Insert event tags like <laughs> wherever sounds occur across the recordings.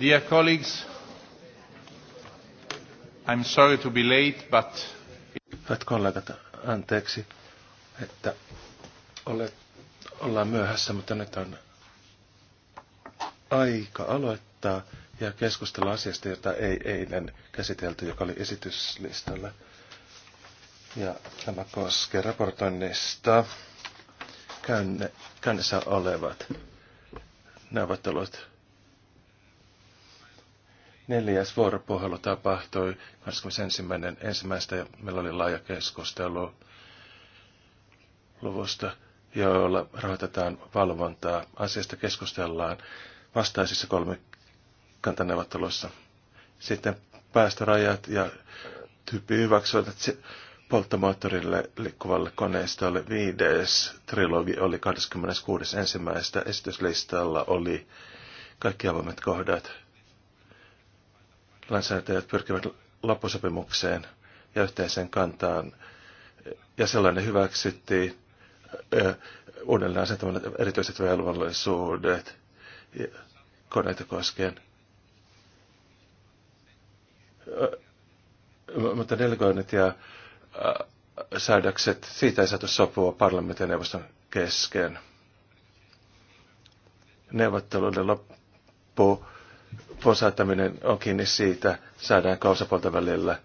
Dear colleagues, I'm sorry to be late, but... Hyvät kollegat, anteeksi, että olet, ollaan myöhässä, mutta nyt on aika aloittaa ja keskustella asiasta, jota ei eilen käsitelty, joka oli esityslistalla. Ja tämä koskee raportoinnista käynne, käynnissä olevat neuvottelut. Neljäs vuoropuhelu tapahtui 21.1. ja meillä oli laaja keskustelu luvusta, jolla rahoitetaan valvontaa. Asiasta keskustellaan vastaisissa kolmikantaneuvotteluissa. Sitten päästörajat ja tyyppi hyväksyvät polttomoottorille liikkuvalle koneistolle viides trilogi oli ensimmäistä Esityslistalla oli kaikki avoimet kohdat. Lainsäätäjät pyrkivät loppusopimukseen ja yhteiseen kantaan, ja sellainen hyväksyttiin uudelleen asettamalla erityiset velvollisuudet koneita koskien. Mutta delegoinnit ja Äh, säädökset, siitä ei saatu sopua parlamentin ja neuvoston kesken. Neuvotteluiden loppu saattaminen on kiinni siitä, saadaan kausapuolta välillä äh,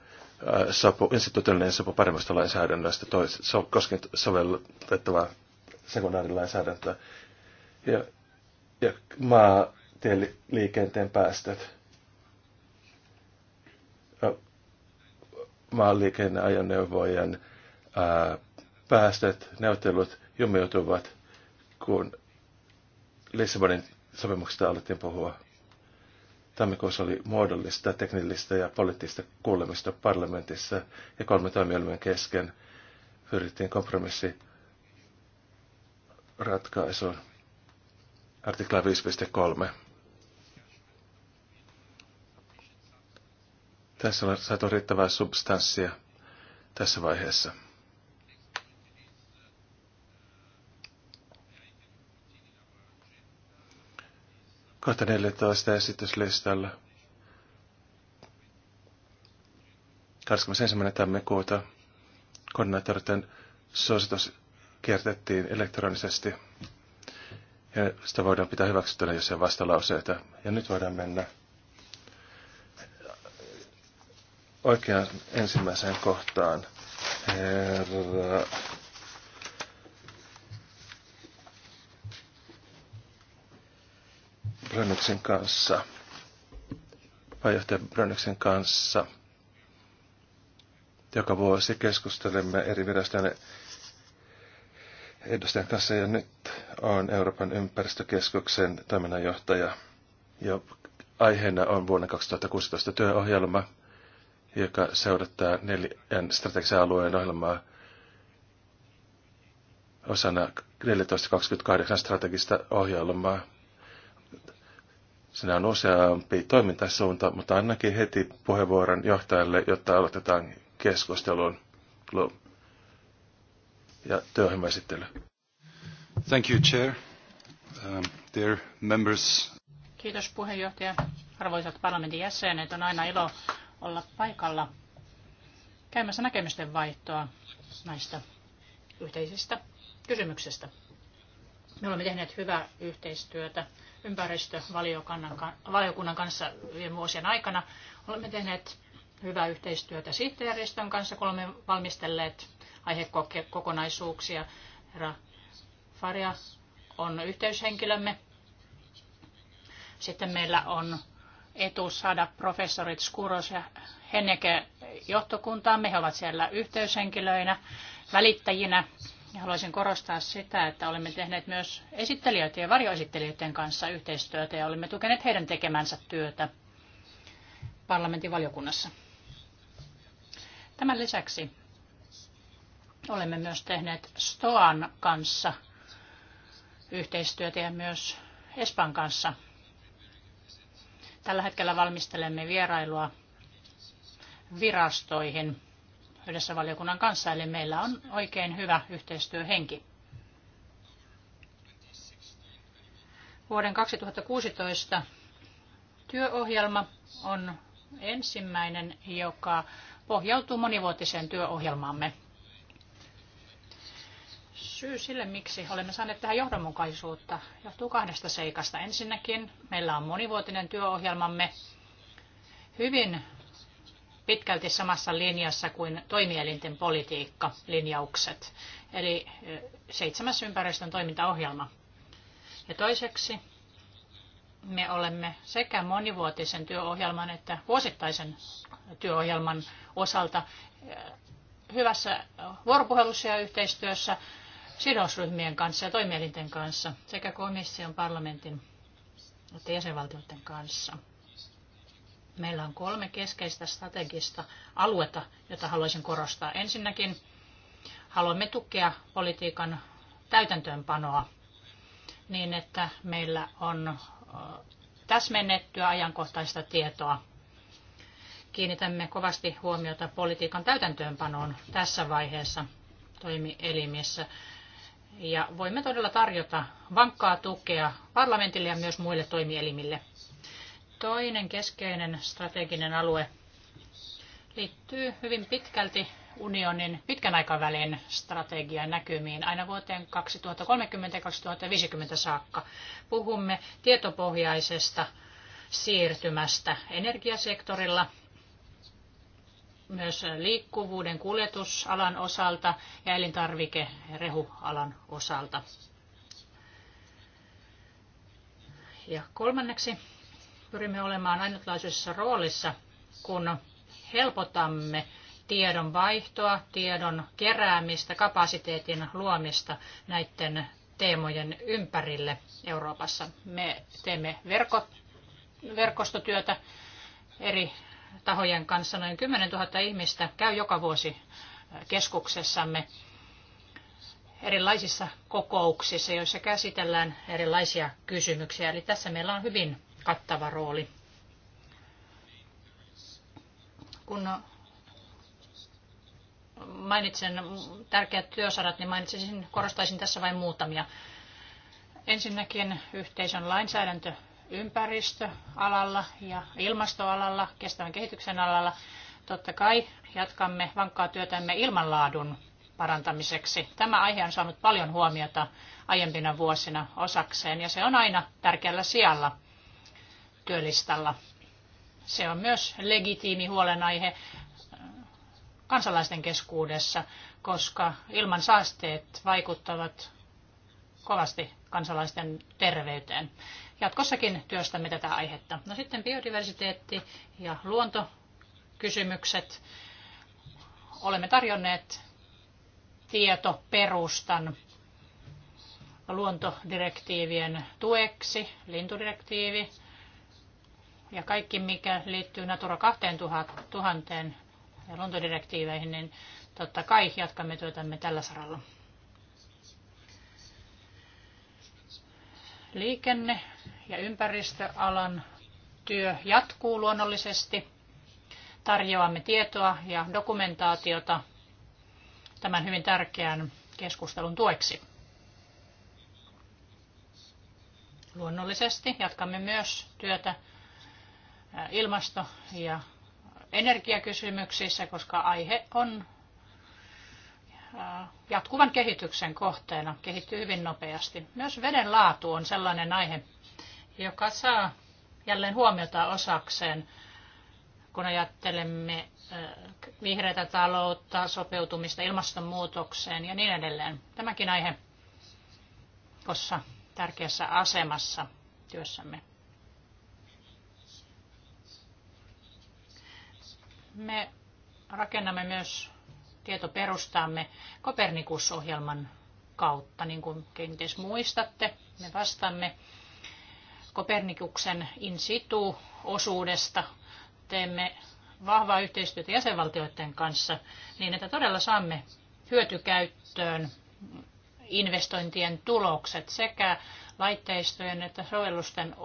sopu, instituutioiden sopu paremmasta lainsäädännöstä tois, so, koskien sovellettavaa sekundaarilainsäädäntöä ja, ja liikenteen päästöt. maanliikenneajoneuvojen ää, päästöt, neuvottelut jumiutuvat, kun Lissabonin sopimuksesta alettiin puhua. Tammikuussa oli muodollista, teknillistä ja poliittista kuulemista parlamentissa ja kolme toimielimen kesken pyrittiin kompromissi ratkaisuun. Artikla 5.3. Tässä on saatu riittävää substanssia tässä vaiheessa. Kohta 14 esityslistalla. 21. tammikuuta koordinaattoriten suositus kiertettiin elektronisesti. Ja sitä voidaan pitää hyväksyttynä, jos ei vastalauseita. Ja nyt voidaan mennä oikeaan ensimmäiseen kohtaan. Herra. Brönnyksen kanssa, pääjohtaja Brönnyksen kanssa. Joka vuosi keskustelemme eri virastojen edustajan kanssa ja nyt on Euroopan ympäristökeskuksen toiminnanjohtaja ja aiheena on vuonna 2016 työohjelma – joka seurattaa neljän strategisen alueen ohjelmaa osana 1428 strategista ohjelmaa. Siinä on useampi toimintasuunta, mutta annakin heti puheenvuoron johtajalle, jotta aloitetaan keskustelun ja työohjelmaesittely. Thank you, Chair. Um, dear members. Kiitos puheenjohtaja. Arvoisat parlamentin jäsenet, on aina ilo olla paikalla käymässä näkemysten vaihtoa näistä yhteisistä kysymyksistä. Me olemme tehneet hyvää yhteistyötä ympäristövaliokunnan kanssa viime vuosien aikana. Olemme tehneet hyvää yhteistyötä sihteeristön kanssa, kun olemme valmistelleet aihekokonaisuuksia. Herra Faria on yhteyshenkilömme. Sitten meillä on etu saada professorit Skuros ja Henneke johtokuntaamme. He ovat siellä yhteyshenkilöinä, välittäjinä. Ja haluaisin korostaa sitä, että olemme tehneet myös esittelijöiden ja varjoesittelijöiden kanssa yhteistyötä ja olemme tukeneet heidän tekemänsä työtä parlamentin valiokunnassa. Tämän lisäksi olemme myös tehneet STOAN kanssa yhteistyötä ja myös Espan kanssa Tällä hetkellä valmistelemme vierailua virastoihin yhdessä valiokunnan kanssa, eli meillä on oikein hyvä yhteistyöhenki. Vuoden 2016 työohjelma on ensimmäinen, joka pohjautuu monivuotiseen työohjelmaamme. Syy sille, miksi olemme saaneet tähän johdonmukaisuutta, johtuu kahdesta seikasta. Ensinnäkin meillä on monivuotinen työohjelmamme hyvin pitkälti samassa linjassa kuin toimielinten politiikka, linjaukset, eli seitsemäs ympäristön toimintaohjelma. Ja toiseksi me olemme sekä monivuotisen työohjelman että vuosittaisen työohjelman osalta hyvässä vuoropuhelussa ja yhteistyössä sidosryhmien kanssa ja toimielinten kanssa sekä komission, parlamentin että jäsenvaltioiden kanssa. Meillä on kolme keskeistä strategista aluetta, jota haluaisin korostaa. Ensinnäkin haluamme tukea politiikan täytäntöönpanoa niin, että meillä on täsmennettyä ajankohtaista tietoa. Kiinnitämme kovasti huomiota politiikan täytäntöönpanoon tässä vaiheessa toimielimissä ja voimme todella tarjota vankkaa tukea parlamentille ja myös muille toimielimille. Toinen keskeinen strateginen alue liittyy hyvin pitkälti unionin pitkän aikavälin strategian näkymiin aina vuoteen 2030-2050 saakka. Puhumme tietopohjaisesta siirtymästä energiasektorilla myös liikkuvuuden kuljetusalan osalta ja elintarvikerehualan osalta. Ja kolmanneksi pyrimme olemaan ainutlaisessa roolissa, kun helpotamme tiedon vaihtoa, tiedon keräämistä, kapasiteetin luomista näiden teemojen ympärille Euroopassa. Me teemme verko, verkostotyötä eri tahojen kanssa noin 10 000 ihmistä käy joka vuosi keskuksessamme erilaisissa kokouksissa, joissa käsitellään erilaisia kysymyksiä. Eli tässä meillä on hyvin kattava rooli. Kun mainitsen tärkeät työsarat, niin mainitsisin, korostaisin tässä vain muutamia. Ensinnäkin yhteisön lainsäädäntö ympäristöalalla ja ilmastoalalla, kestävän kehityksen alalla. Totta kai jatkamme vankkaa työtämme ilmanlaadun parantamiseksi. Tämä aihe on saanut paljon huomiota aiempina vuosina osakseen ja se on aina tärkeällä sijalla työlistalla. Se on myös legitiimi huolenaihe äh, kansalaisten keskuudessa, koska ilman saasteet vaikuttavat kovasti kansalaisten terveyteen jatkossakin työstämme tätä aihetta. No sitten biodiversiteetti ja luontokysymykset. Olemme tarjonneet tietoperustan luontodirektiivien tueksi, lintudirektiivi ja kaikki mikä liittyy Natura 2000 ja luontodirektiiveihin, niin totta kai jatkamme työtämme tällä saralla. Liikenne- ja ympäristöalan työ jatkuu luonnollisesti. Tarjoamme tietoa ja dokumentaatiota tämän hyvin tärkeän keskustelun tueksi. Luonnollisesti jatkamme myös työtä ilmasto- ja energiakysymyksissä, koska aihe on jatkuvan kehityksen kohteena, kehittyy hyvin nopeasti. Myös veden laatu on sellainen aihe, joka saa jälleen huomiota osakseen, kun ajattelemme vihreätä taloutta, sopeutumista ilmastonmuutokseen ja niin edelleen. Tämäkin aihe tuossa tärkeässä asemassa työssämme. Me rakennamme myös tietoperustaamme Kopernikus-ohjelman kautta. Niin kuin kenties muistatte, me vastaamme Kopernikuksen in situ-osuudesta. Teemme vahvaa yhteistyötä jäsenvaltioiden kanssa niin, että todella saamme hyötykäyttöön investointien tulokset sekä laitteistojen että sovellusten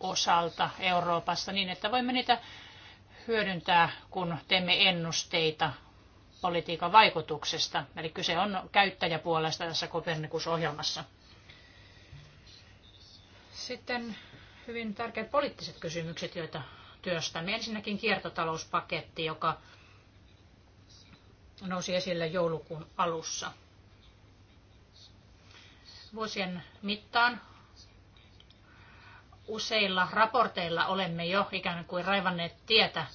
osalta Euroopassa niin, että voimme niitä hyödyntää, kun teemme ennusteita politiikan vaikutuksesta. Eli kyse on käyttäjäpuolesta tässä Kopernikus-ohjelmassa. Sitten hyvin tärkeät poliittiset kysymykset, joita työstämme. Ensinnäkin kiertotalouspaketti, joka nousi esille joulukuun alussa. Vuosien mittaan useilla raporteilla olemme jo ikään kuin raivanneet tietä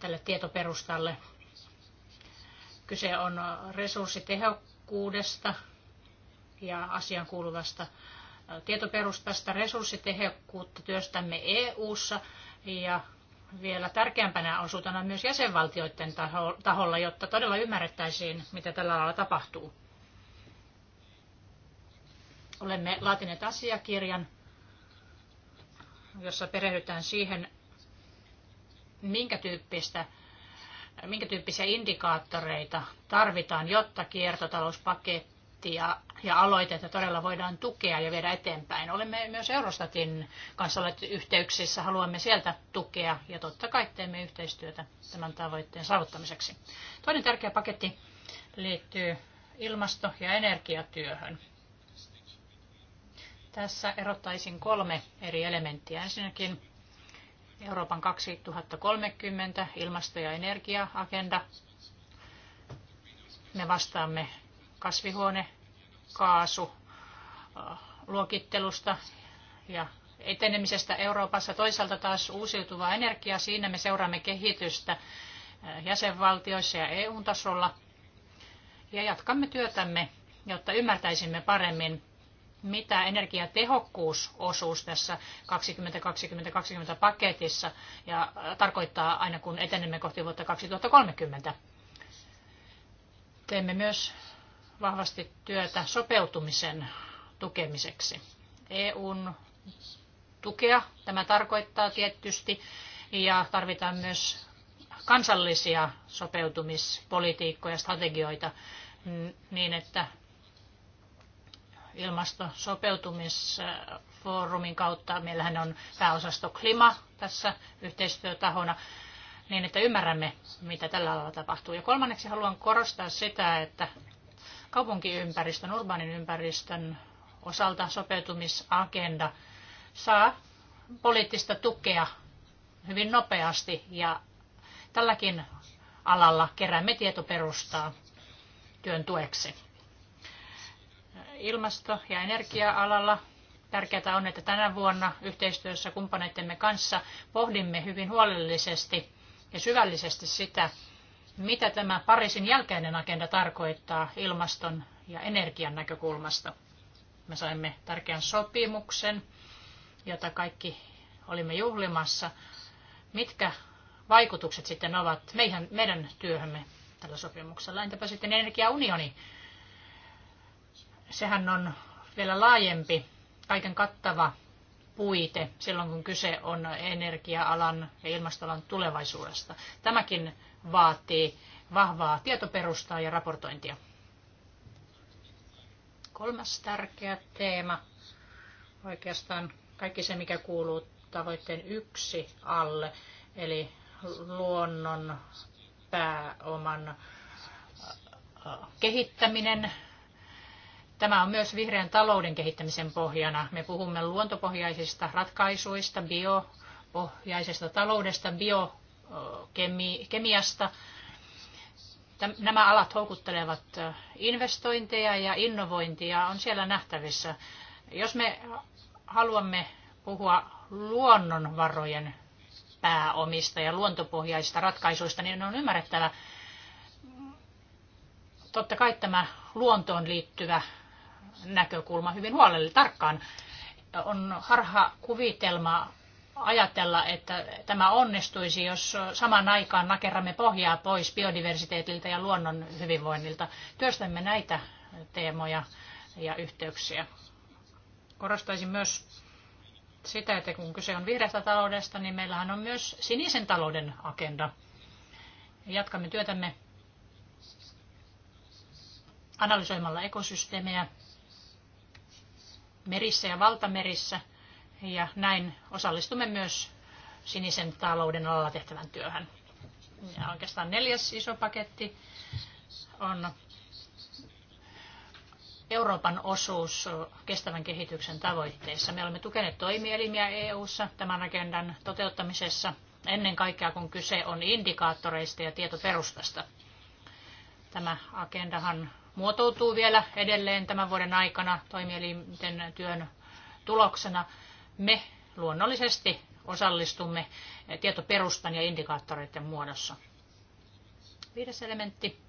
tälle tietoperustalle – Kyse on resurssitehokkuudesta ja asian kuuluvasta tietoperustasta resurssitehokkuutta työstämme EU-ssa ja vielä tärkeämpänä osuutena myös jäsenvaltioiden taholla, jotta todella ymmärrettäisiin, mitä tällä alalla tapahtuu. Olemme laatineet asiakirjan, jossa perehdytään siihen, minkä tyyppistä minkä tyyppisiä indikaattoreita tarvitaan, jotta kiertotalouspaketti ja, ja aloitetta todella voidaan tukea ja viedä eteenpäin. Olemme myös Eurostatin kanssa olleet yhteyksissä, haluamme sieltä tukea ja totta kai teemme yhteistyötä tämän tavoitteen saavuttamiseksi. Toinen tärkeä paketti liittyy ilmasto- ja energiatyöhön. Tässä erottaisin kolme eri elementtiä. Ensinnäkin Euroopan 2030 ilmasto- ja energiaagenda. Me vastaamme kasvihuone, kaasu, luokittelusta ja etenemisestä Euroopassa. Toisaalta taas uusiutuva energia siinä me seuraamme kehitystä eh, jäsenvaltioissa ja EU-tasolla. Ja jatkamme työtämme, jotta ymmärtäisimme paremmin mitä energiatehokkuusosuus tässä 2020-2020 paketissa ja tarkoittaa aina kun etenemme kohti vuotta 2030. Teemme myös vahvasti työtä sopeutumisen tukemiseksi. EUn tukea tämä tarkoittaa tietysti ja tarvitaan myös kansallisia sopeutumispolitiikkoja ja strategioita mm, niin, että ilmastosopeutumisfoorumin kautta. Meillähän on pääosasto Klima tässä yhteistyötahona niin, että ymmärrämme, mitä tällä alalla tapahtuu. Ja kolmanneksi haluan korostaa sitä, että kaupunkiympäristön, urbaanin ympäristön osalta sopeutumisagenda saa poliittista tukea hyvin nopeasti ja tälläkin alalla keräämme tietoperustaa työn tueksi ilmasto- ja energia-alalla. Tärkeää on, että tänä vuonna yhteistyössä kumppaneittemme kanssa pohdimme hyvin huolellisesti ja syvällisesti sitä, mitä tämä Pariisin jälkeinen agenda tarkoittaa ilmaston ja energian näkökulmasta. Me saimme tärkeän sopimuksen, jota kaikki olimme juhlimassa. Mitkä vaikutukset sitten ovat meidän, meidän työhömme tällä sopimuksella? Entäpä sitten energiaunioni? sehän on vielä laajempi, kaiken kattava puite silloin, kun kyse on energia-alan ja ilmastoalan tulevaisuudesta. Tämäkin vaatii vahvaa tietoperustaa ja raportointia. Kolmas tärkeä teema, oikeastaan kaikki se, mikä kuuluu tavoitteen yksi alle, eli luonnon pääoman äh, kehittäminen, Tämä on myös vihreän talouden kehittämisen pohjana. Me puhumme luontopohjaisista ratkaisuista, biopohjaisesta taloudesta, biokemiasta. Nämä alat houkuttelevat investointeja ja innovointia on siellä nähtävissä. Jos me haluamme puhua luonnonvarojen pääomista ja luontopohjaisista ratkaisuista, niin on ymmärrettävä totta kai tämä luontoon liittyvä näkökulma hyvin huolelle tarkkaan. On harha kuvitelma ajatella, että tämä onnistuisi, jos samaan aikaan nakerramme pohjaa pois biodiversiteetiltä ja luonnon hyvinvoinnilta. Työstämme näitä teemoja ja yhteyksiä. Korostaisin myös sitä, että kun kyse on vihreästä taloudesta, niin meillähän on myös sinisen talouden agenda. Jatkamme työtämme analysoimalla ekosysteemejä merissä ja valtamerissä. Ja näin osallistumme myös sinisen talouden alalla tehtävän työhön. Ja oikeastaan neljäs iso paketti on Euroopan osuus kestävän kehityksen tavoitteissa. Me olemme tukeneet toimielimiä EU-ssa tämän agendan toteuttamisessa ennen kaikkea kun kyse on indikaattoreista ja tietoperustasta. Tämä agendahan muotoutuu vielä edelleen tämän vuoden aikana toimielinten työn tuloksena. Me luonnollisesti osallistumme tietoperustan ja indikaattoreiden muodossa. Viides elementti,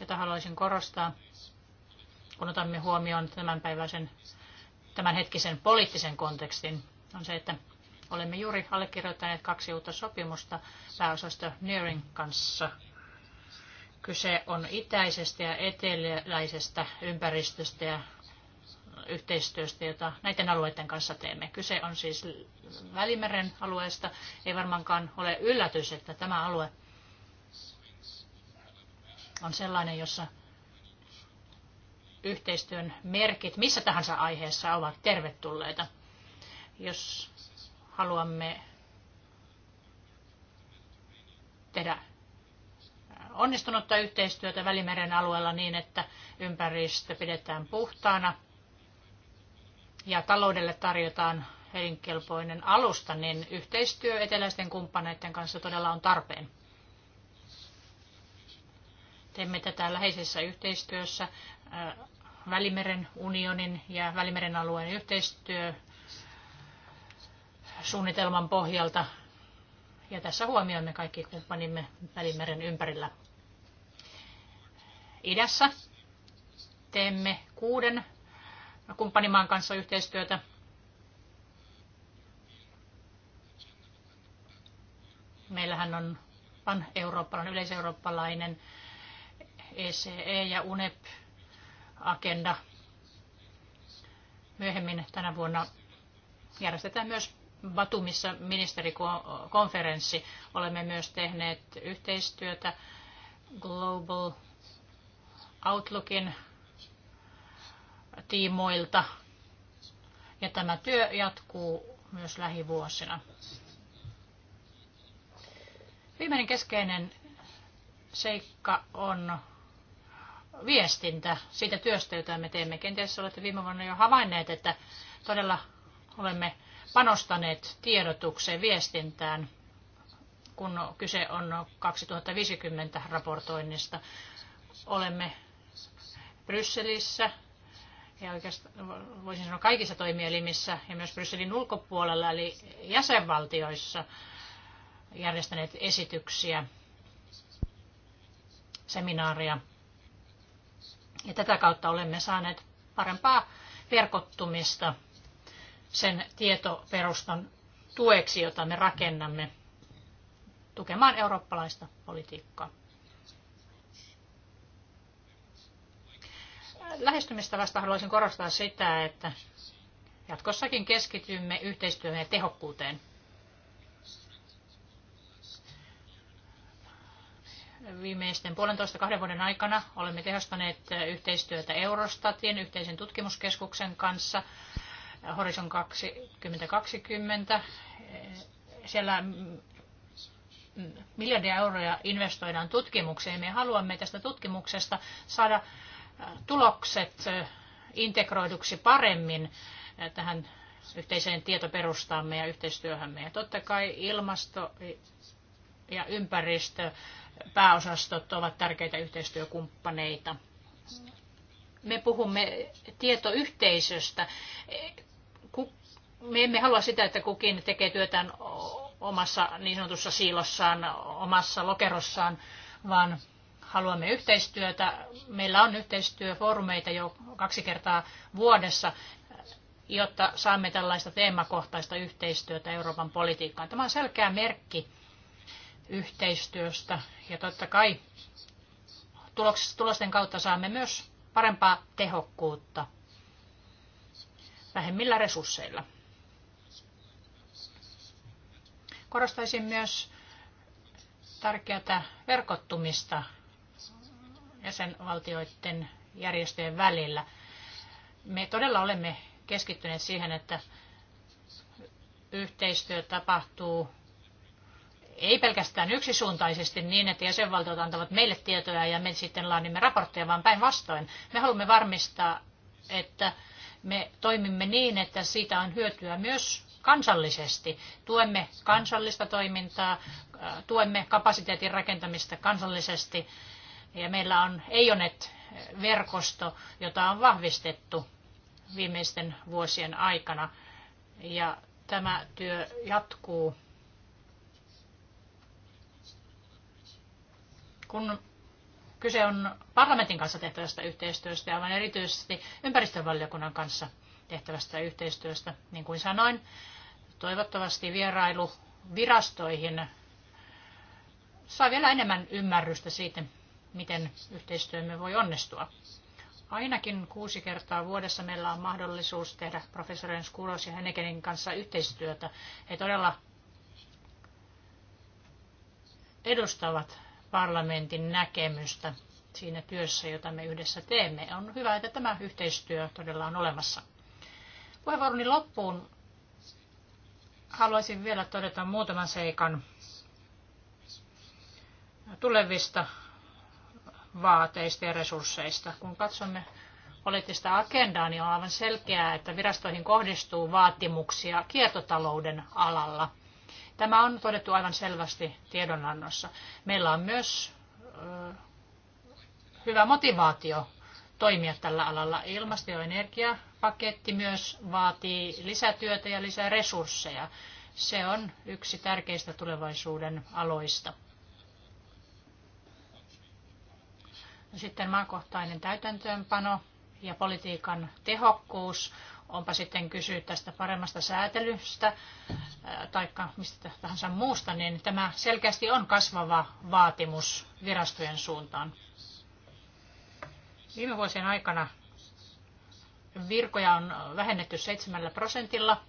jota haluaisin korostaa, kun otamme huomioon tämänpäiväisen, tämänhetkisen poliittisen kontekstin, on se, että olemme juuri allekirjoittaneet kaksi uutta sopimusta pääosasta Nearin kanssa – Kyse on itäisestä ja eteläisestä ympäristöstä ja yhteistyöstä, jota näiden alueiden kanssa teemme. Kyse on siis Välimeren alueesta. Ei varmaankaan ole yllätys, että tämä alue on sellainen, jossa yhteistyön merkit missä tahansa aiheessa ovat tervetulleita. Jos haluamme tehdä onnistunutta yhteistyötä Välimeren alueella niin, että ympäristö pidetään puhtaana ja taloudelle tarjotaan elinkelpoinen alusta, niin yhteistyö eteläisten kumppaneiden kanssa todella on tarpeen. Teemme tätä läheisessä yhteistyössä äh, Välimeren unionin ja Välimeren alueen yhteistyö suunnitelman pohjalta. Ja tässä huomioimme kaikki kumppanimme Välimeren ympärillä idässä. Teemme kuuden kumppanimaan kanssa yhteistyötä. Meillähän on pan-eurooppalainen, yleiseurooppalainen ECE e ja UNEP-agenda. Myöhemmin tänä vuonna järjestetään myös Batumissa ministerikonferenssi. Olemme myös tehneet yhteistyötä Global Outlookin tiimoilta. Ja tämä työ jatkuu myös lähivuosina. Viimeinen keskeinen seikka on viestintä siitä työstä, jota me teemme. Kenties olette viime vuonna jo havainneet, että todella olemme panostaneet tiedotukseen, viestintään, kun kyse on 2050 raportoinnista. Olemme Brysselissä ja oikeastaan voisin sanoa kaikissa toimielimissä ja myös Brysselin ulkopuolella, eli jäsenvaltioissa järjestäneet esityksiä, seminaaria. Ja tätä kautta olemme saaneet parempaa verkottumista sen tietoperustan tueksi, jota me rakennamme tukemaan eurooppalaista politiikkaa. lähestymistavasta haluaisin korostaa sitä, että jatkossakin keskitymme yhteistyöhön ja tehokkuuteen. Viimeisten puolentoista kahden vuoden aikana olemme tehostaneet yhteistyötä Eurostatin yhteisen tutkimuskeskuksen kanssa Horizon 2020. Siellä miljardia euroja investoidaan tutkimukseen. Me haluamme tästä tutkimuksesta saada tulokset integroiduksi paremmin tähän yhteiseen tietoperustaamme ja yhteistyöhämme. Ja totta kai ilmasto ja ympäristö pääosastot ovat tärkeitä yhteistyökumppaneita. Me puhumme tietoyhteisöstä. Me emme halua sitä, että kukin tekee työtään omassa niin sanotussa siilossaan, omassa lokerossaan, vaan haluamme yhteistyötä. Meillä on yhteistyöfoorumeita jo kaksi kertaa vuodessa, jotta saamme tällaista teemakohtaista yhteistyötä Euroopan politiikkaan. Tämä on selkeä merkki yhteistyöstä ja totta kai tulosten kautta saamme myös parempaa tehokkuutta vähemmillä resursseilla. Korostaisin myös tärkeää verkottumista jäsenvaltioiden järjestöjen välillä. Me todella olemme keskittyneet siihen, että yhteistyö tapahtuu ei pelkästään yksisuuntaisesti niin, että jäsenvaltiot antavat meille tietoja ja me sitten laadimme raportteja, vaan päinvastoin. Me haluamme varmistaa, että me toimimme niin, että siitä on hyötyä myös kansallisesti. Tuemme kansallista toimintaa, tuemme kapasiteetin rakentamista kansallisesti ja meillä on EIONET-verkosto, jota on vahvistettu viimeisten vuosien aikana. Ja tämä työ jatkuu. Kun kyse on parlamentin kanssa tehtävästä yhteistyöstä ja aivan erityisesti ympäristövaliokunnan kanssa tehtävästä yhteistyöstä, niin kuin sanoin, toivottavasti vierailu virastoihin saa vielä enemmän ymmärrystä siitä, miten yhteistyömme voi onnistua. Ainakin kuusi kertaa vuodessa meillä on mahdollisuus tehdä professorien Skuros ja Henekenin kanssa yhteistyötä. He todella edustavat parlamentin näkemystä siinä työssä, jota me yhdessä teemme. On hyvä, että tämä yhteistyö todella on olemassa. Puheenvuoroni loppuun haluaisin vielä todeta muutaman seikan tulevista vaateista ja resursseista. Kun katsomme poliittista agendaa, niin on aivan selkeää, että virastoihin kohdistuu vaatimuksia kiertotalouden alalla. Tämä on todettu aivan selvästi tiedonannossa. Meillä on myös hyvä motivaatio toimia tällä alalla. Ilmasto- ja energiapaketti myös vaatii lisätyötä ja lisää resursseja. Se on yksi tärkeistä tulevaisuuden aloista. Sitten maakohtainen täytäntöönpano ja politiikan tehokkuus, onpa sitten kysyä tästä paremmasta säätelystä tai mistä tahansa muusta, niin tämä selkeästi on kasvava vaatimus virastojen suuntaan. Viime vuosien aikana virkoja on vähennetty 7 prosentilla.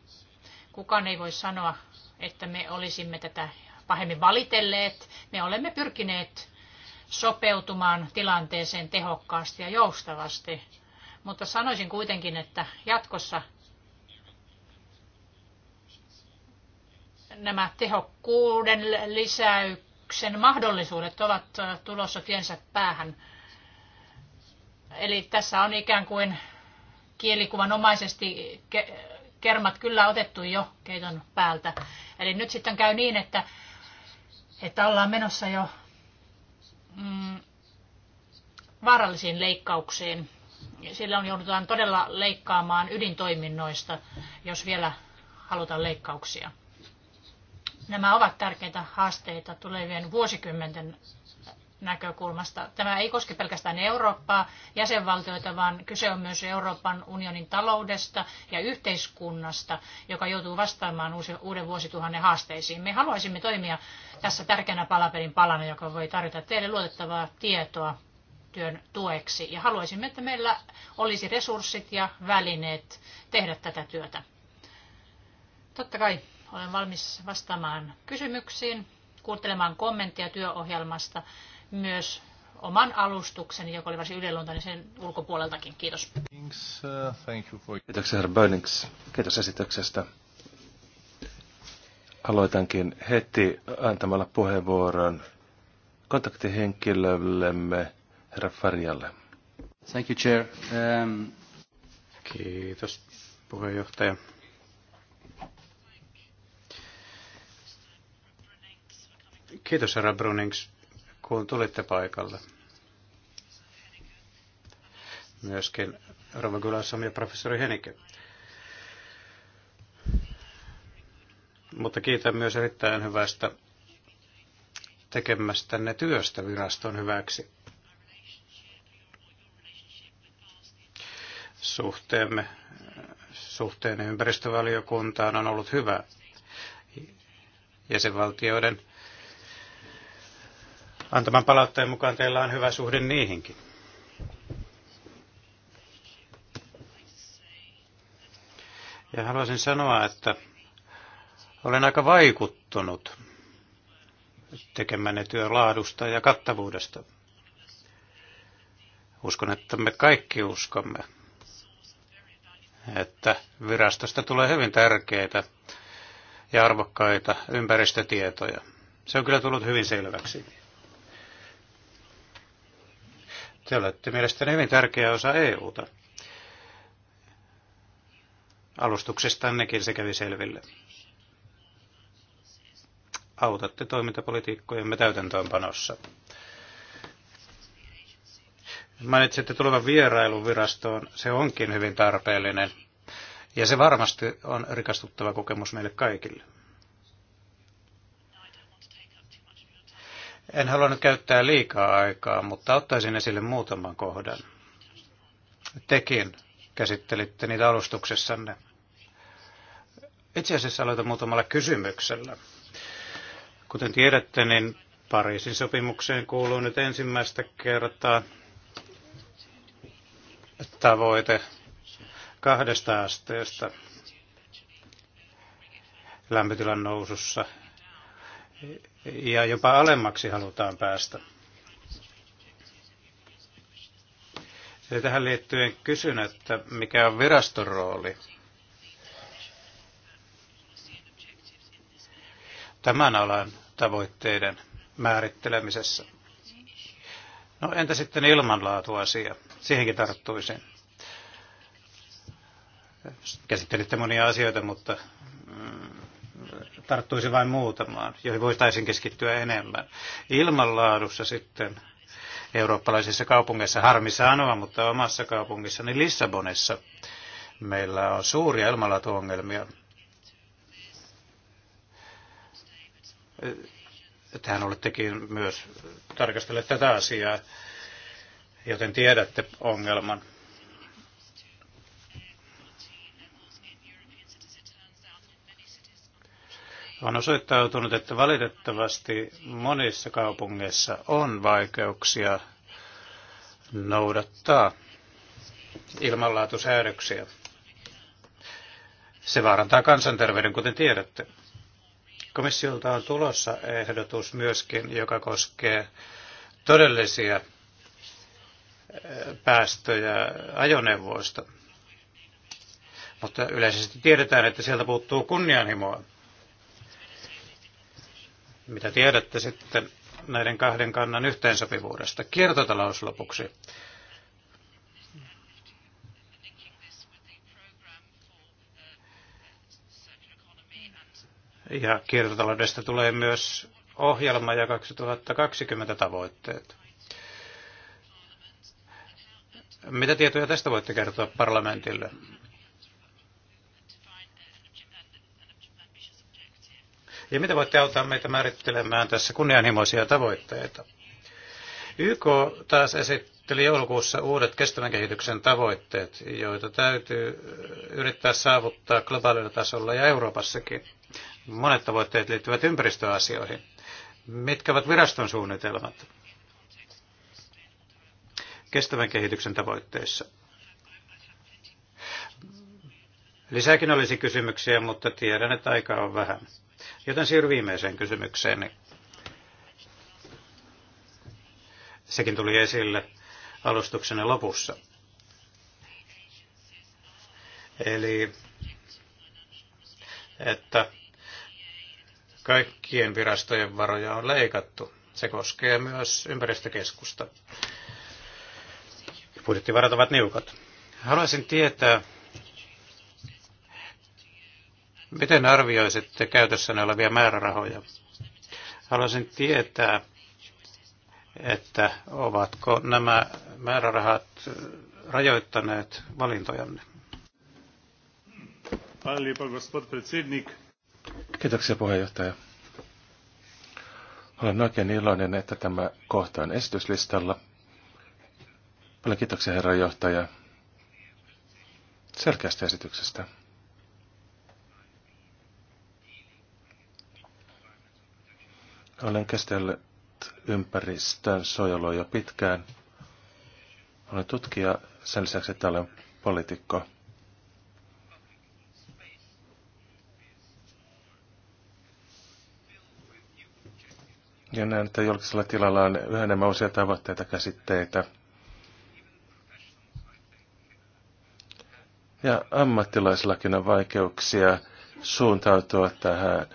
Kukaan ei voi sanoa, että me olisimme tätä pahemmin valitelleet. Me olemme pyrkineet sopeutumaan tilanteeseen tehokkaasti ja joustavasti. Mutta sanoisin kuitenkin, että jatkossa nämä tehokkuuden lisäyksen mahdollisuudet ovat tulossa tiensä päähän. Eli tässä on ikään kuin kielikuvanomaisesti kermat kyllä otettu jo keiton päältä. Eli nyt sitten käy niin, että, että ollaan menossa jo mm, vaarallisiin leikkauksiin. Silloin joudutaan todella leikkaamaan ydintoiminnoista, jos vielä halutaan leikkauksia. Nämä ovat tärkeitä haasteita tulevien vuosikymmenten näkökulmasta. Tämä ei koske pelkästään Eurooppaa, jäsenvaltioita, vaan kyse on myös Euroopan unionin taloudesta ja yhteiskunnasta, joka joutuu vastaamaan uuden vuosituhannen haasteisiin. Me haluaisimme toimia tässä tärkeänä palapelin palana, joka voi tarjota teille luotettavaa tietoa työn tueksi. Ja haluaisimme, että meillä olisi resurssit ja välineet tehdä tätä työtä. Totta kai olen valmis vastaamaan kysymyksiin, kuuntelemaan kommentteja työohjelmasta myös oman alustuksen joka oli varsin yliluontainen sen ulkopuoleltakin. Kiitos. Thanks, uh, thank you for... Kiitoksia, herra Bönings. Kiitos esityksestä. Aloitankin heti antamalla puheenvuoron kontaktihenkilöllemme, herra Farjalle. Thank you, Chair. Um... Kiitos, puheenjohtaja. Kiitos, herra Brunings, kun tulitte paikalle. Myöskin Rova ja professori Henike. Mutta kiitän myös erittäin hyvästä tekemästänne työstä viraston hyväksi. Suhteemme, suhteen ympäristövaliokuntaan on ollut hyvä. Jäsenvaltioiden Antaman palautteen mukaan teillä on hyvä suhde niihinkin. Ja haluaisin sanoa, että olen aika vaikuttunut tekemänne työn laadusta ja kattavuudesta. Uskon, että me kaikki uskomme, että virastosta tulee hyvin tärkeitä ja arvokkaita ympäristötietoja. Se on kyllä tullut hyvin selväksi. Te olette mielestäni hyvin tärkeä osa EUta. nekin se kävi selville. Autatte toimintapolitiikkojemme täytäntöönpanossa. Mainitsitte tulevan vierailun virastoon. Se onkin hyvin tarpeellinen. Ja se varmasti on rikastuttava kokemus meille kaikille. En halunnut käyttää liikaa aikaa, mutta ottaisin esille muutaman kohdan. Tekin käsittelitte niitä alustuksessanne. Itse asiassa aloitan muutamalla kysymyksellä. Kuten tiedätte, niin Pariisin sopimukseen kuuluu nyt ensimmäistä kertaa tavoite kahdesta asteesta lämpötilan nousussa ja jopa alemmaksi halutaan päästä. Ja tähän liittyen kysyn, että mikä on viraston rooli tämän alan tavoitteiden määrittelemisessä. No entä sitten ilmanlaatuasia? Siihenkin tarttuisin. Käsittelitte monia asioita, mutta tarttuisi vain muutamaan, joihin voitaisiin keskittyä enemmän. Ilmanlaadussa sitten eurooppalaisissa kaupungeissa, harmi sanoa, mutta omassa kaupungissani Lissabonissa meillä on suuria ilmanlaatuongelmia. Tähän olettekin myös tarkastelleet tätä asiaa, joten tiedätte ongelman. on osoittautunut, että valitettavasti monissa kaupungeissa on vaikeuksia noudattaa ilmanlaatusäädöksiä. Se vaarantaa kansanterveyden, kuten tiedätte. Komissiolta on tulossa ehdotus myöskin, joka koskee todellisia päästöjä ajoneuvoista. Mutta yleisesti tiedetään, että sieltä puuttuu kunnianhimoa mitä tiedätte sitten näiden kahden kannan yhteensopivuudesta. Kiertotalous lopuksi. Ja kiertotaloudesta tulee myös ohjelma ja 2020 tavoitteet. Mitä tietoja tästä voitte kertoa parlamentille? Ja mitä voitte auttaa meitä määrittelemään tässä kunnianhimoisia tavoitteita? YK taas esitteli joulukuussa uudet kestävän kehityksen tavoitteet, joita täytyy yrittää saavuttaa globaalilla tasolla ja Euroopassakin. Monet tavoitteet liittyvät ympäristöasioihin. Mitkä ovat viraston suunnitelmat kestävän kehityksen tavoitteissa? Lisääkin olisi kysymyksiä, mutta tiedän, että aikaa on vähän. Joten siirry viimeiseen kysymykseen. Sekin tuli esille alustuksenne lopussa. Eli että kaikkien virastojen varoja on leikattu. Se koskee myös ympäristökeskusta. Budjettivarat ovat niukat. Haluaisin tietää, Miten arvioisitte käytössä olevia määrärahoja? Haluaisin tietää, että ovatko nämä määrärahat rajoittaneet valintojanne. Kiitoksia puheenjohtaja. Olen oikein iloinen, että tämä kohta on esityslistalla. Paljon kiitoksia herra johtaja selkeästä esityksestä. Olen käsitellyt ympäristön suojelua jo pitkään. Olen tutkija sen lisäksi, että olen poliitikko. Ja näen, että julkisella tilalla on yhä enemmän uusia tavoitteita, käsitteitä. Ja ammattilaisillakin on vaikeuksia suuntautua tähän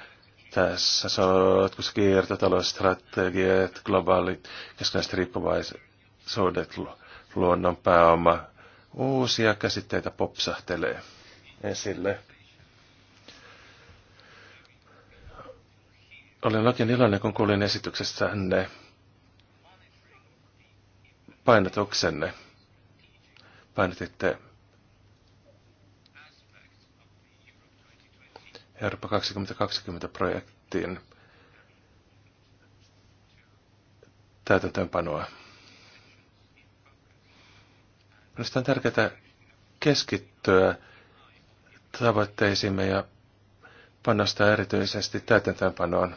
tässä sotkus kiertotalousstrategiat, globaalit keskinäiset riippuvaisuudet, luonnon pääoma, uusia käsitteitä popsahtelee esille. Olen oikein iloinen, kun kuulin esityksessänne painotuksenne. Painotitte Eurooppa 2020-projektin täytäntöönpanoa. Minusta on tärkeää keskittyä tavoitteisiimme ja panostaa erityisesti täytäntöönpanoon.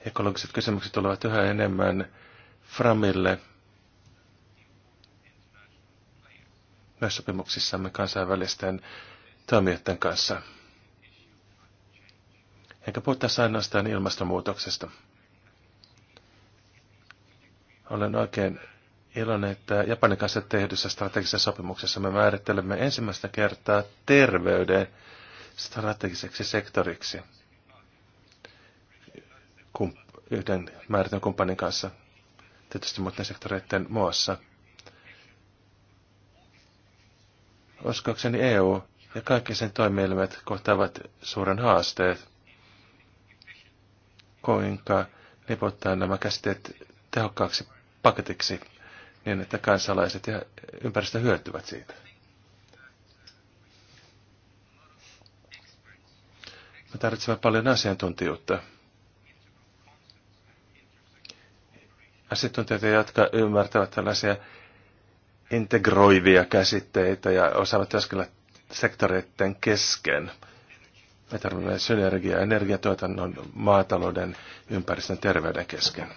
Ekologiset kysymykset tulevat yhä enemmän framille myös sopimuksissamme kansainvälisten toimijoiden kanssa. Enkä puhu ainoastaan ilmastonmuutoksesta. Olen oikein iloinen, että Japanin kanssa tehdyssä strategisessa sopimuksessa me määrittelemme ensimmäistä kertaa terveyden strategiseksi sektoriksi Kump- yhden määritön kumppanin kanssa, tietysti muiden sektoreiden muassa. Uskoakseni EU ja kaikki sen toimielimet kohtaavat suuren haasteet. Kuinka lipottaa nämä käsitteet tehokkaaksi paketiksi niin, että kansalaiset ja ympäristö hyötyvät siitä. Me tarvitsemme paljon asiantuntijuutta. Asiantuntijoita, jotka ymmärtävät tällaisia integroivia käsitteitä ja osaavat työskennellä sektoreiden kesken. Me tarvitsemme synergiaa energiatuotannon, maatalouden, ympäristön, terveyden kesken.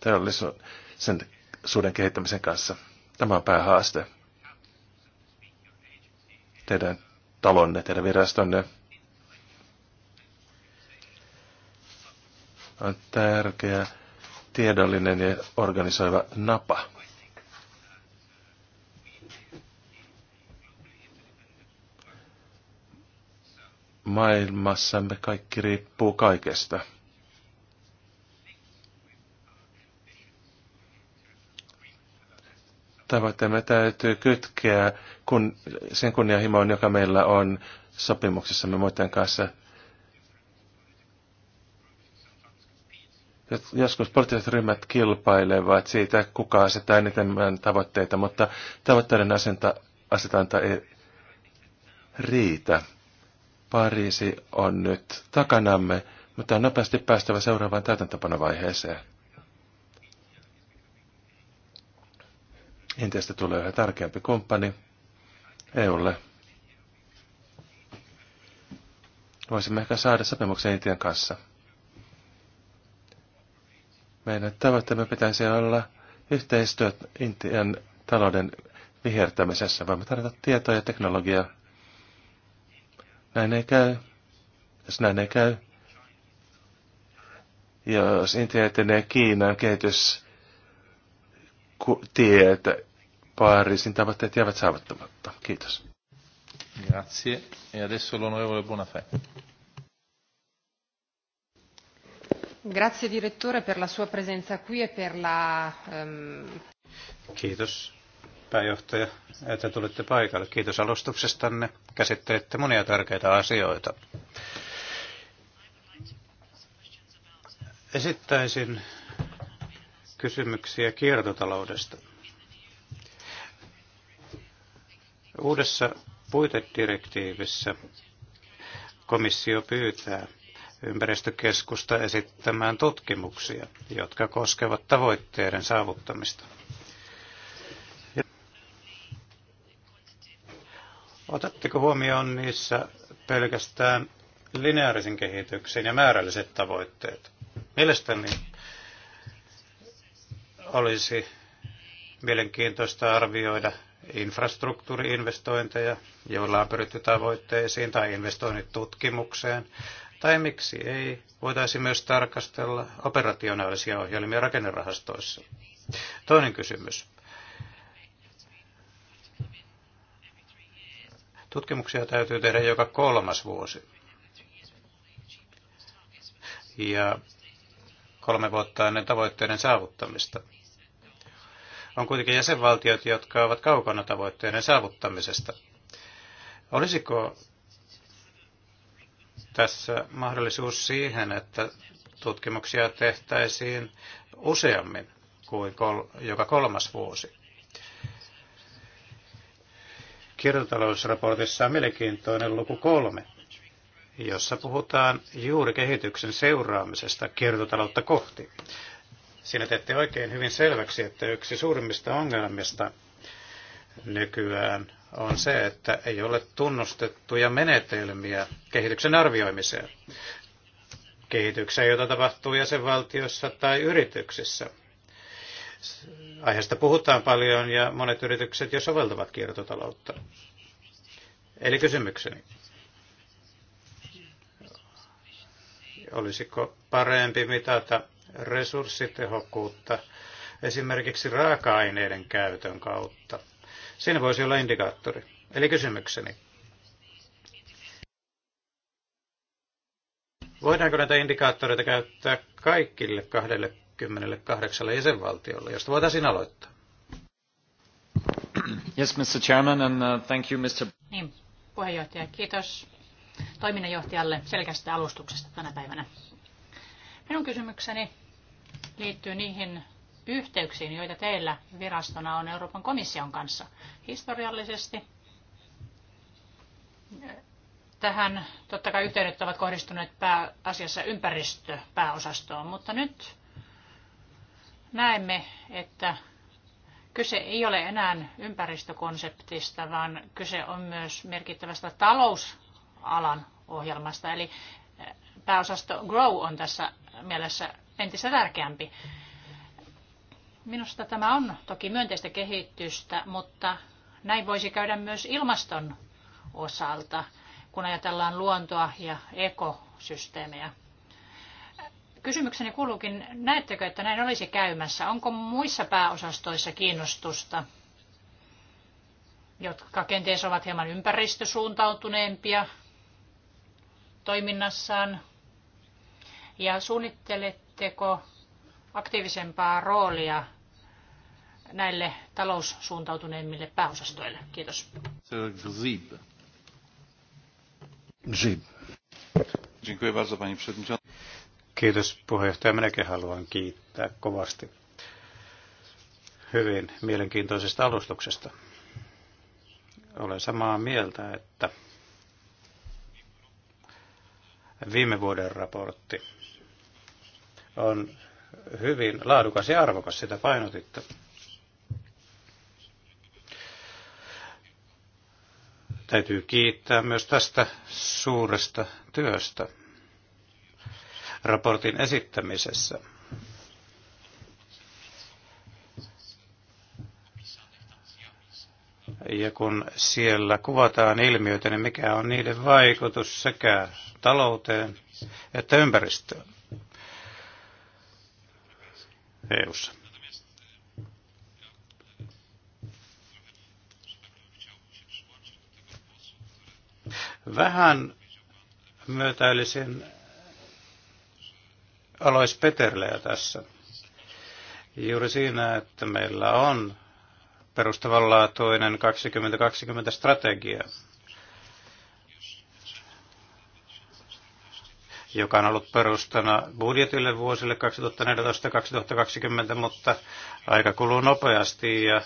Teollisuuden suuden kehittämisen kanssa. Tämä on päähaaste. Teidän talonne, teidän virastonne on tärkeä tiedollinen ja organisoiva napa. maailmassamme kaikki riippuu kaikesta. Tavoitteemme täytyy kytkeä kun, sen kunnianhimoon, joka meillä on sopimuksessamme muiden kanssa. Joskus poliittiset ryhmät kilpailevat siitä, kuka asettaa eniten tavoitteita, mutta tavoitteiden asenta, asetanta ei riitä Pariisi on nyt takanamme, mutta on nopeasti päästävä seuraavaan täytäntöpanovaiheeseen. Intiasta tulee yhä tärkeämpi kumppani EUlle. Voisimme ehkä saada sopimuksen Intian kanssa. Meidän tavoitteemme pitäisi olla yhteistyöt Intian talouden vihertämisessä. Voimme tarjota tietoa ja teknologiaa näin ei käy. Jos näin ei käy, jos Intia etenee Kiinan kehitys tietä, Pariisin tavoitteet jäävät saavuttamatta. Kiitos. Grazie. E adesso l'onorevole Bonafè. Grazie direttore per la sua presenza qui e per la... Um... Kiitos pääjohtaja, että tulitte paikalle. Kiitos alustuksestanne. Käsittelette monia tärkeitä asioita. Esittäisin kysymyksiä kiertotaloudesta. Uudessa puitedirektiivissä komissio pyytää ympäristökeskusta esittämään tutkimuksia, jotka koskevat tavoitteiden saavuttamista. Otatteko huomioon niissä pelkästään lineaarisen kehityksen ja määrälliset tavoitteet? Mielestäni olisi mielenkiintoista arvioida infrastruktuuriinvestointeja, joilla on pyritty tavoitteisiin tai investoinnit tutkimukseen, tai miksi ei, voitaisiin myös tarkastella operationaalisia ohjelmia rakennerahastoissa. Toinen kysymys. Tutkimuksia täytyy tehdä joka kolmas vuosi. Ja kolme vuotta ennen tavoitteiden saavuttamista. On kuitenkin jäsenvaltiot, jotka ovat kaukana tavoitteiden saavuttamisesta. Olisiko tässä mahdollisuus siihen, että tutkimuksia tehtäisiin useammin kuin kol- joka kolmas vuosi? on mielenkiintoinen luku kolme, jossa puhutaan juuri kehityksen seuraamisesta kiertotaloutta kohti. Siinä teette oikein hyvin selväksi, että yksi suurimmista ongelmista nykyään on se, että ei ole tunnustettuja menetelmiä kehityksen arvioimiseen. Kehitykseen, jota tapahtuu jäsenvaltiossa tai yrityksissä, Aiheesta puhutaan paljon ja monet yritykset jo soveltavat kiertotaloutta. Eli kysymykseni. Olisiko parempi mitata resurssitehokkuutta esimerkiksi raaka-aineiden käytön kautta? Siinä voisi olla indikaattori. Eli kysymykseni. Voidaanko näitä indikaattoreita käyttää kaikille kahdelle 28 jäsenvaltiolle, josta voitaisiin aloittaa. Yes, Mr. Chairman, and uh, thank you, Mr. Niin, puheenjohtaja, kiitos toiminnanjohtajalle selkeästä alustuksesta tänä päivänä. Minun kysymykseni liittyy niihin yhteyksiin, joita teillä virastona on Euroopan komission kanssa. Historiallisesti eh, tähän totta kai yhteydet ovat kohdistuneet pääasiassa ympäristöpääosastoon, mutta nyt näemme, että kyse ei ole enää ympäristökonseptista, vaan kyse on myös merkittävästä talousalan ohjelmasta. Eli eh, pääosasto Grow on tässä mielessä entistä tärkeämpi. Minusta tämä on toki myönteistä kehitystä, mutta näin voisi käydä myös ilmaston osalta, kun ajatellaan luontoa ja ekosysteemejä. Kysymykseni kuuluukin, näettekö, että näin olisi käymässä? Onko muissa pääosastoissa kiinnostusta, jotka kenties ovat hieman ympäristösuuntautuneempia toiminnassaan? Ja suunnitteletteko aktiivisempaa roolia näille taloussuuntautuneemmille pääosastoille? Kiitos. Zib. Dziękuję bardzo Pani Przewodnicząca. Kiitos puheenjohtaja. Minäkin haluan kiittää kovasti hyvin mielenkiintoisesta alustuksesta. Olen samaa mieltä, että viime vuoden raportti on hyvin laadukas ja arvokas, sitä painotitta. Täytyy kiittää myös tästä suuresta työstä raportin esittämisessä. Ja kun siellä kuvataan ilmiöitä, niin mikä on niiden vaikutus sekä talouteen että ympäristöön EU:ssa. Vähän myötäilisin Alois Peterleä tässä. Juuri siinä, että meillä on perustavanlaatuinen 2020 strategia, joka on ollut perustana budjetille vuosille 2014-2020, mutta aika kuluu nopeasti ja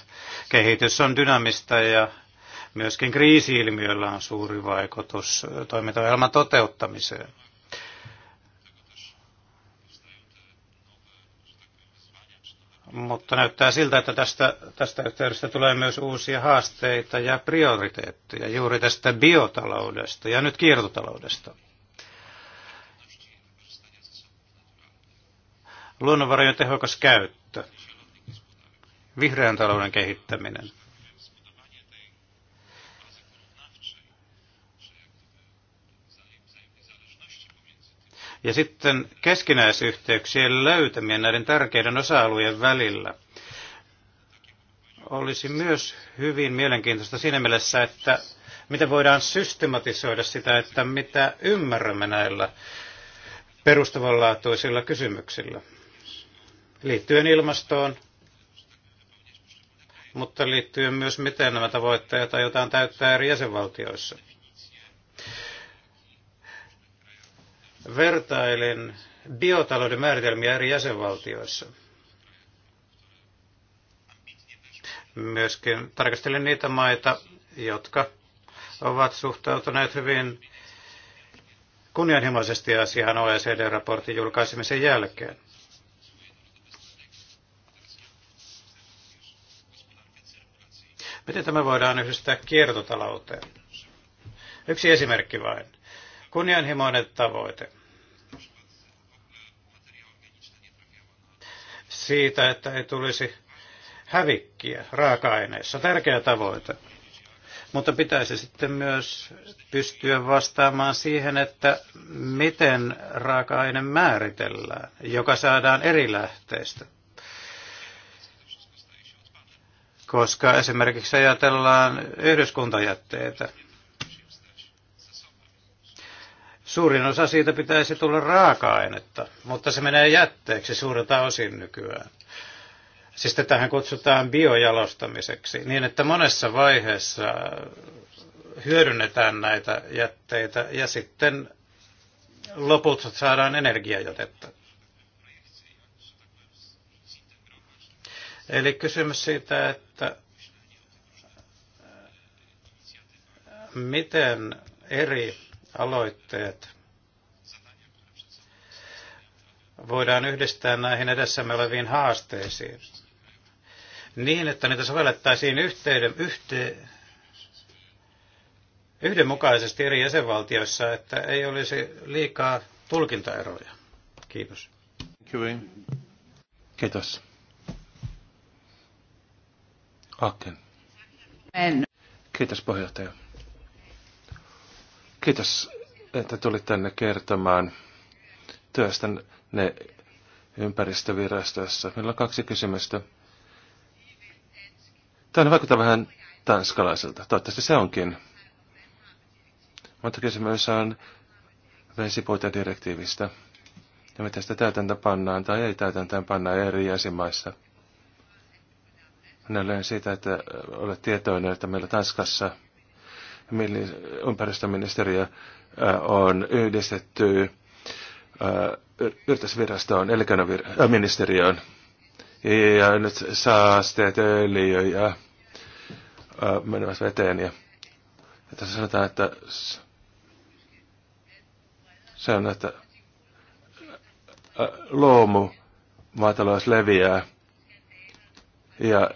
kehitys on dynamista ja myöskin kriisiilmiöllä on suuri vaikutus toimintaohjelman toteuttamiseen. mutta näyttää siltä, että tästä, tästä yhteydestä tulee myös uusia haasteita ja prioriteetteja juuri tästä biotaloudesta ja nyt kiertotaloudesta. Luonnonvarojen tehokas käyttö, vihreän talouden kehittäminen – Ja sitten keskinäisyhteyksien löytäminen näiden tärkeiden osa-alueiden välillä olisi myös hyvin mielenkiintoista siinä mielessä, että miten voidaan systematisoida sitä, että mitä ymmärrämme näillä perustavanlaatuisilla kysymyksillä liittyen ilmastoon, mutta liittyen myös miten nämä tavoitteet aiotaan täyttää eri jäsenvaltioissa. vertailen biotalouden määritelmiä eri jäsenvaltioissa. Myöskin tarkastelin niitä maita, jotka ovat suhtautuneet hyvin kunnianhimoisesti asiaan OECD-raportin julkaisemisen jälkeen. Miten tämä voidaan yhdistää kiertotalouteen? Yksi esimerkki vain kunnianhimoinen tavoite. Siitä, että ei tulisi hävikkiä raaka-aineissa. Tärkeä tavoite. Mutta pitäisi sitten myös pystyä vastaamaan siihen, että miten raaka-aine määritellään, joka saadaan eri lähteistä. Koska esimerkiksi ajatellaan yhdyskuntajätteitä, Suurin osa siitä pitäisi tulla raaka-ainetta, mutta se menee jätteeksi suurelta osin nykyään. Siis tähän kutsutaan biojalostamiseksi, niin että monessa vaiheessa hyödynnetään näitä jätteitä ja sitten loput saadaan energiajätettä. Eli kysymys siitä, että miten eri aloitteet voidaan yhdistää näihin edessämme oleviin haasteisiin niin, että niitä sovellettaisiin yhteyden, yhteen, yhdenmukaisesti eri jäsenvaltioissa, että ei olisi liikaa tulkintaeroja. Kiitos. Kiitos. Akken. Kiitos puheenjohtaja. Kiitos, että tulit tänne kertomaan työstänne ympäristövirastossa. Meillä on kaksi kysymystä. Tämä vaikuttaa vähän tanskalaiselta. Toivottavasti se onkin. Mutta kysymys on vesipuitedirektiivistä. Ja miten sitä täytäntä pannaan tai ei täytäntä panna eri jäsenmaissa. Minä siitä, että olet tietoinen, että meillä Tanskassa – ympäristöministeriö on yhdistetty yritysvirastoon, elinkeinoministeriöön. Ja nyt saasteet, öljy ja menevät veteen. Ja, tässä sanotaan, että se on, että luomu maatalous leviää ja,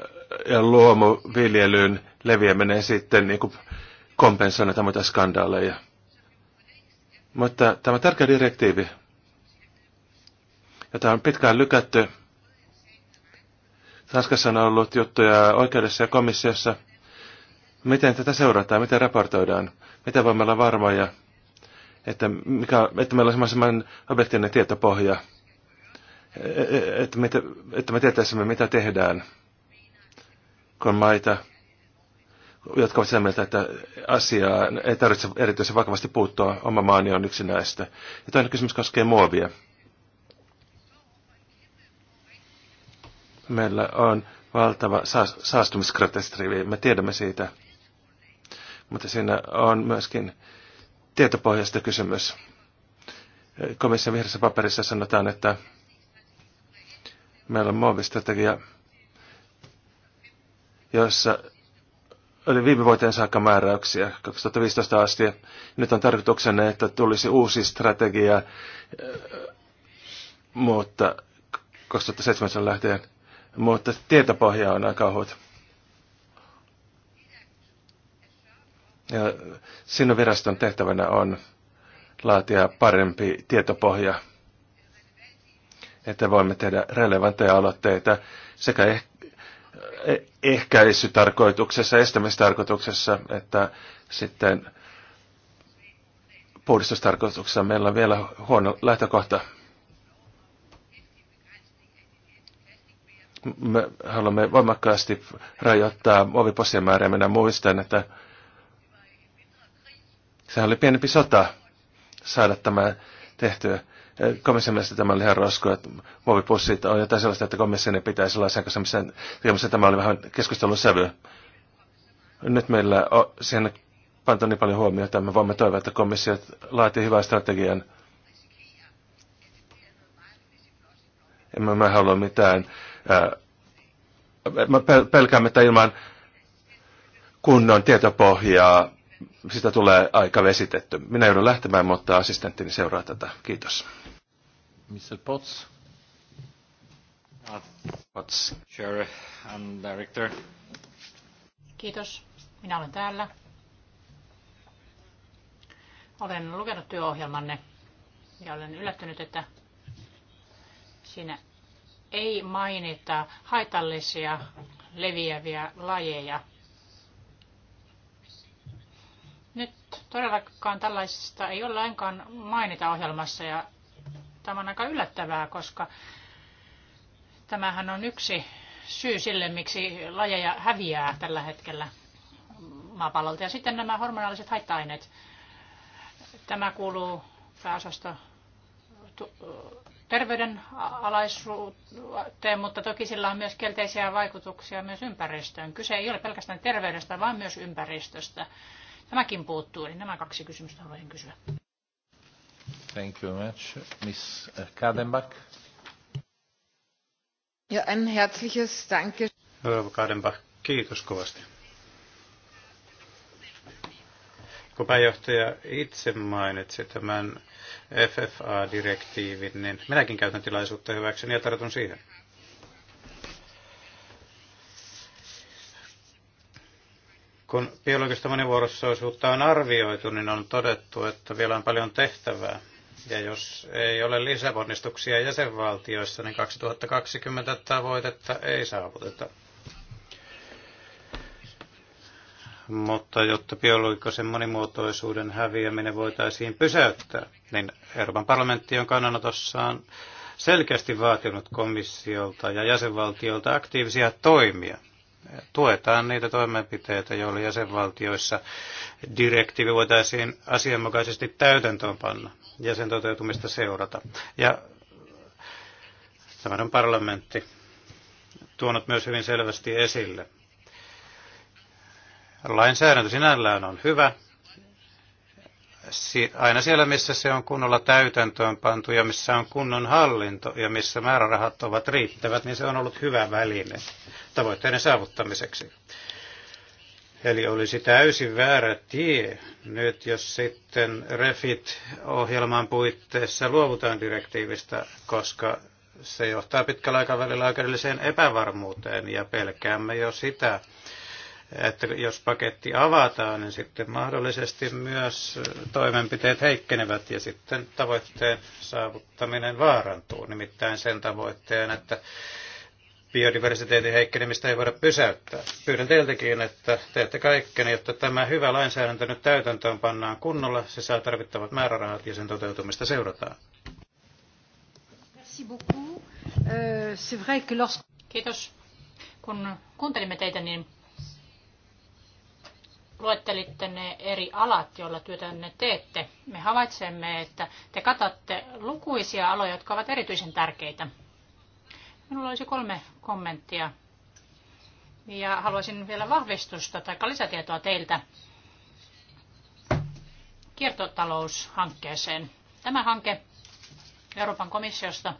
ja luomuviljelyn leviäminen sitten niin kuin kompensoida muita skandaaleja. Mutta tämä tärkeä direktiivi, jota on pitkään lykätty, Tanskassa on ollut juttuja oikeudessa ja komissiossa. Miten tätä seurataan, miten raportoidaan, miten voimme olla varmoja, että, mikä, että meillä on semmoinen objektiivinen tietopohja, e, e, että, että me tietäisimme, mitä tehdään, kun maita jotka ovat sitä mieltä, että asiaa ei tarvitse erityisen vakavasti puuttua. Oma maani on yksi näistä. Ja toinen kysymys koskee muovia. Meillä on valtava saastumiskatastri, me tiedämme siitä. Mutta siinä on myöskin tietopohjasta kysymys. Komission vihreässä paperissa sanotaan, että meillä on muovistrategia, jossa oli viime vuoteen saakka määräyksiä 2015 asti. Nyt on tarkoituksena, että tulisi uusi strategia, äh, mutta 2007 lähtien, mutta tietopohja on aika ohut. Ja sinun viraston tehtävänä on laatia parempi tietopohja, että voimme tehdä relevantteja aloitteita sekä E, ehkäisytarkoituksessa, estämistarkoituksessa, että sitten puhdistustarkoituksessa meillä on vielä huono lähtökohta. Me haluamme voimakkaasti rajoittaa muoviposien määrää. Minä muistan, että sehän oli pienempi sota saada tämä tehtyä komission mielestä tämä oli ihan rosku, että muovipussit on jotain sellaista, että komissio ei pitäisi sellaisen kanssa missä, missä Tämä oli vähän keskustelun sävy. Nyt meillä on siihen pantu niin paljon huomiota, että me voimme toivoa, että komissio laatii hyvän strategian. Emme mä halua mitään. Mä pelkäämme, että ilman kunnon tietopohjaa sitä tulee aika vesitetty. Minä joudun lähtemään, mutta assistenttini seuraa tätä. Kiitos. Mr. Potts. Ah. Potts. Chair and director. Kiitos. Minä olen täällä. Olen lukenut työohjelmanne ja olen yllättynyt, että siinä ei mainita haitallisia leviäviä lajeja – Todellakaan tällaisesta ei ole lainkaan mainita ohjelmassa ja tämä on aika yllättävää, koska tämähän on yksi syy sille, miksi lajeja häviää tällä hetkellä maapallolta. Ja sitten nämä hormonaaliset haitta-aineet. Tämä kuuluu pääosasta terveydenalaisuuteen, mutta toki sillä on myös kielteisiä vaikutuksia myös ympäristöön. Kyse ei ole pelkästään terveydestä, vaan myös ympäristöstä. Tämäkin puuttuu, eli nämä kaksi kysymystä haluaisin kysyä. Thank you much. Miss Kadenbach. Ja ein herzliches Danke. Rouva Kadenbach, kiitos kovasti. kun pääjohtaja itse mainitsi tämän FFA-direktiivin, niin minäkin käytän tilaisuutta hyväkseni ja tartun siihen. Kun biologista monivuoroisuutta on arvioitu, niin on todettu, että vielä on paljon tehtävää. Ja jos ei ole lisäponnistuksia jäsenvaltioissa, niin 2020 tavoitetta ei saavuteta. Mutta jotta biologisen monimuotoisuuden häviäminen voitaisiin pysäyttää, niin Euroopan parlamentti on kannanotossaan selkeästi vaatinut komissiolta ja jäsenvaltiolta aktiivisia toimia tuetaan niitä toimenpiteitä, joilla jäsenvaltioissa direktiivi voitaisiin asianmukaisesti täytäntöönpanna ja sen toteutumista seurata. Ja tämän on parlamentti tuonut myös hyvin selvästi esille. Lainsäädäntö sinällään on hyvä, aina siellä, missä se on kunnolla täytäntöön pantu ja missä on kunnon hallinto ja missä määrärahat ovat riittävät, niin se on ollut hyvä väline tavoitteiden saavuttamiseksi. Eli olisi täysin väärä tie nyt, jos sitten REFIT-ohjelman puitteissa luovutaan direktiivistä, koska se johtaa pitkällä aikavälillä oikeudelliseen epävarmuuteen ja pelkäämme jo sitä, että jos paketti avataan, niin sitten mahdollisesti myös toimenpiteet heikkenevät ja sitten tavoitteen saavuttaminen vaarantuu. Nimittäin sen tavoitteen, että biodiversiteetin heikkenemistä ei voida pysäyttää. Pyydän teiltäkin, että teette kaikkeni, jotta tämä hyvä lainsäädäntö nyt täytäntöön pannaan kunnolla, se saa tarvittavat määrärahat ja sen toteutumista seurataan. Euh, Kiitos. Kun kuuntelimme teitä, niin luettelitte ne eri alat, joilla työtänne teette. Me havaitsemme, että te katatte lukuisia aloja, jotka ovat erityisen tärkeitä. Minulla olisi kolme kommenttia. Ja haluaisin vielä vahvistusta tai lisätietoa teiltä kiertotaloushankkeeseen. Tämä hanke Euroopan komissiosta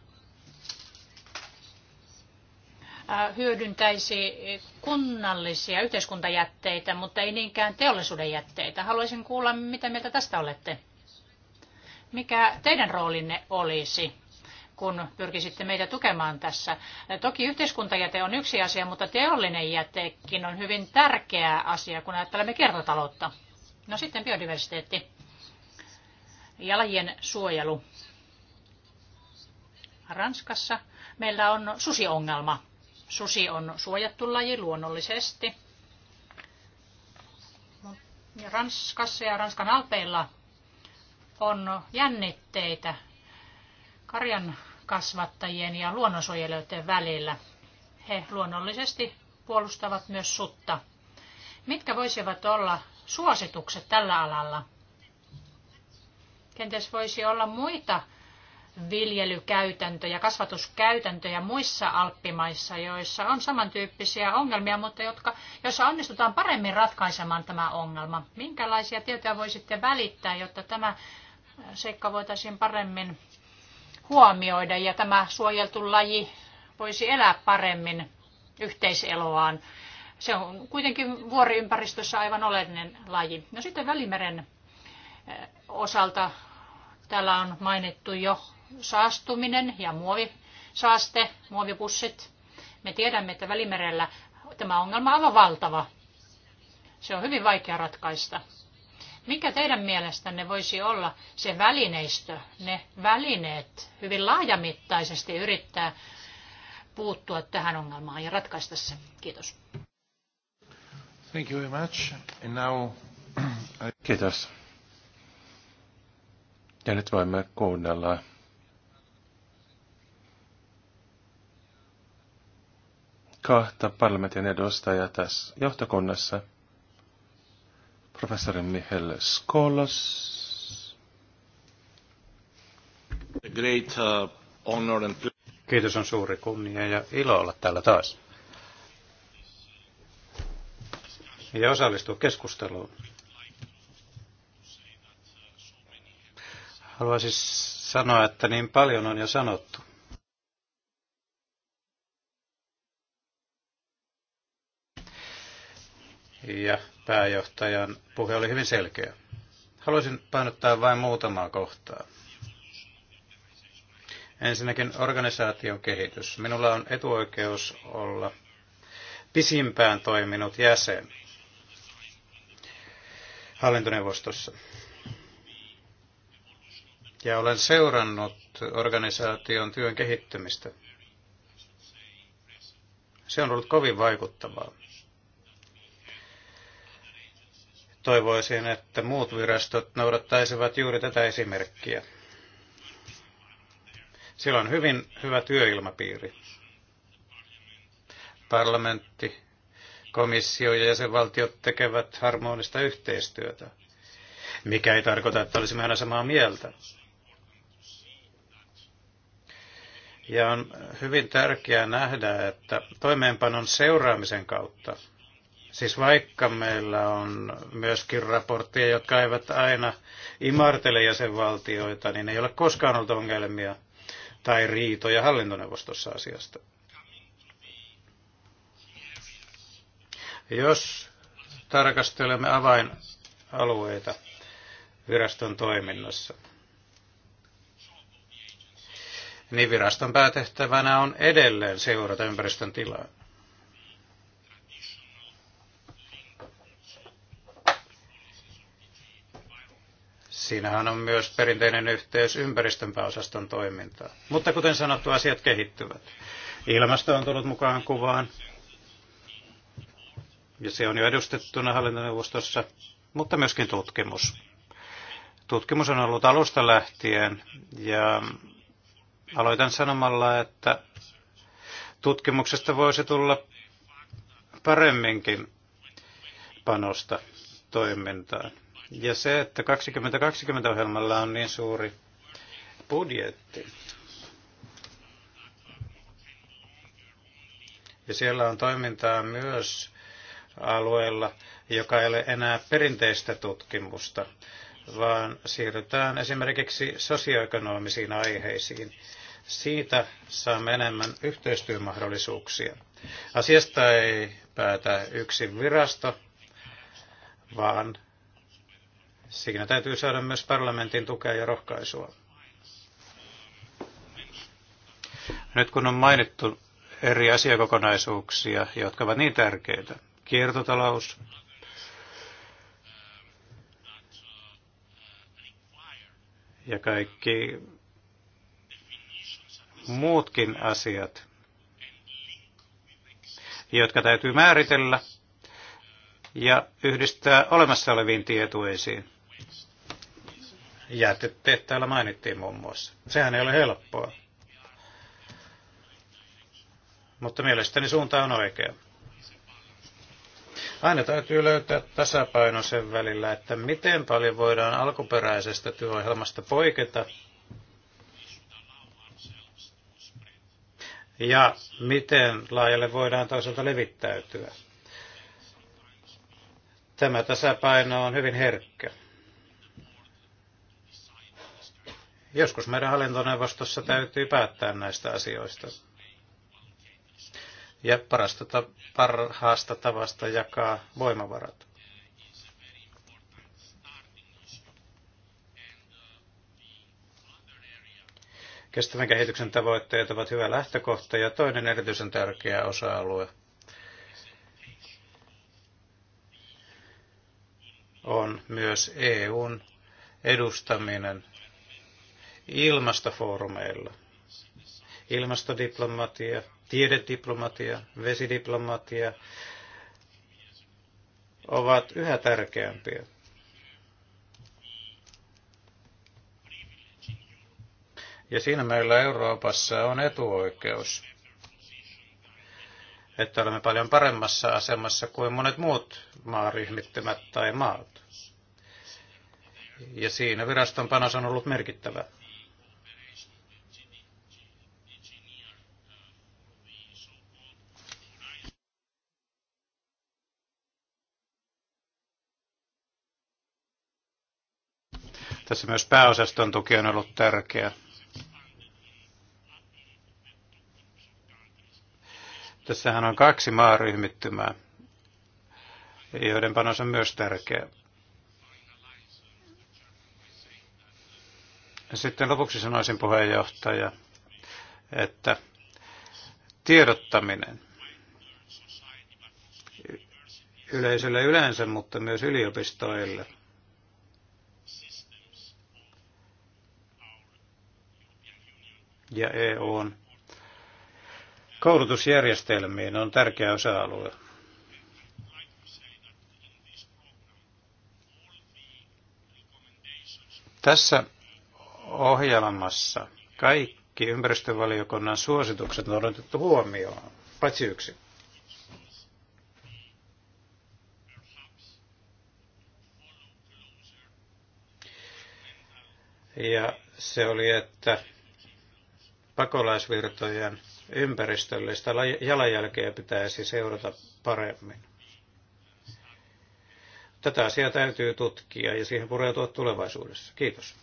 hyödyntäisi kunnallisia yhteiskuntajätteitä, mutta ei niinkään teollisuuden jätteitä. Haluaisin kuulla, mitä mieltä tästä olette. Mikä teidän roolinne olisi, kun pyrkisitte meitä tukemaan tässä? Toki yhteiskuntajäte on yksi asia, mutta teollinen jätekin on hyvin tärkeä asia, kun ajattelemme kiertotaloutta. No sitten biodiversiteetti. Jalajien suojelu. Ranskassa meillä on susiongelma Susi on suojattu laji luonnollisesti. Ja Ranskassa ja Ranskan alpeilla on jännitteitä karjan kasvattajien ja luonnonsuojelijoiden välillä. He luonnollisesti puolustavat myös sutta. Mitkä voisivat olla suositukset tällä alalla? Kenties voisi olla muita viljelykäytäntöjä, kasvatuskäytäntöjä muissa alppimaissa, joissa on samantyyppisiä ongelmia, mutta jotka, joissa onnistutaan paremmin ratkaisemaan tämä ongelma. Minkälaisia tietoja voisitte välittää, jotta tämä seikka voitaisiin paremmin huomioida ja tämä suojeltu laji voisi elää paremmin yhteiseloaan? Se on kuitenkin vuoriympäristössä aivan oleellinen laji. No sitten Välimeren eh, osalta täällä on mainittu jo saastuminen ja muovisaaste, muovipussit. Me tiedämme, että Välimerellä tämä ongelma on aivan valtava. Se on hyvin vaikea ratkaista. Mikä teidän mielestänne voisi olla se välineistö, ne välineet hyvin laajamittaisesti yrittää puuttua tähän ongelmaan ja ratkaista se? Kiitos. Thank you very much. And now <clears throat> I... Kiitos. Ja nyt voimme kuunnella kahta parlamentin edustajaa tässä johtokunnassa. Professori Michel Skolos. Great, uh, honor and... Kiitos, on suuri kunnia ja ilo olla täällä taas. Ja osallistua keskusteluun. Haluaisin sanoa, että niin paljon on jo sanottu. ja pääjohtajan puhe oli hyvin selkeä. Haluaisin painottaa vain muutamaa kohtaa. Ensinnäkin organisaation kehitys. Minulla on etuoikeus olla pisimpään toiminut jäsen hallintoneuvostossa. Ja olen seurannut organisaation työn kehittymistä. Se on ollut kovin vaikuttavaa. Toivoisin, että muut virastot noudattaisivat juuri tätä esimerkkiä. Sillä on hyvin hyvä työilmapiiri. Parlamentti, komissio ja jäsenvaltiot tekevät harmonista yhteistyötä, mikä ei tarkoita, että olisimme aina samaa mieltä. Ja on hyvin tärkeää nähdä, että toimeenpanon seuraamisen kautta Siis vaikka meillä on myöskin raportteja, jotka eivät aina imartele jäsenvaltioita, niin ei ole koskaan ollut ongelmia tai riitoja hallintoneuvostossa asiasta. Jos tarkastelemme avainalueita viraston toiminnassa, niin viraston päätehtävänä on edelleen seurata ympäristön tilaa. Siinähän on myös perinteinen yhteys ympäristön pääosaston toimintaan. Mutta kuten sanottu, asiat kehittyvät. Ilmasto on tullut mukaan kuvaan, ja se on jo edustettuna hallintoneuvostossa, mutta myöskin tutkimus. Tutkimus on ollut alusta lähtien, ja aloitan sanomalla, että tutkimuksesta voisi tulla paremminkin panosta toimintaan. Ja se, että 2020-ohjelmalla on niin suuri budjetti, ja siellä on toimintaa myös alueella, joka ei ole enää perinteistä tutkimusta, vaan siirrytään esimerkiksi sosioekonomisiin aiheisiin. Siitä saamme enemmän yhteistyömahdollisuuksia. Asiasta ei päätä yksi virasto, vaan Siinä täytyy saada myös parlamentin tukea ja rohkaisua. Nyt kun on mainittu eri asiakokonaisuuksia, jotka ovat niin tärkeitä, kiertotalous, ja kaikki muutkin asiat, jotka täytyy määritellä ja yhdistää olemassa oleviin tietoisiin te täällä mainittiin muun muassa. Sehän ei ole helppoa. Mutta mielestäni suunta on oikea. Aina täytyy löytää tasapaino sen välillä, että miten paljon voidaan alkuperäisestä työohjelmasta poiketa ja miten laajalle voidaan toisaalta levittäytyä. Tämä tasapaino on hyvin herkkä. Joskus meidän hallintoneuvostossa täytyy päättää näistä asioista. Ja parasta ta- parhaasta tavasta jakaa voimavarat. Kestävän kehityksen tavoitteet ovat hyvä lähtökohta ja toinen erityisen tärkeä osa-alue on myös EUn edustaminen ilmastofoorumeilla. Ilmastodiplomatia, tiedediplomatia, vesidiplomatia ovat yhä tärkeämpiä. Ja siinä meillä Euroopassa on etuoikeus, että olemme paljon paremmassa asemassa kuin monet muut maaryhmittymät tai maat. Ja siinä viraston panos on ollut merkittävä. Tässä myös pääosaston tuki on ollut tärkeä. Tässähän on kaksi maaryhmittymää, joiden panos on myös tärkeä. Sitten lopuksi sanoisin puheenjohtaja, että tiedottaminen yleisölle yleensä, mutta myös yliopistoille – ja EUn koulutusjärjestelmiin on tärkeä osa-alue. Tässä ohjelmassa kaikki ympäristövaliokunnan suositukset on otettu huomioon, paitsi yksi. Ja se oli, että pakolaisvirtojen ympäristöllistä jalanjälkeä pitäisi seurata paremmin. Tätä asiaa täytyy tutkia ja siihen pureutua tulevaisuudessa. Kiitos.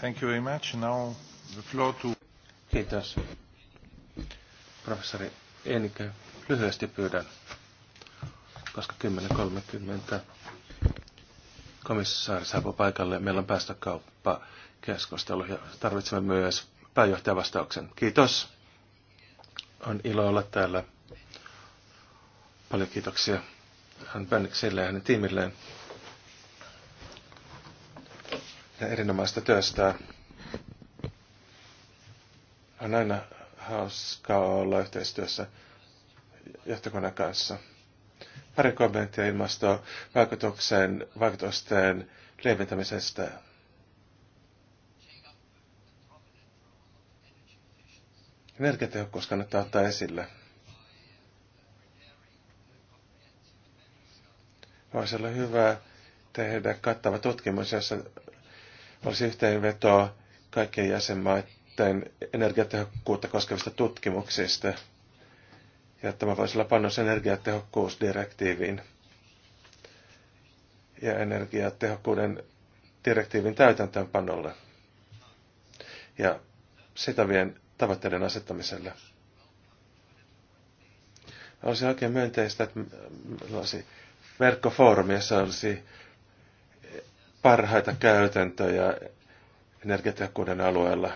Thank you very much. Now the floor to... Kiitos. Professori Enikö, lyhyesti pyydän, koska 10.30 komissaari saapuu paikalle. Meillä on päästökauppa keskustelu ja tarvitsemme myös pääjohtajan vastauksen. Kiitos. On ilo olla täällä. Paljon kiitoksia hän Bännikselle ja hänen tiimilleen ja erinomaista työstä. On aina hauskaa olla yhteistyössä johtokunnan kanssa. Pari kommenttia ilmastovaikutusten vaikutusten lieventämisestä Energiatehokkuus kannattaa ottaa esille. Voisi olla hyvä tehdä kattava tutkimus, jossa olisi yhteenvetoa kaikkien jäsenmaiden energiatehokkuutta koskevista tutkimuksista. Ja tämä voisi olla panos energiatehokkuusdirektiiviin ja energiatehokkuuden direktiivin täytäntöönpanolle. Ja sitä vien tavoitteiden asettamiselle. Olisi oikein myönteistä, että meillä olisi verkkofoorumi, jossa olisi parhaita käytäntöjä energiatehokkuuden alueella.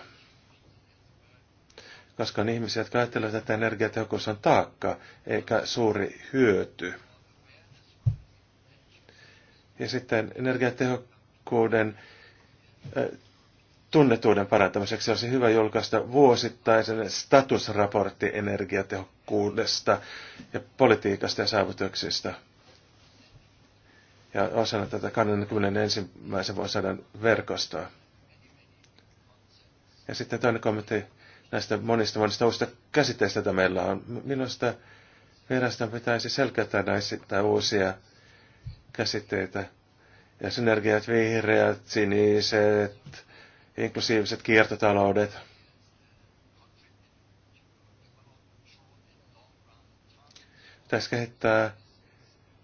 Koska on ihmisiä, jotka ajattelevat, että energiatehokkuus on taakka eikä suuri hyöty. Ja sitten energiatehokkuuden tunnetuuden parantamiseksi olisi hyvä julkaista vuosittaisen statusraportti energiatehokkuudesta ja politiikasta ja saavutuksista. Ja osana tätä 21. vuosisadan verkostoa. Ja sitten toinen kommentti näistä monista monista uusista käsitteistä, joita meillä on. Minusta viraston pitäisi selkeyttää näistä uusia käsitteitä. Ja synergiat, vihreät, siniset, inklusiiviset kiertotaloudet. Pitäisi kehittää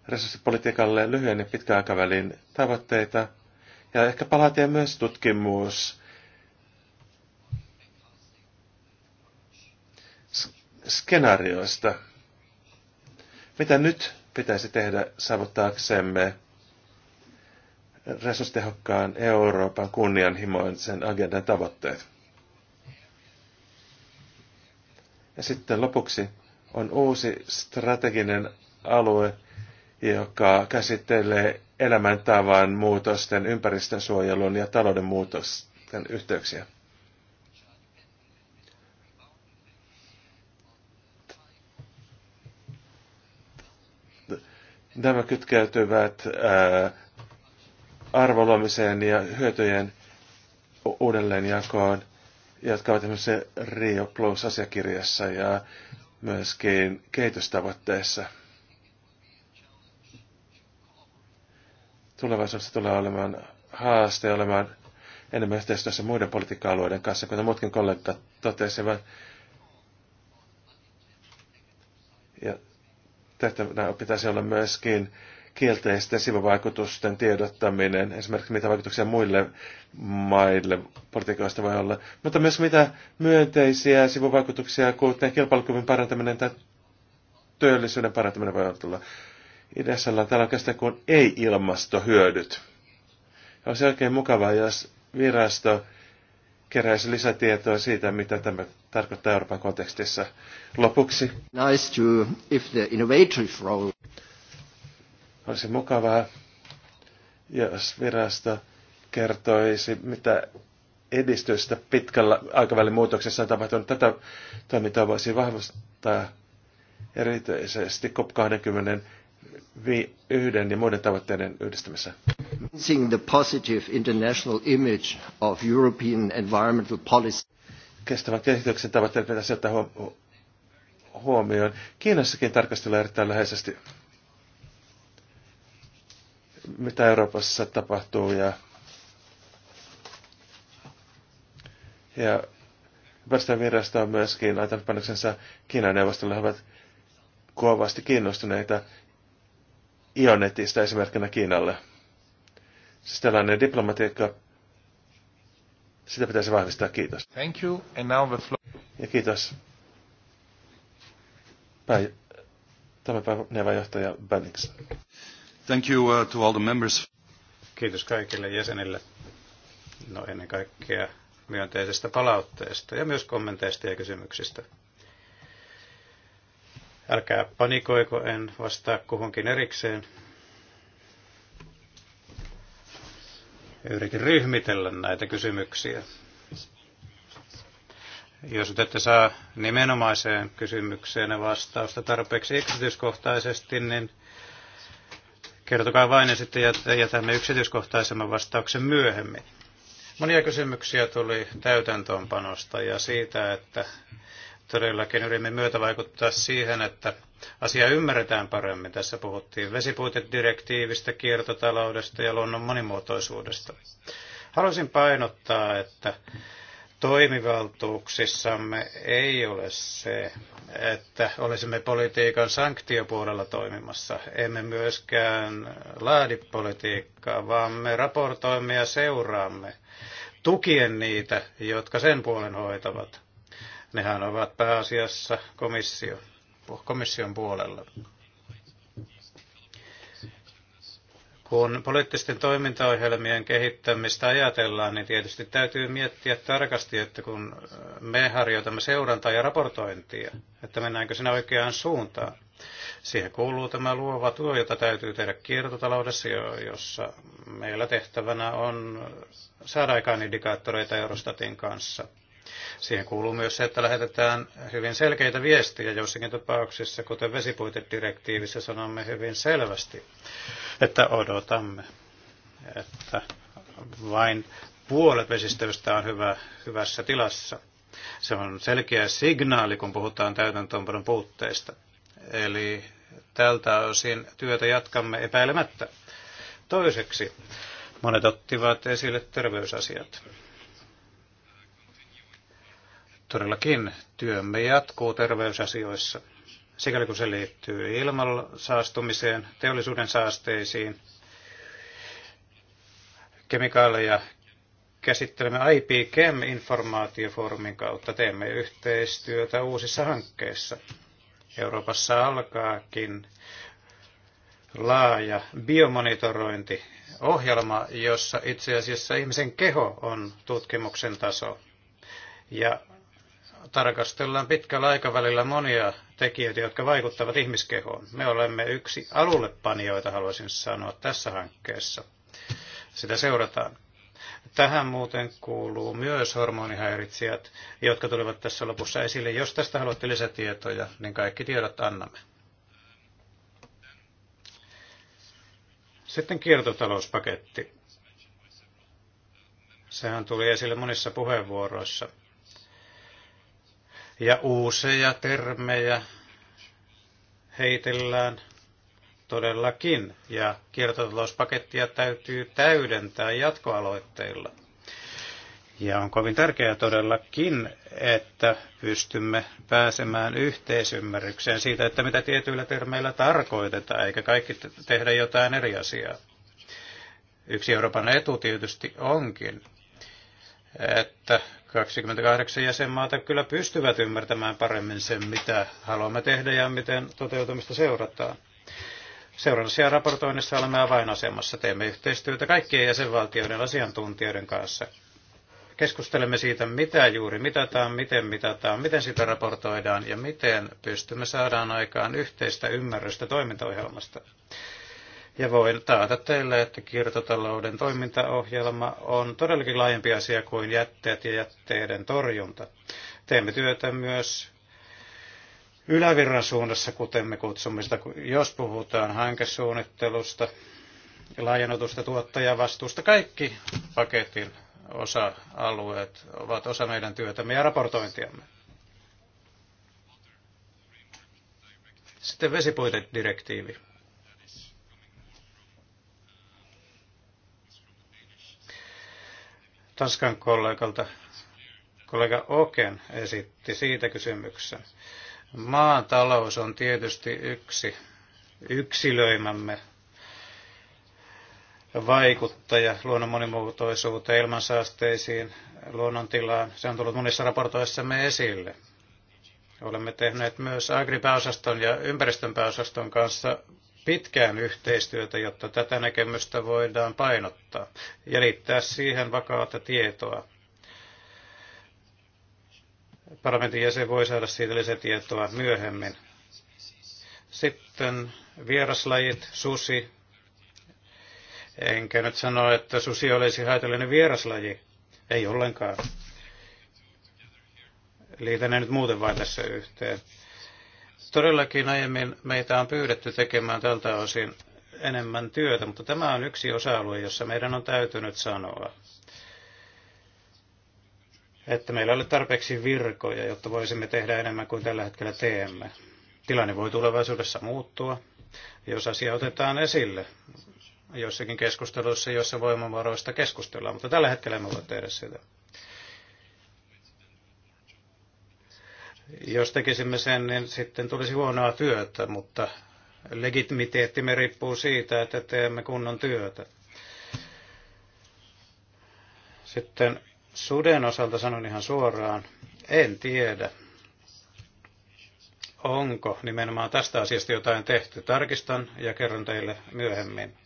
resurssipolitiikalle lyhyen ja pitkän aikavälin tavoitteita ja ehkä palatie myös tutkimus skenaarioista. Mitä nyt pitäisi tehdä saavuttaaksemme resurssitehokkaan Euroopan kunnianhimoisen agendan tavoitteet. Ja sitten lopuksi on uusi strateginen alue, joka käsittelee elämäntavan muutosten, ympäristönsuojelun ja talouden muutosten yhteyksiä. Nämä kytkeytyvät ää, arvoluomiseen ja hyötyjen uudelleenjakoon, jotka ovat esimerkiksi Rio Plus-asiakirjassa ja myöskin kehitystavoitteissa. Tulevaisuudessa tulee olemaan haaste olemaan enemmän yhteistyössä muiden politiikka-alueiden kanssa, kuten muutkin kollegat totesivat. Ja tehtävänä pitäisi olla myöskin kielteisten sivuvaikutusten tiedottaminen, esimerkiksi mitä vaikutuksia muille maille politiikoista voi olla, mutta myös mitä myönteisiä sivuvaikutuksia, kuten kilpailukyvyn parantaminen tai työllisyyden parantaminen voi olla. Ideassa on täällä oikeastaan kuin ei-ilmastohyödyt. Olisi oikein mukavaa, jos virasto keräisi lisätietoa siitä, mitä tämä tarkoittaa Euroopan kontekstissa. Lopuksi. Nice to, if the innovative role olisi mukavaa, jos virasto kertoisi, mitä edistystä pitkällä aikavälin muutoksessa on tapahtunut. Tätä toimintaa voisi vahvistaa erityisesti COP21 yhden ja muiden tavoitteiden yhdistämisessä. The positive international image of European environmental policy. Kestävän kehityksen tavoitteet pitäisi ottaa huomioon. Kiinassakin tarkastellaan erittäin läheisesti mitä Euroopassa tapahtuu ja, ja ympäristövirasto on myöskin laitanut panoksensa Kiinan neuvostolle. He ovat kovasti kiinnostuneita Ionetista esimerkkinä Kiinalle. Siis tällainen diplomatiikka, sitä pitäisi vahvistaa. Kiitos. Thank you, and now the floor. Ja kiitos. Päin, tämä päivä johtaja Bennings. Thank you uh, to all the members. Kiitos kaikille jäsenille. No ennen kaikkea myönteisestä palautteesta ja myös kommenteista ja kysymyksistä. Älkää panikoiko, en vastaa kuhunkin erikseen. Yritin ryhmitellä näitä kysymyksiä. Jos nyt ette saa nimenomaiseen kysymykseen vastausta tarpeeksi yksityiskohtaisesti, niin Kertokaa vain ja sitten jätämme yksityiskohtaisemman vastauksen myöhemmin. Monia kysymyksiä tuli täytäntöönpanosta ja siitä, että todellakin yrimme myötä vaikuttaa siihen, että asia ymmärretään paremmin. Tässä puhuttiin vesipuitedirektiivistä, kiertotaloudesta ja luonnon monimuotoisuudesta. Haluaisin painottaa, että toimivaltuuksissamme ei ole se, että olisimme politiikan sanktiopuolella toimimassa. Emme myöskään laadi politiikkaa, vaan me raportoimme ja seuraamme tukien niitä, jotka sen puolen hoitavat. Nehän ovat pääasiassa komissio, komission puolella. Kun poliittisten toimintaohjelmien kehittämistä ajatellaan, niin tietysti täytyy miettiä tarkasti, että kun äh, me harjoitamme seurantaa ja raportointia, että mennäänkö sinä oikeaan suuntaan. Siihen kuuluu tämä luova tuo, jota täytyy tehdä kiertotaloudessa, jossa meillä tehtävänä on äh, saada aikaan indikaattoreita Eurostatin kanssa – Siihen kuuluu myös se, että lähetetään hyvin selkeitä viestiä joissakin tapauksissa, kuten vesipuitedirektiivissä sanomme hyvin selvästi, että odotamme, että vain puolet vesistöistä on hyvä, hyvässä tilassa. Se on selkeä signaali, kun puhutaan täytäntöönpanon puutteista. Eli tältä osin työtä jatkamme epäilemättä. Toiseksi monet ottivat esille terveysasiat. Todellakin työmme jatkuu terveysasioissa, sikäli kun se liittyy ilman saastumiseen, teollisuuden saasteisiin, kemikaaleja käsittelemme IP Chem informaatiofoorumin kautta. Teemme yhteistyötä uusissa hankkeissa. Euroopassa alkaakin laaja biomonitorointiohjelma, jossa itse asiassa ihmisen keho on tutkimuksen taso. Ja tarkastellaan pitkällä aikavälillä monia tekijöitä, jotka vaikuttavat ihmiskehoon. Me olemme yksi alullepanijoita, haluaisin sanoa, tässä hankkeessa. Sitä seurataan. Tähän muuten kuuluu myös hormonihäiritsijät, jotka tulivat tässä lopussa esille. Jos tästä haluatte lisätietoja, niin kaikki tiedot annamme. Sitten kiertotalouspaketti. Sehän tuli esille monissa puheenvuoroissa. Ja uusia termejä heitellään todellakin, ja kiertotalouspakettia täytyy täydentää jatkoaloitteilla. Ja on kovin tärkeää todellakin, että pystymme pääsemään yhteisymmärrykseen siitä, että mitä tietyillä termeillä tarkoitetaan, eikä kaikki tehdä jotain eri asiaa. Yksi Euroopan etu tietysti onkin, että 28 jäsenmaata kyllä pystyvät ymmärtämään paremmin sen, mitä haluamme tehdä ja miten toteutumista seurataan. Seurannassa ja raportoinnissa olemme avainasemassa. Teemme yhteistyötä kaikkien jäsenvaltioiden asiantuntijoiden kanssa. Keskustelemme siitä, mitä juuri mitataan, miten mitataan, miten sitä raportoidaan ja miten pystymme saadaan aikaan yhteistä ymmärrystä toimintaohjelmasta. Ja voin taata teille, että kiertotalouden toimintaohjelma on todellakin laajempi asia kuin jätteet ja jätteiden torjunta. Teemme työtä myös ylävirran suunnassa, kuten me kutsumme sitä, jos puhutaan hankesuunnittelusta, laajennetusta tuottajavastuusta. Kaikki paketin osa-alueet ovat osa meidän työtämme ja raportointiamme. Sitten vesipuitedirektiivi. Tanskan kollegalta kollega Oken esitti siitä kysymyksen. talous on tietysti yksi yksilöimämme vaikuttaja luonnon monimuotoisuuteen, ilmansaasteisiin, luonnontilaan. Se on tullut monissa raportoissamme esille. Olemme tehneet myös agripääosaston ja ympäristön pääosaston kanssa pitkään yhteistyötä, jotta tätä näkemystä voidaan painottaa ja liittää siihen vakaata tietoa. Parlamentin jäsen voi saada siitä lisätietoa myöhemmin. Sitten vieraslajit, susi. Enkä nyt sano, että susi olisi haitallinen vieraslaji. Ei ollenkaan. Liitän ne nyt muuten vain tässä yhteen. Todellakin aiemmin meitä on pyydetty tekemään tältä osin enemmän työtä, mutta tämä on yksi osa-alue, jossa meidän on täytynyt sanoa, että meillä ei ole tarpeeksi virkoja, jotta voisimme tehdä enemmän kuin tällä hetkellä teemme. Tilanne voi tulevaisuudessa muuttua, jos asia otetaan esille jossakin keskustelussa, jossa voimavaroista keskustellaan, mutta tällä hetkellä emme voi tehdä sitä. Jos tekisimme sen, niin sitten tulisi huonoa työtä, mutta legitimiteettimme riippuu siitä, että teemme kunnon työtä. Sitten suden osalta sanon ihan suoraan, en tiedä, onko nimenomaan tästä asiasta jotain tehty. Tarkistan ja kerron teille myöhemmin.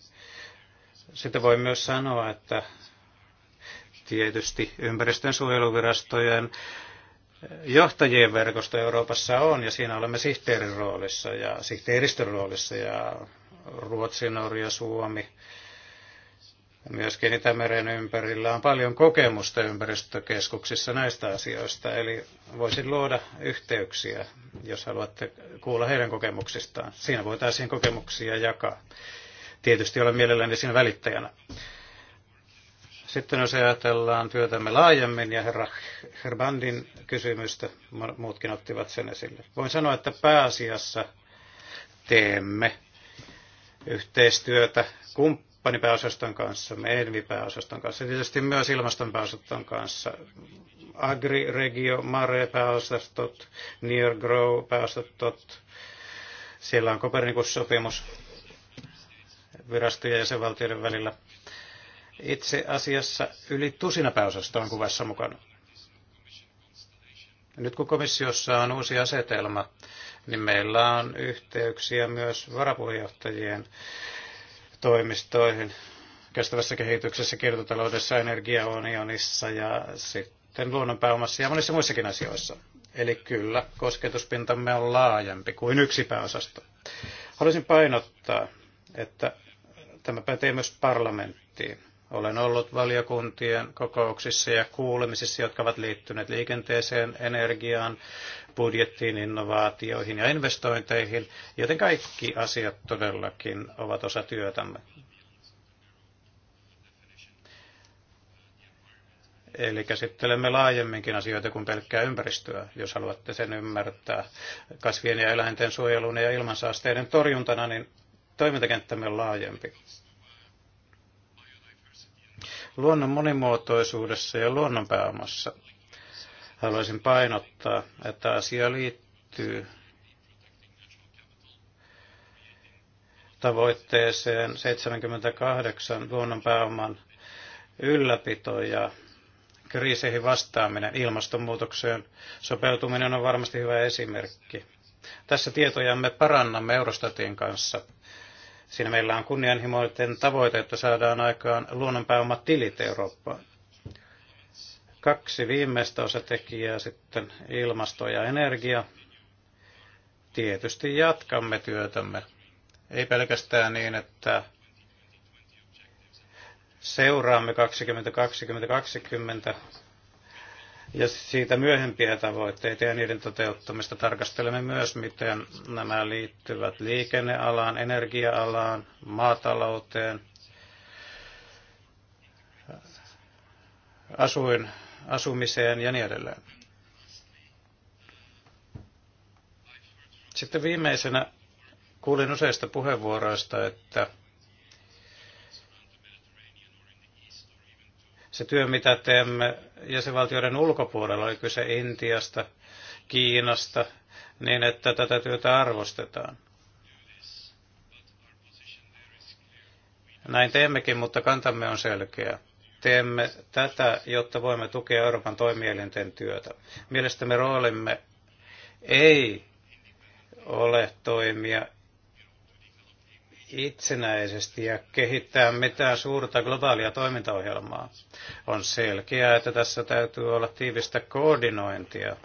Sitten voi myös sanoa, että tietysti ympäristönsuojeluvirastojen johtajien verkosto Euroopassa on ja siinä olemme sihteerin roolissa ja sihteeristön roolissa ja Ruotsi, Norja, Suomi. Myöskin Itämeren ympärillä on paljon kokemusta ympäristökeskuksissa näistä asioista, eli voisin luoda yhteyksiä, jos haluatte kuulla heidän kokemuksistaan. Siinä voitaisiin kokemuksia jakaa. Tietysti olen mielelläni siinä välittäjänä. Sitten jos ajatellaan työtämme laajemmin, ja herra Herbandin kysymystä, muutkin ottivat sen esille. Voin sanoa, että pääasiassa teemme yhteistyötä kumppanipääosaston kanssa, ENVI-pääosaston kanssa, tietysti myös ilmastonpääosaston kanssa, Agri, Regio, Mare pääosastot, Near Grow pääosastot, siellä on Kopernikus-sopimus virastojen ja jäsenvaltioiden välillä itse asiassa yli tusina pääosasta on kuvassa mukana. Nyt kun komissiossa on uusi asetelma, niin meillä on yhteyksiä myös varapuheenjohtajien toimistoihin kestävässä kehityksessä, kiertotaloudessa, energiaunionissa ja sitten luonnonpääomassa ja monissa muissakin asioissa. Eli kyllä, kosketuspintamme on laajempi kuin yksi pääosasto. Haluaisin painottaa, että tämä pätee myös parlamenttiin. Olen ollut valiokuntien kokouksissa ja kuulemisissa, jotka ovat liittyneet liikenteeseen, energiaan, budjettiin, innovaatioihin ja investointeihin, joten kaikki asiat todellakin ovat osa työtämme. Eli käsittelemme laajemminkin asioita kuin pelkkää ympäristöä, jos haluatte sen ymmärtää. Kasvien ja eläinten suojelun ja ilmansaasteiden torjuntana, niin toimintakenttämme on laajempi luonnon monimuotoisuudessa ja luonnonpääomassa. Haluaisin painottaa, että asia liittyy tavoitteeseen 78 luonnonpääoman ylläpito ja kriiseihin vastaaminen, ilmastonmuutokseen sopeutuminen on varmasti hyvä esimerkki. Tässä tietojamme parannamme Eurostatin kanssa. Siinä meillä on kunnianhimoinen tavoite, että saadaan aikaan luonnonpääomat tilit Eurooppaan. Kaksi viimeistä osatekijää sitten ilmasto ja energia. Tietysti jatkamme työtämme. Ei pelkästään niin, että seuraamme 2020-2020 ja siitä myöhempiä tavoitteita ja niiden toteuttamista tarkastelemme myös, miten nämä liittyvät liikennealaan, energia-alaan, maatalouteen, asuin, asumiseen ja niin edelleen. Sitten viimeisenä kuulin useista puheenvuoroista, että Se työ, mitä teemme jäsenvaltioiden ulkopuolella, oli kyse Intiasta, Kiinasta, niin että tätä työtä arvostetaan. Näin teemmekin, mutta kantamme on selkeä. Teemme tätä, jotta voimme tukea Euroopan toimielinten työtä. Mielestämme roolimme ei ole toimia itsenäisesti ja kehittää mitään suurta globaalia toimintaohjelmaa. On selkeää, että tässä täytyy olla tiivistä koordinointia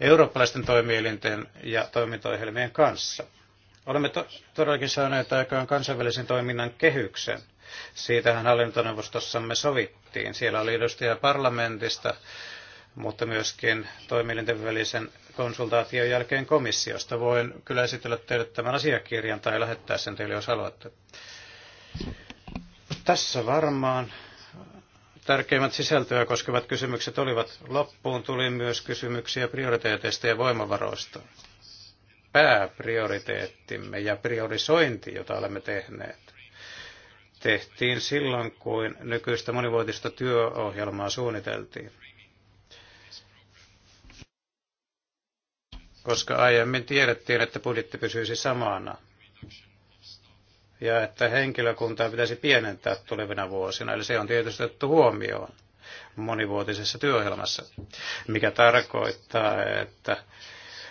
eurooppalaisten toimielinten ja toimintaohjelmien kanssa. Olemme to- todellakin saaneet aikaan kansainvälisen toiminnan kehyksen. Siitähän hallintoneuvostossamme sovittiin. Siellä oli edustaja parlamentista, mutta myöskin toimielinten välisen konsultaation jälkeen komissiosta. Voin kyllä esitellä teille tämän asiakirjan tai lähettää sen teille, jos haluatte. Tässä varmaan tärkeimmät sisältöä koskevat kysymykset olivat. Loppuun tuli myös kysymyksiä prioriteeteista ja voimavaroista. Pääprioriteettimme ja priorisointi, jota olemme tehneet, tehtiin silloin, kun nykyistä monivuotista työohjelmaa suunniteltiin. koska aiemmin tiedettiin, että budjetti pysyisi samana ja että henkilökuntaa pitäisi pienentää tulevina vuosina. Eli se on tietysti otettu huomioon monivuotisessa työohjelmassa, mikä tarkoittaa, että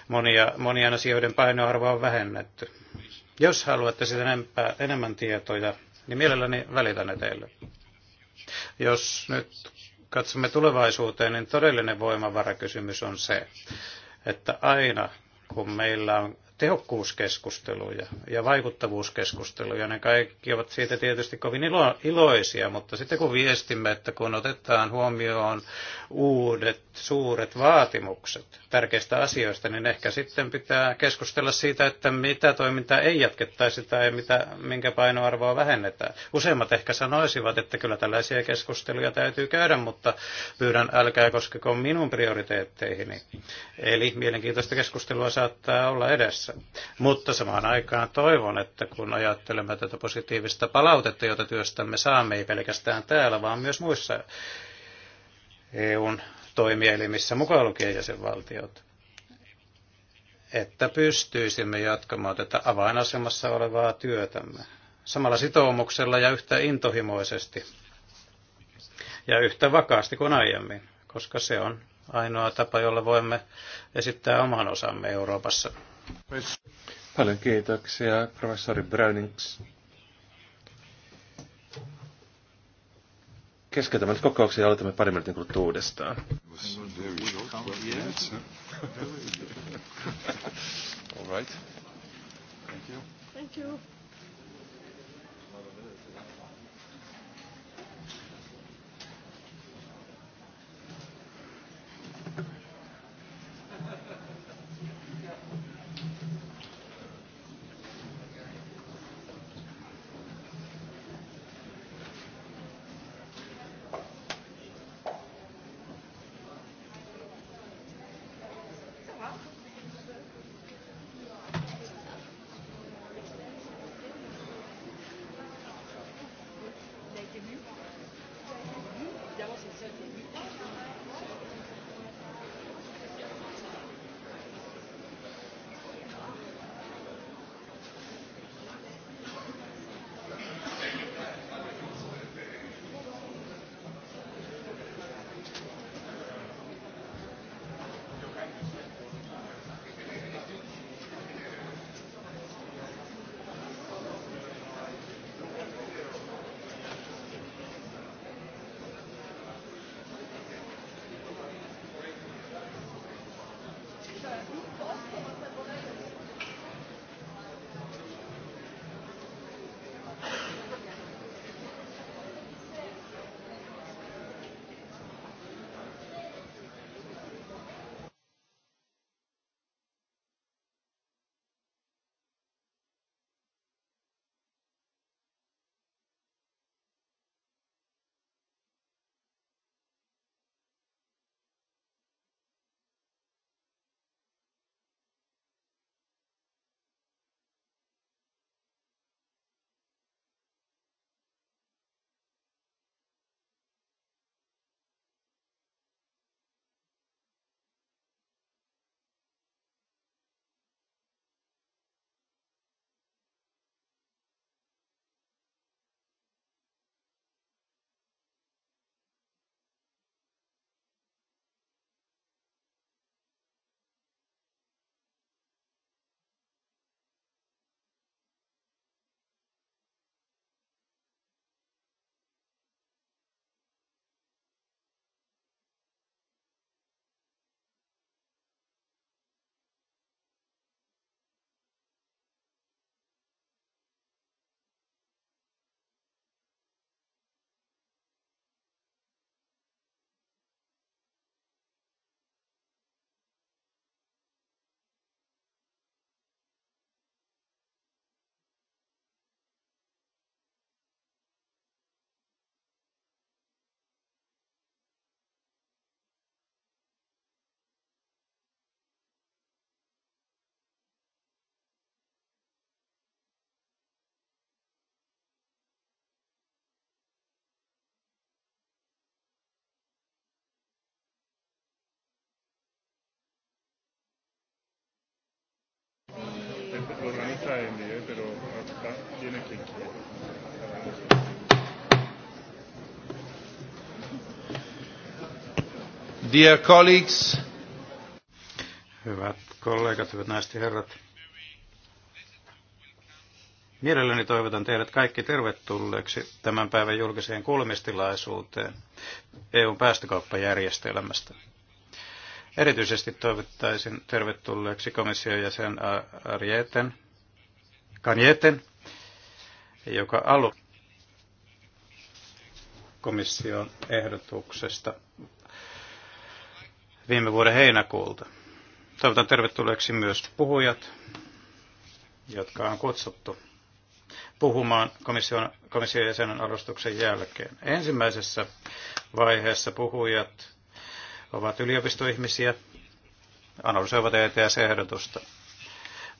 monia, monien asioiden painoarvo on vähennetty. Jos haluatte sitä enempää, enemmän tietoja, niin mielelläni välitän ne teille. Jos nyt katsomme tulevaisuuteen, niin todellinen voimavarakysymys on se, että aina kun meillä on tehokkuuskeskusteluja ja vaikuttavuuskeskusteluja. Ne kaikki ovat siitä tietysti kovin ilo- iloisia, mutta sitten kun viestimme, että kun otetaan huomioon uudet suuret vaatimukset tärkeistä asioista, niin ehkä sitten pitää keskustella siitä, että mitä toimintaa ei jatkettaisi tai mitä, minkä painoarvoa vähennetään. Useimmat ehkä sanoisivat, että kyllä tällaisia keskusteluja täytyy käydä, mutta pyydän älkää koskeko minun prioriteetteihini. Eli mielenkiintoista keskustelua saattaa olla edessä kanssa. Mutta samaan aikaan toivon, että kun ajattelemme tätä positiivista palautetta, jota työstämme saamme, ei pelkästään täällä, vaan myös muissa EUn toimielimissä, mukaan lukien jäsenvaltiot, että pystyisimme jatkamaan tätä avainasemassa olevaa työtämme samalla sitoumuksella ja yhtä intohimoisesti ja yhtä vakaasti kuin aiemmin, koska se on ainoa tapa, jolla voimme esittää oman osamme Euroopassa. Paljon kiitoksia, professori Brownings. Keskeytämme nyt kokouksen ja aloitamme pari minuutin kuluttua uudestaan. All right. Thank you. Thank you. traen, ¿eh? pero hasta tiene que Dear colleagues, hyvät kollegat, hyvät naiset ja herrat, mielelläni toivotan teidät kaikki tervetulleeksi tämän päivän julkiseen kuulemistilaisuuteen EUn päästökauppajärjestelmästä. Erityisesti toivottaisin tervetulleeksi komission jäsen Arjeten Kanjeten, joka alu komission ehdotuksesta viime vuoden heinäkuulta. Toivotan tervetulleeksi myös puhujat, jotka on kutsuttu puhumaan komission, komission jäsenen arvostuksen jälkeen. Ensimmäisessä vaiheessa puhujat ovat yliopistoihmisiä, analysoivat ETS-ehdotusta.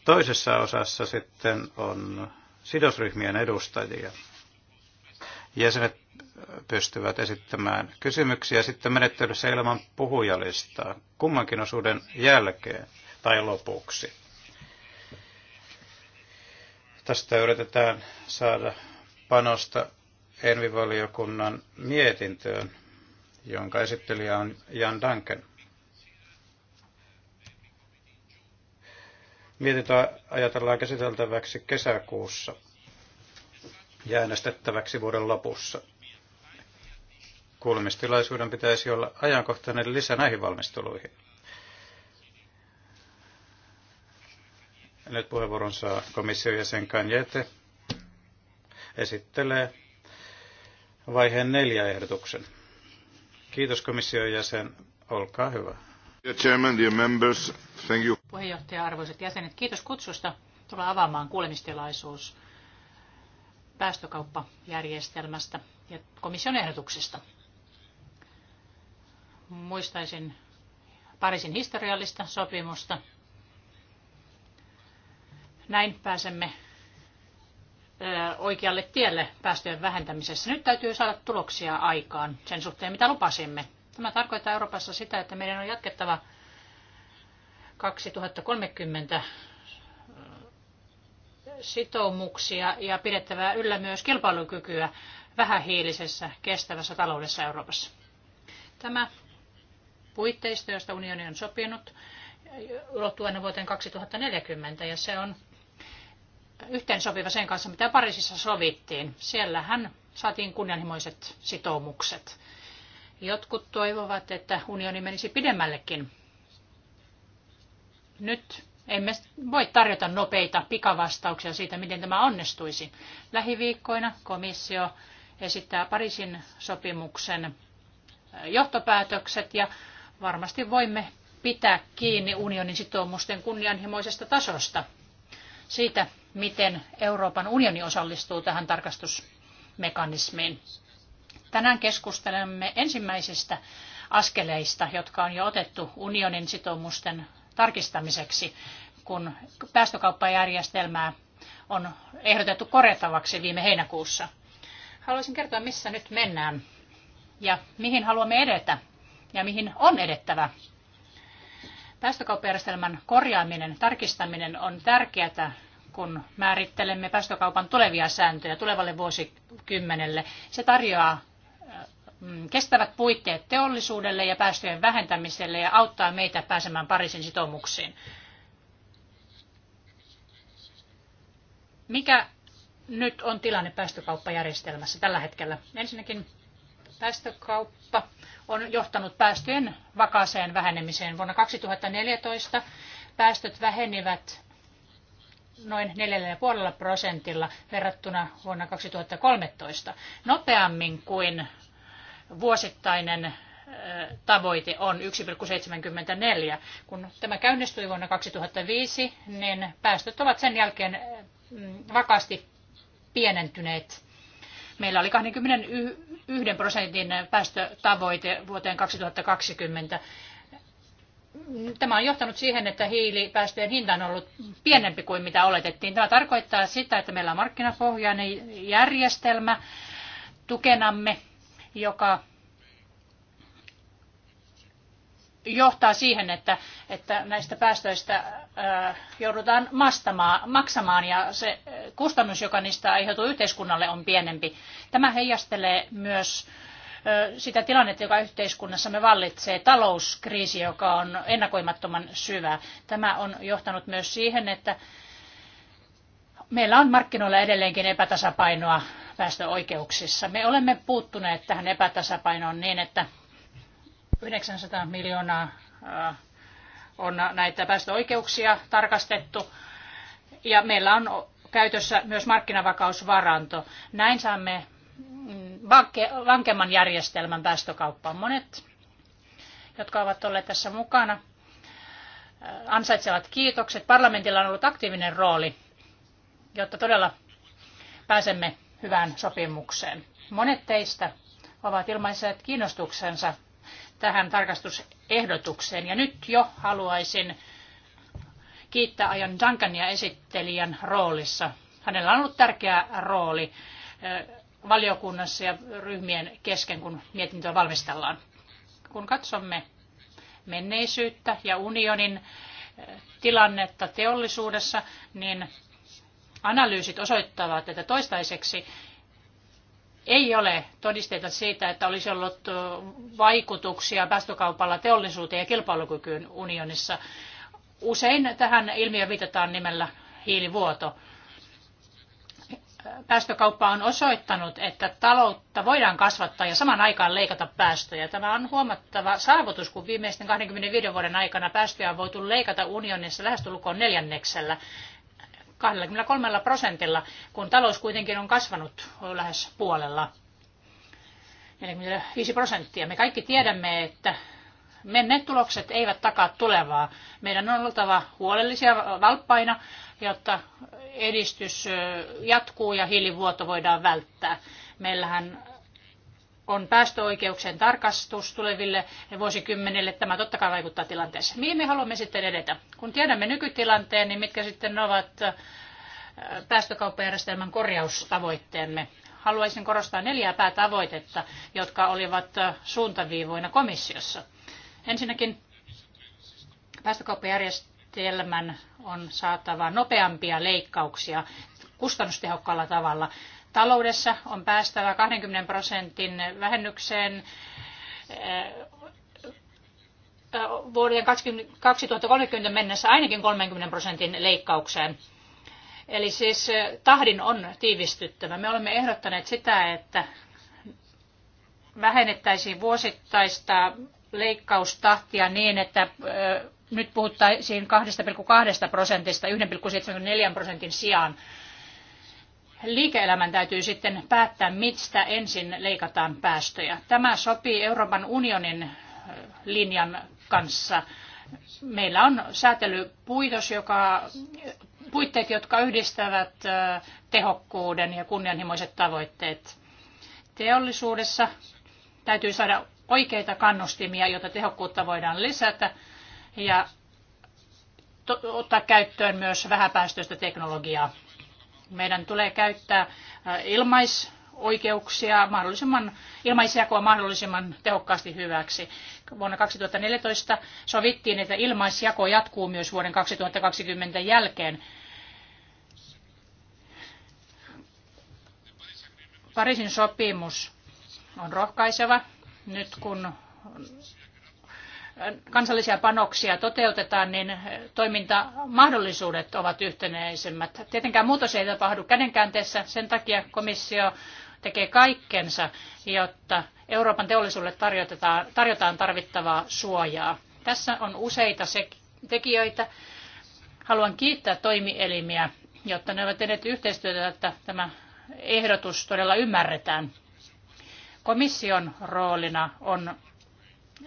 Toisessa osassa sitten on sidosryhmien edustajia. Jäsenet pystyvät esittämään kysymyksiä sitten menettelyssä ilman puhujalistaa kummankin osuuden jälkeen tai lopuksi. Tästä yritetään saada panosta envivaliokunnan mietintöön, jonka esittelijä on Jan Duncan. mietintö ajatellaan käsiteltäväksi kesäkuussa ja äänestettäväksi vuoden lopussa. Kuulemistilaisuuden pitäisi olla ajankohtainen lisä näihin valmisteluihin. Nyt puheenvuoron saa komission jäsen Kanjete. Esittelee vaiheen neljä ehdotuksen. Kiitos komission jäsen. Olkaa hyvä. Puheenjohtaja, arvoisat jäsenet, kiitos kutsusta. tulla avaamaan kuulemistilaisuus päästökauppajärjestelmästä ja komission ehdotuksesta. Muistaisin Pariisin historiallista sopimusta. Näin pääsemme oikealle tielle päästöjen vähentämisessä. Nyt täytyy saada tuloksia aikaan sen suhteen, mitä lupasimme. Tämä tarkoittaa Euroopassa sitä, että meidän on jatkettava 2030 sitoumuksia ja pidettävä yllä myös kilpailukykyä vähähiilisessä kestävässä taloudessa Euroopassa. Tämä puitteisto, josta unioni on sopinut, ulottuu aina vuoteen 2040 ja se on yhteensopiva sen kanssa, mitä Pariisissa sovittiin. Siellähän saatiin kunnianhimoiset sitoumukset. Jotkut toivovat, että unioni menisi pidemmällekin. Nyt emme voi tarjota nopeita pikavastauksia siitä, miten tämä onnistuisi. Lähiviikkoina komissio esittää Pariisin sopimuksen eh, johtopäätökset ja varmasti voimme pitää kiinni unionin sitoumusten kunnianhimoisesta tasosta siitä, miten Euroopan unioni osallistuu tähän tarkastusmekanismiin. Tänään keskustelemme ensimmäisistä askeleista, jotka on jo otettu unionin sitoumusten tarkistamiseksi, kun päästökauppajärjestelmää on ehdotettu korjattavaksi viime heinäkuussa. Haluaisin kertoa, missä nyt mennään ja mihin haluamme edetä ja mihin on edettävä. Päästökauppajärjestelmän korjaaminen, tarkistaminen on tärkeää, kun määrittelemme päästökaupan tulevia sääntöjä tulevalle vuosikymmenelle. Se tarjoaa Mm, kestävät puitteet teollisuudelle ja päästöjen vähentämiselle ja auttaa meitä pääsemään Pariisin sitoumuksiin. Mikä nyt on tilanne päästökauppajärjestelmässä tällä hetkellä? Ensinnäkin päästökauppa on johtanut päästöjen vakaaseen vähenemiseen. Vuonna 2014 päästöt vähenivät noin 4,5 prosentilla verrattuna vuonna 2013 nopeammin kuin vuosittainen tavoite on 1,74. Kun tämä käynnistyi vuonna 2005, niin päästöt ovat sen jälkeen mm, vakaasti pienentyneet. Meillä oli 21 prosentin päästötavoite vuoteen 2020. Tämä on johtanut siihen, että hiilipäästöjen hinta on ollut pienempi kuin mitä oletettiin. Tämä tarkoittaa sitä, että meillä on markkinapohjainen järjestelmä tukenamme joka johtaa siihen, että, että näistä päästöistä äh, joudutaan maksamaan ja se kustannus, joka niistä aiheutuu yhteiskunnalle, on pienempi. Tämä heijastelee myös äh, sitä tilannetta, joka yhteiskunnassa me vallitsee, talouskriisi, joka on ennakoimattoman syvä. Tämä on johtanut myös siihen, että meillä on markkinoilla edelleenkin epätasapainoa päästöoikeuksissa. Me olemme puuttuneet tähän epätasapainoon niin, että 900 miljoonaa on näitä päästöoikeuksia tarkastettu ja meillä on käytössä myös markkinavakausvaranto. Näin saamme mm, vankemman järjestelmän päästökauppaan. Monet, jotka ovat olleet tässä mukana, ansaitsevat kiitokset. Parlamentilla on ollut aktiivinen rooli, jotta todella pääsemme hyvään sopimukseen. Monet teistä ovat ilmaiseet kiinnostuksensa tähän tarkastusehdotukseen. Ja nyt jo haluaisin kiittää ajan Duncania esittelijän roolissa. Hänellä on ollut tärkeä rooli eh, valiokunnassa ja ryhmien kesken, kun mietintöä valmistellaan. Kun katsomme menneisyyttä ja unionin eh, tilannetta teollisuudessa, niin analyysit osoittavat, että toistaiseksi ei ole todisteita siitä, että olisi ollut vaikutuksia päästökaupalla teollisuuteen ja kilpailukykyyn unionissa. Usein tähän ilmiöön viitataan nimellä hiilivuoto. Päästökauppa on osoittanut, että taloutta voidaan kasvattaa ja saman aikaan leikata päästöjä. Tämä on huomattava saavutus, kun viimeisten 25 vuoden aikana päästöjä on voitu leikata unionissa lähestulkoon neljänneksellä. 23 prosentilla, kun talous kuitenkin on kasvanut lähes puolella. 45 prosenttia. Me kaikki tiedämme, että menneet tulokset eivät takaa tulevaa. Meidän on oltava huolellisia valppaina, jotta edistys jatkuu ja hiilivuoto voidaan välttää. Meillähän on päästöoikeuksien tarkastus tuleville vuosikymmenille. Tämä totta kai vaikuttaa tilanteeseen. Mihin me haluamme sitten edetä? Kun tiedämme nykytilanteen, niin mitkä sitten ovat äh, päästökauppajärjestelmän korjaustavoitteemme? Haluaisin korostaa neljää päätavoitetta, jotka olivat äh, suuntaviivoina komissiossa. Ensinnäkin päästökauppajärjestelmän on saatava nopeampia leikkauksia kustannustehokkaalla tavalla taloudessa on päästävä 20 prosentin vähennykseen eh, vuoden 2030 mennessä ainakin 30 prosentin leikkaukseen. Eli siis eh, tahdin on tiivistyttävä. Me olemme ehdottaneet sitä, että vähennettäisiin vuosittaista leikkaustahtia niin, että eh, nyt puhuttaisiin 2,2 prosentista 1,74 prosentin sijaan liike-elämän täytyy sitten päättää, mistä ensin leikataan päästöjä. Tämä sopii Euroopan unionin linjan kanssa. Meillä on säätelypuitos, joka, puitteet, jotka yhdistävät tehokkuuden ja kunnianhimoiset tavoitteet. Teollisuudessa täytyy saada oikeita kannustimia, jotta tehokkuutta voidaan lisätä ja ottaa käyttöön myös vähäpäästöistä teknologiaa. Meidän tulee käyttää äh, ilmaisoikeuksia mahdollisimman, ilmaisjakoa mahdollisimman tehokkaasti hyväksi. Vuonna 2014 sovittiin, että ilmaisjako jatkuu myös vuoden 2020 jälkeen. Pariisin sopimus on rohkaiseva nyt kun kansallisia panoksia toteutetaan, niin toimintamahdollisuudet ovat yhtenäisemmät. Tietenkään muutos ei tapahdu kädenkäänteessä, sen takia komissio tekee kaikkensa, jotta Euroopan teollisuudelle tarjotaan, tarjotaan tarvittavaa suojaa. Tässä on useita tekijöitä. Haluan kiittää toimielimiä, jotta ne ovat tehneet yhteistyötä, että tämä ehdotus todella ymmärretään. Komission roolina on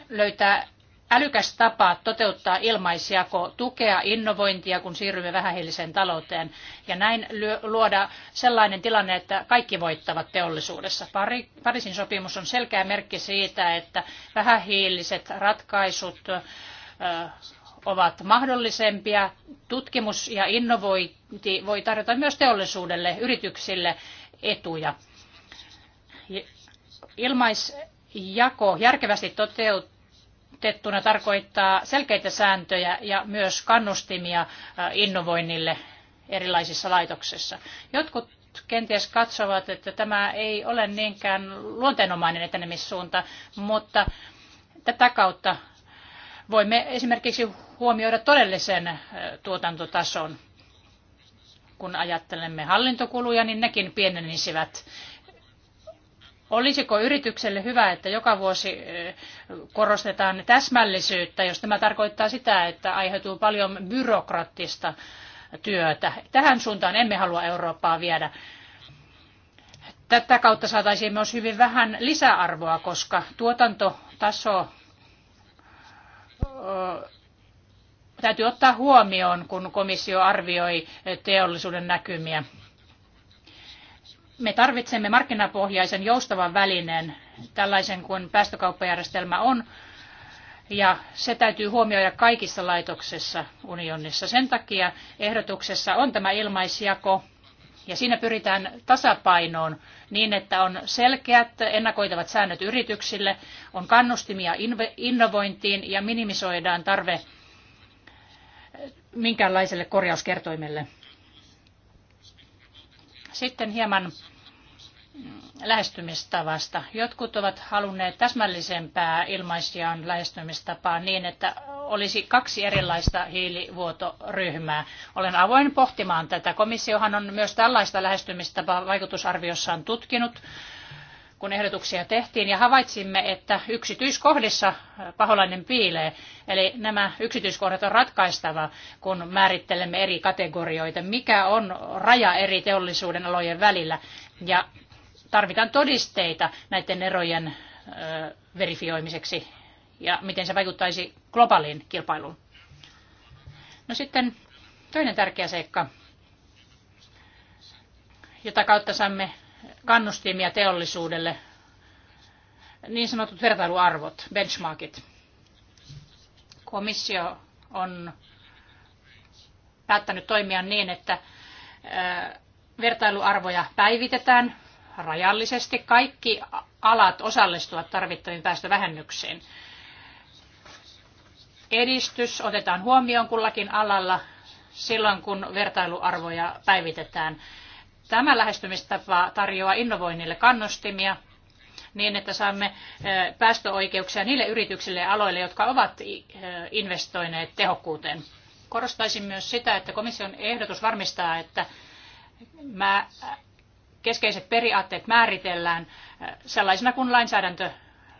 löytää älykäs tapa toteuttaa ilmaisjako, tukea innovointia, kun siirrymme vähähiiliseen talouteen, ja näin luoda sellainen tilanne, että kaikki voittavat teollisuudessa. Pariisin sopimus on selkeä merkki siitä, että vähähiiliset ratkaisut ovat mahdollisempia. Tutkimus ja innovointi voi tarjota myös teollisuudelle, yrityksille etuja. Ilmaisjako järkevästi toteuttaa tettuna tarkoittaa selkeitä sääntöjä ja myös kannustimia innovoinnille erilaisissa laitoksissa. Jotkut kenties katsovat, että tämä ei ole niinkään luonteenomainen etenemissuunta, mutta tätä kautta voimme esimerkiksi huomioida todellisen tuotantotason. Kun ajattelemme hallintokuluja, niin nekin pienenisivät Olisiko yritykselle hyvä, että joka vuosi eh, korostetaan täsmällisyyttä, jos tämä tarkoittaa sitä, että aiheutuu paljon byrokraattista työtä? Tähän suuntaan emme halua Eurooppaa viedä. Tätä kautta saataisiin myös hyvin vähän lisäarvoa, koska tuotantotaso täytyy ottaa huomioon, kun komissio arvioi teollisuuden näkymiä. Me tarvitsemme markkinapohjaisen joustavan välineen, tällaisen kuin päästökauppajärjestelmä on, ja se täytyy huomioida kaikissa laitoksissa unionissa. Sen takia ehdotuksessa on tämä ilmaisjako, ja siinä pyritään tasapainoon niin, että on selkeät ennakoitavat säännöt yrityksille, on kannustimia innovointiin ja minimisoidaan tarve minkäänlaiselle korjauskertoimelle. Sitten hieman lähestymistavasta. Jotkut ovat halunneet täsmällisempää ilmaisjaon lähestymistapaa niin, että olisi kaksi erilaista hiilivuotoryhmää. Olen avoin pohtimaan tätä. Komissiohan on myös tällaista lähestymistapaa vaikutusarviossaan tutkinut kun ehdotuksia tehtiin ja havaitsimme, että yksityiskohdissa paholainen piilee. Eli nämä yksityiskohdat on ratkaistava, kun määrittelemme eri kategorioita, mikä on raja eri teollisuuden alojen välillä. Ja tarvitaan todisteita näiden erojen verifioimiseksi ja miten se vaikuttaisi globaaliin kilpailuun. No sitten toinen tärkeä seikka, jota kautta saamme kannustimia teollisuudelle, niin sanotut vertailuarvot, benchmarkit. Komissio on päättänyt toimia niin, että vertailuarvoja päivitetään rajallisesti. Kaikki alat osallistuvat tarvittaviin päästövähennyksiin. Edistys otetaan huomioon kullakin alalla silloin, kun vertailuarvoja päivitetään. Tämä lähestymistapa tarjoaa innovoinnille kannustimia niin, että saamme päästöoikeuksia niille yrityksille ja aloille, jotka ovat investoineet tehokkuuteen. Korostaisin myös sitä, että komission ehdotus varmistaa, että mä keskeiset periaatteet määritellään sellaisina kuin lainsäädäntö,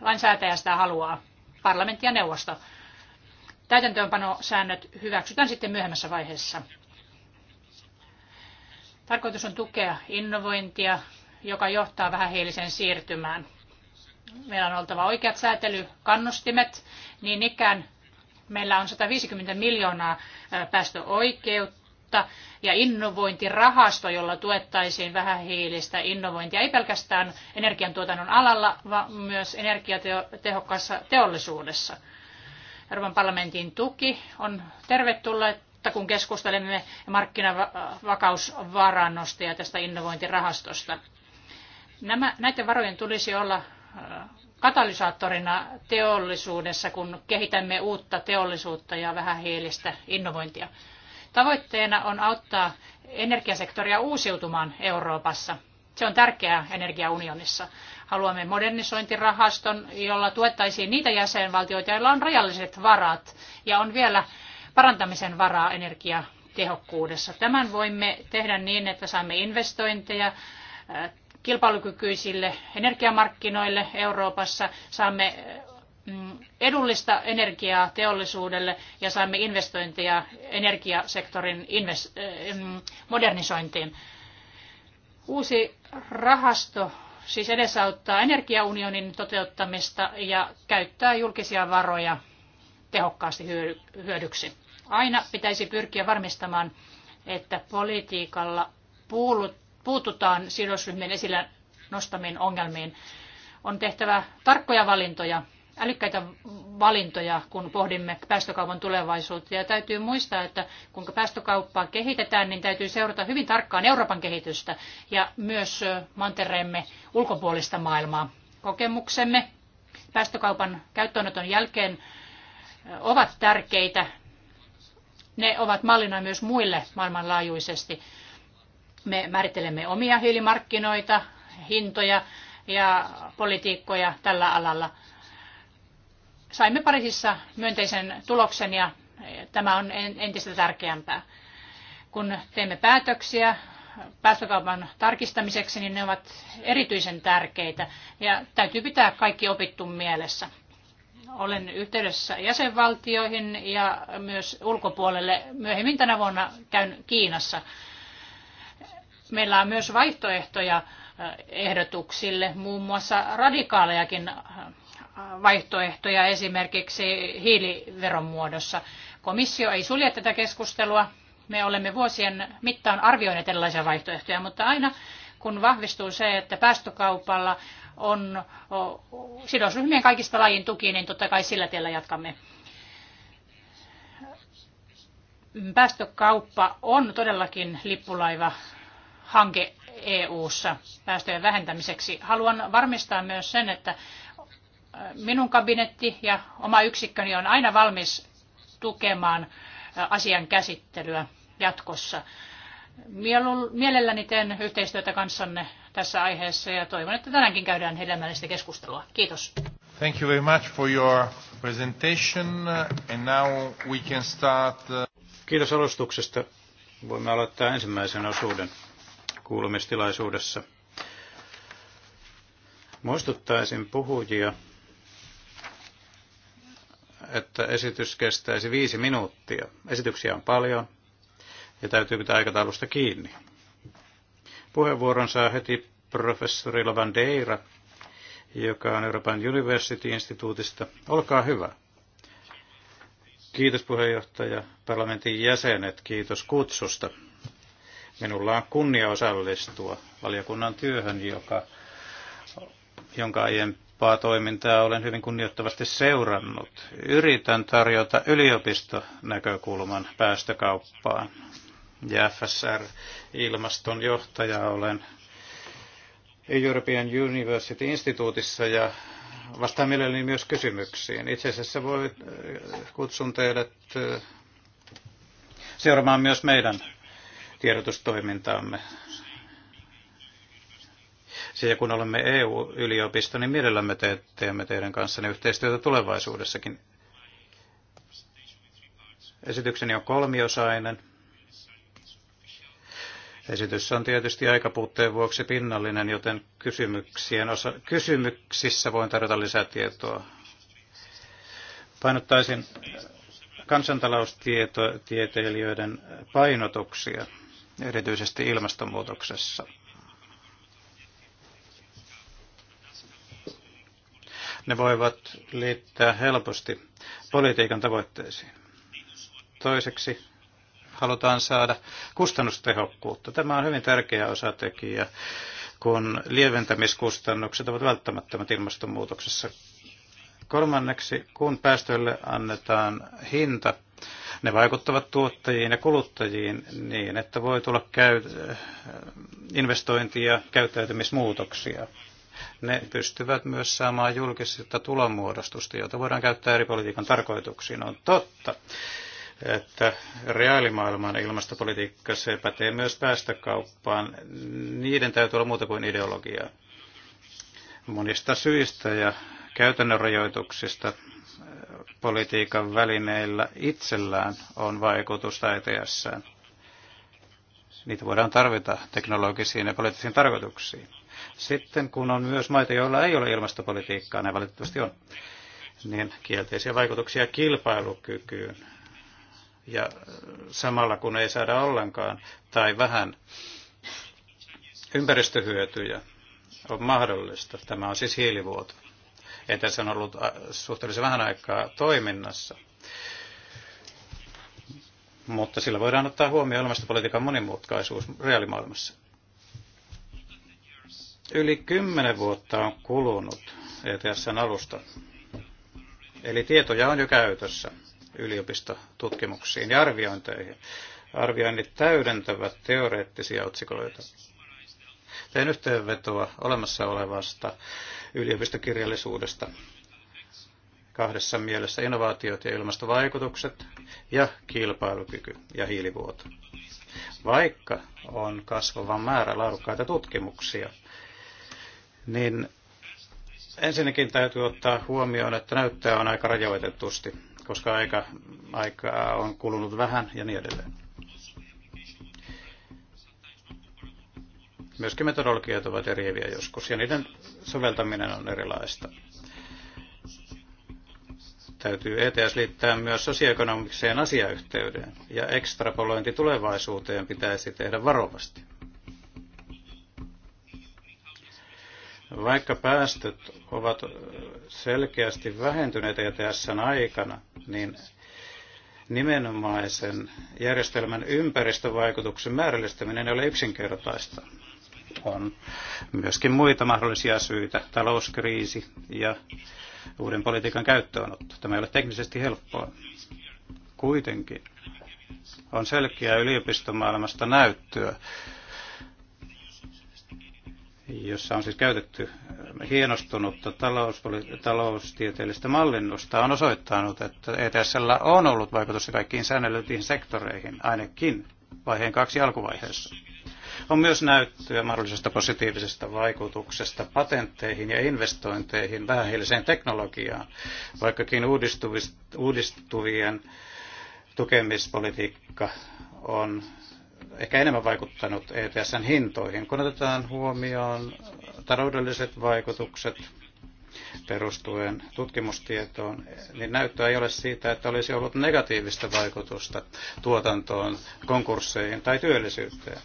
lainsäätäjä sitä haluaa, parlamentti ja neuvosto. Täytäntöönpanosäännöt hyväksytään sitten myöhemmässä vaiheessa. Tarkoitus on tukea innovointia, joka johtaa vähähiilisen siirtymään. Meillä on oltava oikeat säätelykannustimet, niin ikään meillä on 150 miljoonaa päästöoikeutta ja innovointirahasto, jolla tuettaisiin vähähiilistä innovointia, ei pelkästään energiantuotannon alalla, vaan myös energiatehokkaassa teollisuudessa. Euroopan parlamentin tuki on tervetullut mutta kun keskustelemme markkinavakausvarannosta ja tästä innovointirahastosta. Nämä, näiden varojen tulisi olla katalysaattorina teollisuudessa, kun kehitämme uutta teollisuutta ja vähähiilistä innovointia. Tavoitteena on auttaa energiasektoria uusiutumaan Euroopassa. Se on tärkeää energiaunionissa. Haluamme modernisointirahaston, jolla tuettaisiin niitä jäsenvaltioita, joilla on rajalliset varat ja on vielä parantamisen varaa energiatehokkuudessa. Tämän voimme tehdä niin, että saamme investointeja äh, kilpailukykyisille energiamarkkinoille Euroopassa, saamme mm, edullista energiaa teollisuudelle ja saamme investointeja energiasektorin äh, mm, modernisointiin. Uusi rahasto siis edesauttaa energiaunionin toteuttamista ja käyttää julkisia varoja tehokkaasti hyödyksi. Aina pitäisi pyrkiä varmistamaan, että politiikalla puututaan sidosryhmien esillä nostamiin ongelmiin. On tehtävä tarkkoja valintoja, älykkäitä valintoja, kun pohdimme päästökaupan tulevaisuutta. Ja täytyy muistaa, että kun päästökauppaa kehitetään, niin täytyy seurata hyvin tarkkaan Euroopan kehitystä ja myös mantereemme ulkopuolista maailmaa. Kokemuksemme päästökaupan käyttöönoton jälkeen ovat tärkeitä ne ovat mallina myös muille maailmanlaajuisesti. Me määrittelemme omia hiilimarkkinoita, hintoja ja politiikkoja tällä alalla. Saimme Pariisissa myönteisen tuloksen ja tämä on entistä tärkeämpää. Kun teemme päätöksiä päästökaupan tarkistamiseksi, niin ne ovat erityisen tärkeitä ja täytyy pitää kaikki opittu mielessä. Olen yhteydessä jäsenvaltioihin ja myös ulkopuolelle. Myöhemmin tänä vuonna käyn Kiinassa. Meillä on myös vaihtoehtoja äh, ehdotuksille, muun muassa radikaalejakin äh, vaihtoehtoja esimerkiksi hiiliveron muodossa. Komissio ei sulje tätä keskustelua. Me olemme vuosien mittaan arvioineet erilaisia vaihtoehtoja, mutta aina kun vahvistuu se, että päästökaupalla on sidosryhmien kaikista lajin tuki, niin totta kai sillä tiellä jatkamme. Päästökauppa on todellakin lippulaiva hanke EU-ssa päästöjen vähentämiseksi. Haluan varmistaa myös sen, että minun kabinetti ja oma yksikköni on aina valmis tukemaan asian käsittelyä jatkossa. Mielelläni teen yhteistyötä kanssanne tässä aiheessa ja toivon, että tänäänkin käydään hedelmällistä keskustelua. Kiitos. Thank you very much for your presentation and now we can start. Uh, Kiitos alustuksesta. Voimme aloittaa ensimmäisen osuuden kuulemistilaisuudessa. Muistuttaisin puhujia, että esitys kestäisi viisi minuuttia. Esityksiä on paljon, ja täytyy pitää aikataulusta kiinni. Puheenvuoron saa heti professori Lavandeira, joka on Euroopan University-instituutista. Olkaa hyvä. Kiitos puheenjohtaja, parlamentin jäsenet, kiitos kutsusta. Minulla on kunnia osallistua valiokunnan työhön, joka, jonka aiempaa toimintaa olen hyvin kunnioittavasti seurannut. Yritän tarjota yliopistonäkökulman päästökauppaan ja FSR-ilmaston johtaja olen European University Instituutissa ja vastaan mielelläni myös kysymyksiin. Itse asiassa voi, kutsun teidät eh, seuraamaan myös meidän tiedotustoimintaamme. Ja kun olemme EU-yliopisto, niin mielellämme te- teemme teidän kanssanne yhteistyötä tulevaisuudessakin. Esitykseni on kolmiosainen. Esitys on tietysti aikapuutteen vuoksi pinnallinen, joten kysymyksien osa- kysymyksissä voin tarjota lisätietoa. Painottaisin kansantaloustieteilijöiden painotuksia, erityisesti ilmastonmuutoksessa. Ne voivat liittää helposti politiikan tavoitteisiin. Toiseksi halutaan saada kustannustehokkuutta. Tämä on hyvin tärkeä osatekijä, kun lieventämiskustannukset ovat välttämättömät ilmastonmuutoksessa. Kolmanneksi, kun päästöille annetaan hinta, ne vaikuttavat tuottajiin ja kuluttajiin niin, että voi tulla käy, ja käyttäytymismuutoksia. Ne pystyvät myös saamaan julkisista tulonmuodostusta, jota voidaan käyttää eri politiikan tarkoituksiin. On totta, että reaalimaailman ilmastopolitiikka, se pätee myös päästökauppaan. Niiden täytyy olla muuta kuin ideologiaa. Monista syistä ja käytännön rajoituksista politiikan välineillä itsellään on vaikutusta ETSään. Niitä voidaan tarvita teknologisiin ja poliittisiin tarkoituksiin. Sitten kun on myös maita, joilla ei ole ilmastopolitiikkaa, ne valitettavasti on, niin kielteisiä vaikutuksia kilpailukykyyn ja samalla kun ei saada ollenkaan tai vähän ympäristöhyötyjä on mahdollista. Tämä on siis hiilivuoto. tässä on ollut äh, suhteellisen vähän aikaa toiminnassa. Mutta sillä voidaan ottaa huomioon ilmastopolitiikan monimutkaisuus reaalimaailmassa. Yli kymmenen vuotta on kulunut ETSn alusta. Eli tietoja on jo käytössä yliopistotutkimuksiin ja arviointeihin. Arvioinnit täydentävät teoreettisia otsikoita. Teen yhteenvetoa olemassa olevasta yliopistokirjallisuudesta kahdessa mielessä innovaatiot ja ilmastovaikutukset ja kilpailukyky ja hiilivuoto. Vaikka on kasvava määrä laadukkaita tutkimuksia, niin ensinnäkin täytyy ottaa huomioon, että näyttää on aika rajoitetusti koska aika, aika on kulunut vähän ja niin edelleen. Myöskin metodologiat ovat eriäviä joskus ja niiden soveltaminen on erilaista. Täytyy ETS liittää myös sosioekonomiseen asiayhteyteen ja ekstrapolointi tulevaisuuteen pitäisi tehdä varovasti. Vaikka päästöt ovat selkeästi vähentyneet ETSn aikana, niin nimenomaisen järjestelmän ympäristövaikutuksen määrällistäminen ei ole yksinkertaista. On myöskin muita mahdollisia syitä, talouskriisi ja uuden politiikan käyttöönotto. Tämä ei ole teknisesti helppoa. Kuitenkin on selkeää yliopistomaailmasta näyttöä jossa on siis käytetty äh, hienostunutta taloustieteellistä mallinnusta, on osoittanut, että ETSllä on ollut vaikutusta kaikkiin säännellyihin sektoreihin, ainakin vaiheen kaksi alkuvaiheessa. On myös näyttöä mahdollisesta positiivisesta vaikutuksesta patentteihin ja investointeihin vähähiiliseen teknologiaan, vaikkakin uudistuvien tukemispolitiikka on ehkä enemmän vaikuttanut ETSn hintoihin, kun otetaan huomioon taloudelliset vaikutukset perustuen tutkimustietoon, niin näyttöä ei ole siitä, että olisi ollut negatiivista vaikutusta tuotantoon, konkursseihin tai työllisyyteen.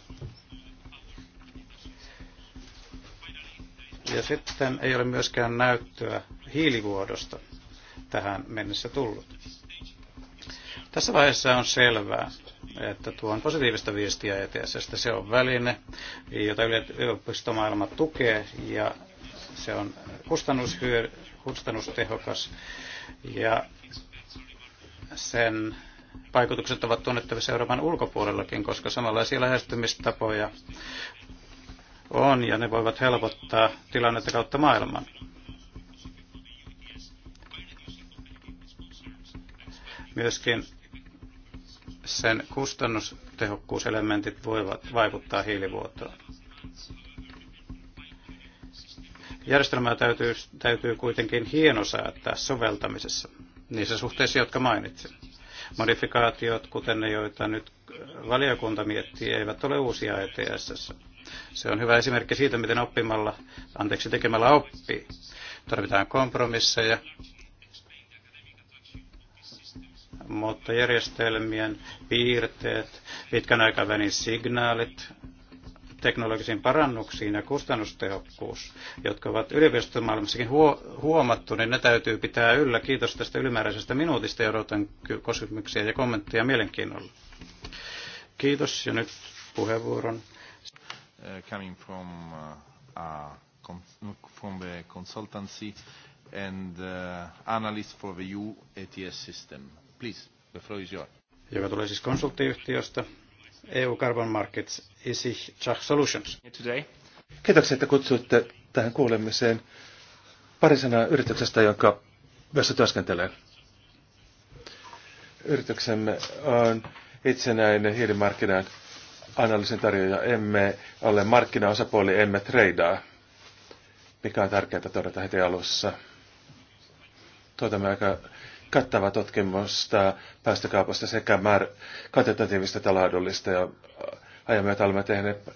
Ja sitten ei ole myöskään näyttöä hiilivuodosta tähän mennessä tullut. Tässä vaiheessa on selvää, että tuon positiivista viestiä ETSstä. Se on väline, jota yliopistomaailma tukee ja se on kustannushyö, kustannustehokas ja sen vaikutukset ovat tunnettavissa Euroopan ulkopuolellakin, koska samanlaisia lähestymistapoja on ja ne voivat helpottaa tilannetta kautta maailman. Myöskin sen kustannustehokkuuselementit voivat vaikuttaa hiilivuotoon. Järjestelmää täytyy, täytyy kuitenkin hienosäättää soveltamisessa niissä suhteissa, jotka mainitsin. Modifikaatiot, kuten ne, joita nyt valiokunta miettii, eivät ole uusia ETSS. Se on hyvä esimerkki siitä, miten oppimalla, anteeksi tekemällä oppii. Tarvitaan kompromisseja, mutta järjestelmien piirteet, pitkän aikavälin signaalit, teknologisiin parannuksiin ja kustannustehokkuus, jotka ovat yliopistomaailmassakin huomattu, niin ne täytyy pitää yllä. Kiitos tästä ylimääräisestä minuutista ja odotan kysymyksiä ja kommentteja mielenkiinnolla. Kiitos ja nyt puheenvuoron. Uh, coming from, uh, from the consultancy and uh, analyst for the EU ETS system. Please, the floor is yours. Joka tulee siis konsulttiyhtiöstä EU Carbon Markets ISIH Chach Solutions. Today. Kiitoksia, että kutsuitte tähän kuulemiseen. Pari sanaa yrityksestä, jonka myös työskentelee. Yrityksemme on itsenäinen hiilimarkkinan analyysin tarjoaja. Emme ole markkinaosapuoli, emme tradea, mikä on tärkeää todeta heti alussa. Tuotamme aika kattava tutkimusta päästökaupasta sekä määr- kvantitatiivista että laadullista. Ja äh, aiemmin olemme tehneet äh,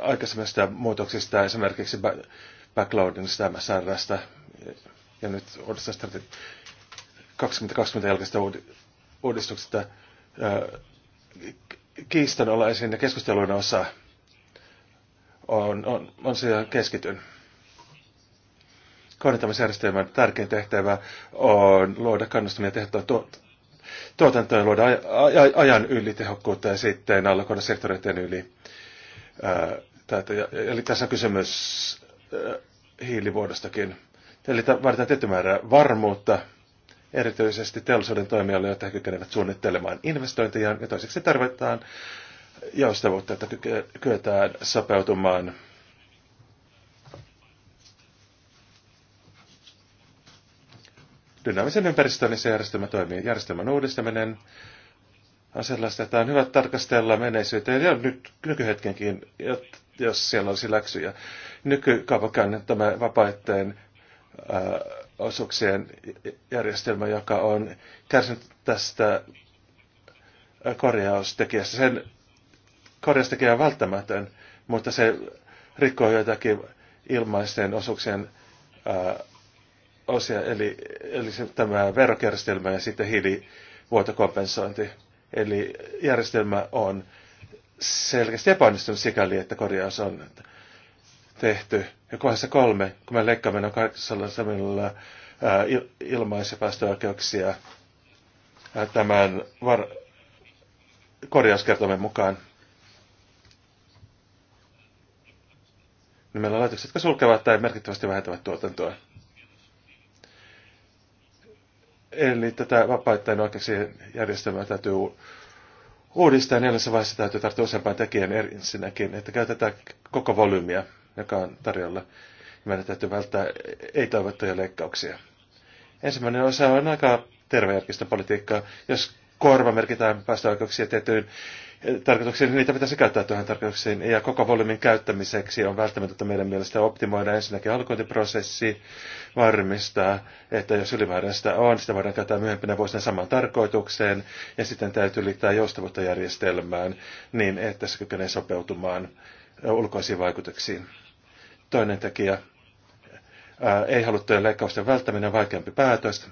aikaisemmista muutoksista, esimerkiksi backloadingista MSRstä. Ja nyt uudesta strategi- 2020 jälkeistä uudistuksesta äh, kiistan olla ja keskustelun osa on, on, on siihen keskityn kannattamisjärjestelmän tärkein tehtävä on luoda kannustamia tehtävä tuotantoa luoda ajan yli tehokkuutta ja sitten allokoida sektoreiden yli. Eli tässä on kysymys hiilivuodostakin. Eli vaaditaan tietty määrä varmuutta, erityisesti teollisuuden toimijoille, jotta he kykenevät suunnittelemaan investointejaan, ja toiseksi tarvitaan joustavuutta, että kyetään sopeutumaan dynaamisen ympäristön, niin se järjestelmä toimii. Järjestelmän uudistaminen on sellaista, että on hyvä tarkastella menneisyyteen ja nyt, nykyhetkenkin, jos siellä olisi läksyjä. Nykykaupankäynnin tämä vapaaehtojen äh, osuuksien järjestelmä, joka on kärsinyt tästä äh, korjaustekijästä. Sen korjaustekijä on välttämätön, mutta se rikkoo joitakin ilmaisten osuuksien ää, äh, osia, eli, eli se, tämä verokärjestelmä ja sitten hiilivuotokompensointi. Eli järjestelmä on selkeästi epäonnistunut sikäli, että korjaus on tehty. Ja kohdassa kolme, kun me leikkaamme noin 800 ilmaisia päästöoikeuksia tämän var- korjauskertomen mukaan, niin meillä on laitokset, jotka sulkevat tai merkittävästi vähentävät tuotantoa. Eli tätä vapaittain oikeuksien järjestelmää täytyy uudistaa. Neljässä vaiheessa täytyy tarttua useampaan tekijän ensinnäkin, että käytetään koko volyymiä, joka on tarjolla. Meidän täytyy välttää ei-toivottuja leikkauksia. Ensimmäinen osa on aika tervejärkistä politiikkaa. Jos korva merkitään päästöoikeuksia tiettyyn tarkoitukseen, niitä pitäisi käyttää tuohon tarkoituksiin. Ja koko volyymin käyttämiseksi on välttämätöntä meidän mielestä optimoida ensinnäkin alkointiprosessi, varmistaa, että jos ylimääräistä on, sitä voidaan käyttää myöhempinä vuosina samaan tarkoitukseen, ja sitten täytyy liittää joustavuutta järjestelmään niin, että se kykenee sopeutumaan ulkoisiin vaikutuksiin. Toinen tekijä, ää, ei haluttujen leikkausten välttäminen on vaikeampi päätös,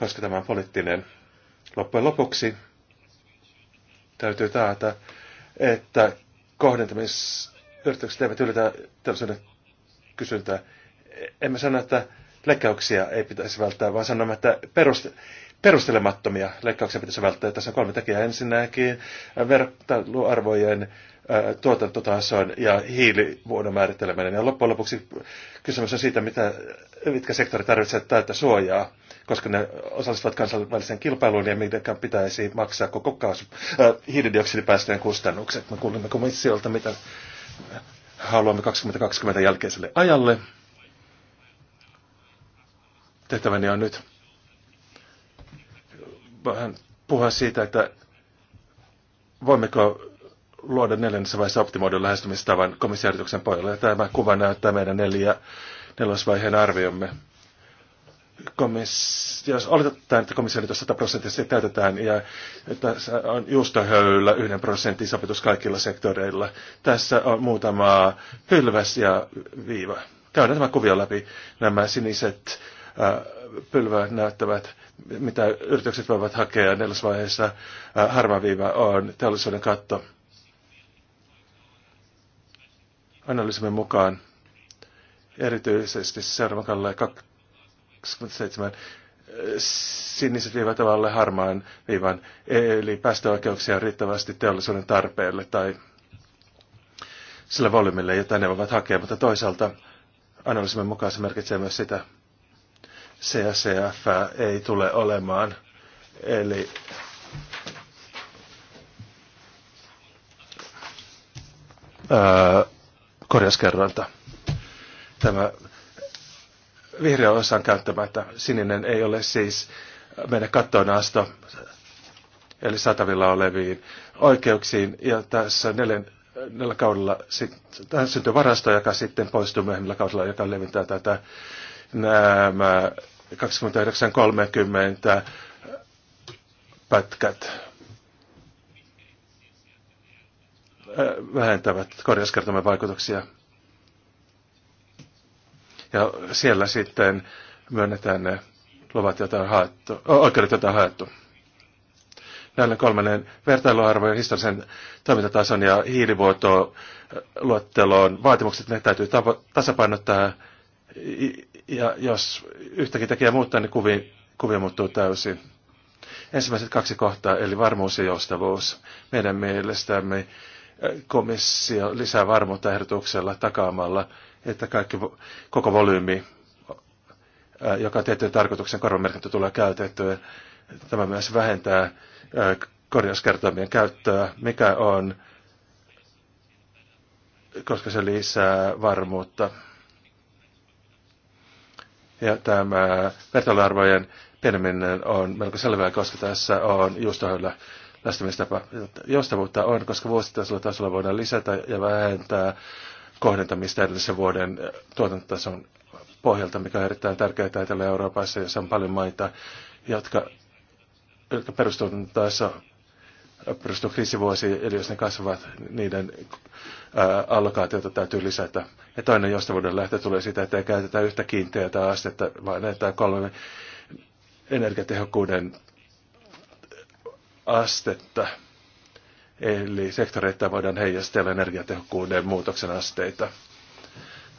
koska tämä on poliittinen. Loppujen lopuksi täytyy taata, että kohdentamisyritykset eivät ylitä teollisuuden kysyntää. Emme sano, että leikkauksia ei pitäisi välttää, vaan sanomme, että perust- perustelemattomia leikkauksia pitäisi välttää. Tässä on kolme tekijää. Ensinnäkin vertailuarvojen tuotantotason ja hiilivuodon määritteleminen. Ja loppujen lopuksi kysymys on siitä, mitä, mitkä sektori tarvitsee täyttä suojaa koska ne osallistuvat kansainväliseen kilpailuun ja meidän pitäisi maksaa koko kaasu, äh, hiilidioksidipäästöjen kustannukset. Me kuulimme komissiolta, mitä haluamme 2020 jälkeiselle ajalle. Tehtäväni on nyt vähän puhua siitä, että voimmeko luoda neljännessä vaiheessa optimoidun lähestymistavan komissiorituksen pohjalla. Ja tämä kuva näyttää meidän neljä, nelosvaiheen arviomme. Komissio jos oletetaan, että komissio 100 prosenttisesti täytetään ja että on höyllä yhden prosentin sopitus kaikilla sektoreilla. Tässä on muutama pylväs ja viiva. Käydään tämä kuvio läpi. Nämä siniset äh, pylvät näyttävät, mitä yritykset voivat hakea nelosvaiheessa äh, Harma viiva on teollisuuden katto. Analyysimme mukaan erityisesti seuraavan kalleen 27 eh, siniset viivat alle harmaan viivan, eli päästöoikeuksia on riittävästi teollisuuden tarpeelle tai sillä volyymille, jota ne voivat hakea, mutta toisaalta analyysimme mukaan se merkitsee myös sitä, CSCF ei tule olemaan, eli ää, korjauskerrointa. Tämä vihreä osan on käyttämättä. Sininen ei ole siis meidän kattoon asto, eli satavilla oleviin oikeuksiin. Ja tässä neljän, neljällä kaudella tähän syntyy varasto, joka sitten poistuu myöhemmillä kaudella, joka levittää tätä nämä 29.30 pätkät äh, vähentävät korjauskertomen vaikutuksia ja siellä sitten myönnetään ne luvat, joita on haettu, oikeudet, joita on haettu. Näillä kolmannen vertailuarvojen historiallisen toimintatason ja hiilivuotoluetteloon vaatimukset, ne täytyy tasapainottaa, ja jos yhtäkin tekijä muuttaa, niin kuvi, kuvi muuttuu täysin. Ensimmäiset kaksi kohtaa, eli varmuus ja joustavuus. Meidän mielestämme komissio lisää varmuutta ehdotuksella takaamalla että kaikki, koko volyymi, joka tiettyjen tiettyyn tarkoituksen korvamerkintä tulee käytettyä. Tämä myös vähentää korjauskertoimien käyttöä, mikä on, koska se lisää varmuutta. Ja tämä vertailuarvojen pieneminen on melko selvää, koska tässä on juustohöllä lähestymistapa. Joustavuutta on, koska vuosittaisella tasolla voidaan lisätä ja vähentää kohdentamista edellisen vuoden eh, tuotantotason pohjalta, mikä on erittäin tärkeää täällä euroopassa jossa on paljon maita, jotka, jotka perustuvat perustuu eh, kriisivuosi, eli jos ne kasvavat, niin niiden ää, eh, allokaatiota täytyy lisätä. Ja toinen joustavuuden lähtö tulee siitä, että ei käytetä yhtä kiinteää astetta, vaan näitä kolme energiatehokkuuden astetta Eli sektoreita voidaan heijastella energiatehokkuuden muutoksen asteita.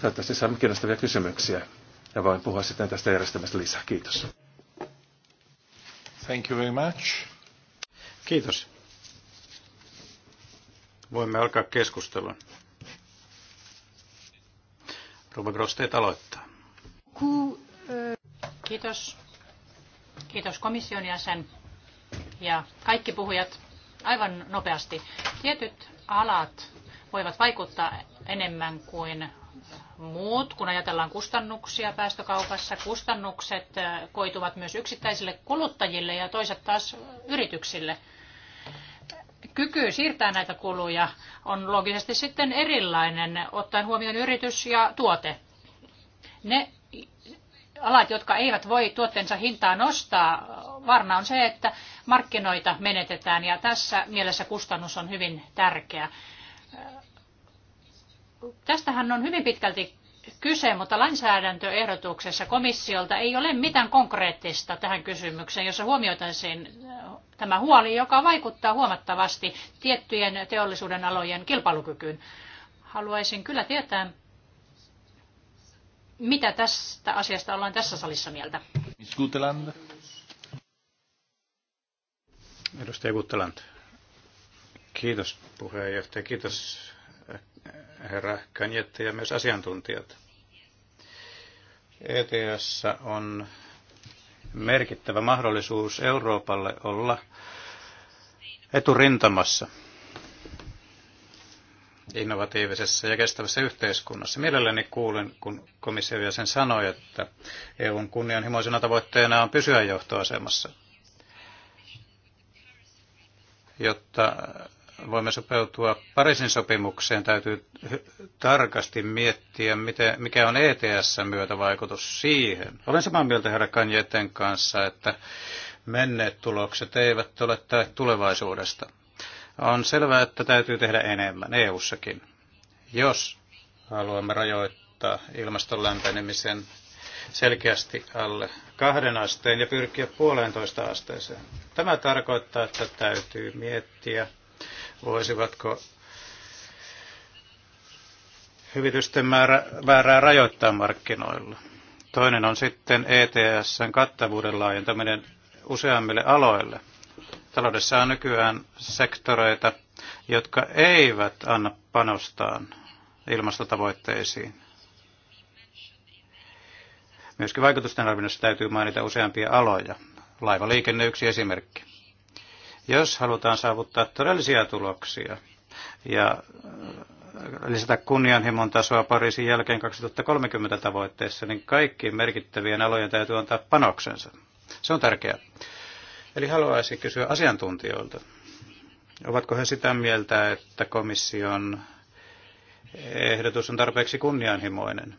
Toivottavasti saamme kiinnostavia kysymyksiä ja voin puhua sitten tästä järjestelmästä lisää. Kiitos. Thank you very much. Kiitos. Voimme alkaa keskustelun. Ruben Grosteet aloittaa. Kiitos. Kiitos komission jäsen ja kaikki puhujat aivan nopeasti. Tietyt alat voivat vaikuttaa enemmän kuin muut, kun ajatellaan kustannuksia päästökaupassa. Kustannukset koituvat myös yksittäisille kuluttajille ja toiset taas yrityksille. Kyky siirtää näitä kuluja on loogisesti sitten erilainen, ottaen huomioon yritys ja tuote. Ne alat, jotka eivät voi tuotteensa hintaa nostaa, varna on se, että markkinoita menetetään ja tässä mielessä kustannus on hyvin tärkeä. Tästähän on hyvin pitkälti kyse, mutta lainsäädäntöehdotuksessa komissiolta ei ole mitään konkreettista tähän kysymykseen, jossa huomioitaisiin tämä huoli, joka vaikuttaa huomattavasti tiettyjen teollisuuden alojen kilpailukykyyn. Haluaisin kyllä tietää, mitä tästä asiasta ollaan tässä salissa mieltä? Miss Guteland. Edustaja Gutteland. Kiitos puheenjohtaja, kiitos herra Kanjette ja myös asiantuntijat. ETS on merkittävä mahdollisuus Euroopalle olla eturintamassa innovatiivisessa ja kestävässä yhteiskunnassa. Mielelläni kuulen, kun komissio sen sanoi, että EUn kunnianhimoisena tavoitteena on pysyä johtoasemassa, jotta voimme sopeutua Pariisin sopimukseen, täytyy tarkasti miettiä, miten, mikä on ETS-myötävaikutus siihen. Olen samaa mieltä herra Kanjeten kanssa, että menneet tulokset eivät ole tulevaisuudesta. On selvää, että täytyy tehdä enemmän EU-sakin. Jos haluamme rajoittaa ilmaston lämpenemisen selkeästi alle kahden asteen ja pyrkiä puolentoista asteeseen. Tämä tarkoittaa, että täytyy miettiä, voisivatko hyvitysten määrä, määrää rajoittaa markkinoilla. Toinen on sitten ETSn kattavuuden laajentaminen useammille aloille. Taloudessa on nykyään sektoreita, jotka eivät anna panostaan ilmastotavoitteisiin. Myöskin vaikutusten arvioinnissa täytyy mainita useampia aloja. Laivaliikenne yksi esimerkki. Jos halutaan saavuttaa todellisia tuloksia ja lisätä kunnianhimon tasoa Pariisin jälkeen 2030 tavoitteessa, niin kaikkiin merkittävien alojen täytyy antaa panoksensa. Se on tärkeää. Eli haluaisin kysyä asiantuntijoilta, ovatko he sitä mieltä, että komission ehdotus on tarpeeksi kunnianhimoinen?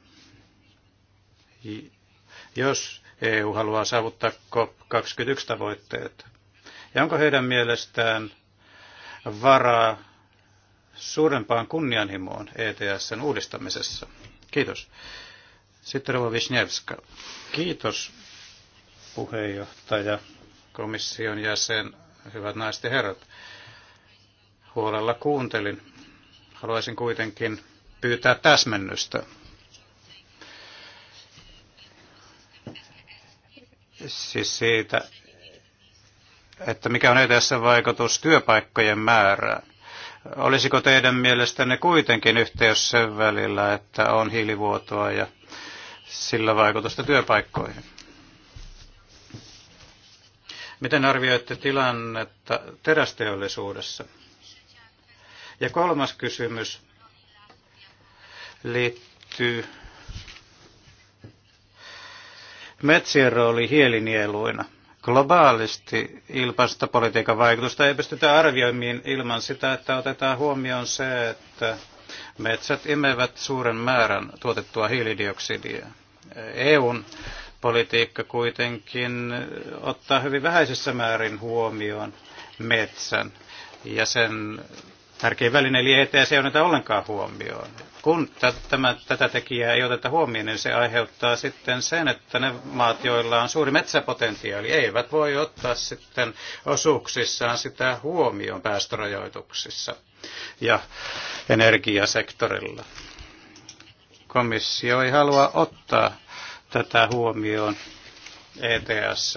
Jos EU haluaa saavuttaa COP21 tavoitteet, ja onko heidän mielestään varaa suurempaan kunnianhimoon ETSn uudistamisessa? Kiitos. Sitten Rova Kiitos puheenjohtaja komission jäsen, hyvät naiset ja herrat. Huolella kuuntelin. Haluaisin kuitenkin pyytää täsmennystä. Siis siitä, että mikä on edessä vaikutus työpaikkojen määrään. Olisiko teidän mielestänne kuitenkin yhteys sen välillä, että on hiilivuotoa ja sillä vaikutusta työpaikkoihin? Miten arvioitte tilannetta terästeollisuudessa? Ja kolmas kysymys liittyy metsien rooli hielinieluina. Globaalisti politiikan vaikutusta ei pystytä arvioimaan ilman sitä, että otetaan huomioon se, että metsät imevät suuren määrän tuotettua hiilidioksidia. EUn politiikka kuitenkin ottaa hyvin vähäisessä määrin huomioon metsän ja sen tärkein väline eli ETS ei oteta ollenkaan huomioon. Kun tämä, tätä tekijää ei oteta huomioon, niin se aiheuttaa sitten sen, että ne maat, joilla on suuri metsäpotentiaali, eivät voi ottaa sitten osuuksissaan sitä huomioon päästörajoituksissa ja energiasektorilla. Komissio ei halua ottaa tätä huomioon ETS.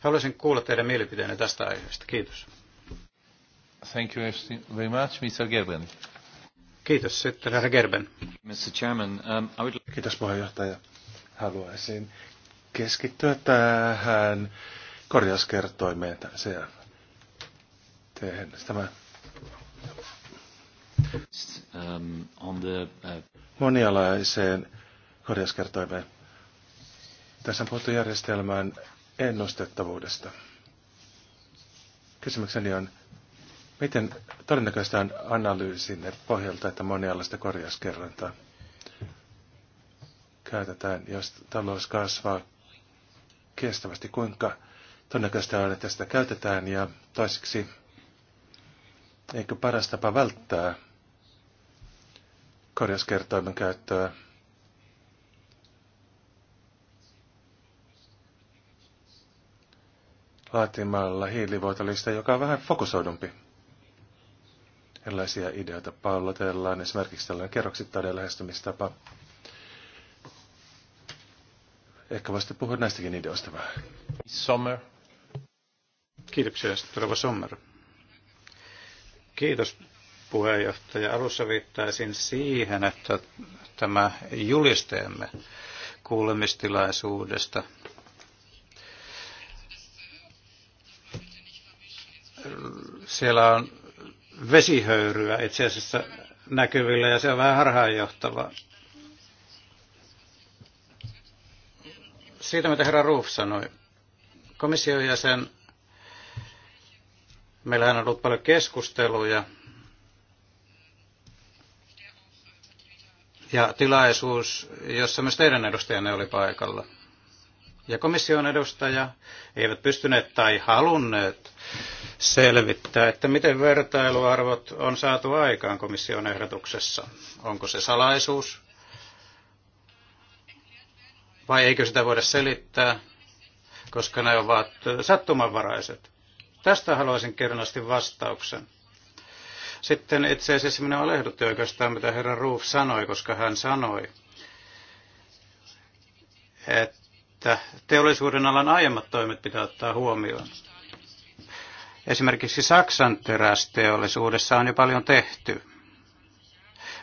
Haluaisin kuulla teidän mielipiteenne tästä aiheesta. Kiitos. Thank you very much, Mr. Gerben. Kiitos. Sitten herra Gerben. Mr. Chairman, um, I would... Kiitos puheenjohtaja. Haluaisin keskittyä tähän korjauskertoimeen se tehdä. Tämä um, on the, uh... monialaiseen korjauskertoimeen. Tässä on puhuttu järjestelmän ennustettavuudesta. Kysymykseni on, miten todennäköistä on analyysinne pohjalta, että monialaista korjauskerrointaa käytetään, jos talous kasvaa kestävästi, kuinka todennäköistä on, että sitä käytetään ja toiseksi eikö paras tapa välttää korjauskertoimen käyttöä laatimalla hiilivuotolista, joka on vähän fokusoidumpi. Erilaisia ideoita pallotellaan, esimerkiksi tällainen kerroksittainen lähestymistapa. Ehkä voisitte puhua näistäkin ideoista vähän. Kiitoksia, Strova Sommer. Kiitos puheenjohtaja. Alussa viittaisin siihen, että tämä julisteemme kuulemistilaisuudesta siellä on vesihöyryä itse asiassa näkyvillä ja se on vähän harhaanjohtava. Siitä, mitä herra Ruuf sanoi, komission jäsen Meillähän on ollut paljon keskusteluja ja tilaisuus, jossa myös teidän edustajanne oli paikalla. Ja komission edustaja eivät pystyneet tai halunneet selvittää, että miten vertailuarvot on saatu aikaan komission ehdotuksessa. Onko se salaisuus vai eikö sitä voida selittää, koska ne ovat sattumanvaraiset? Tästä haluaisin kernosti vastauksen. Sitten itse asiassa minä olehdutti oikeastaan, mitä herra Ruuf sanoi, koska hän sanoi, että teollisuuden alan aiemmat toimet pitää ottaa huomioon. Esimerkiksi Saksan terästeollisuudessa on jo paljon tehty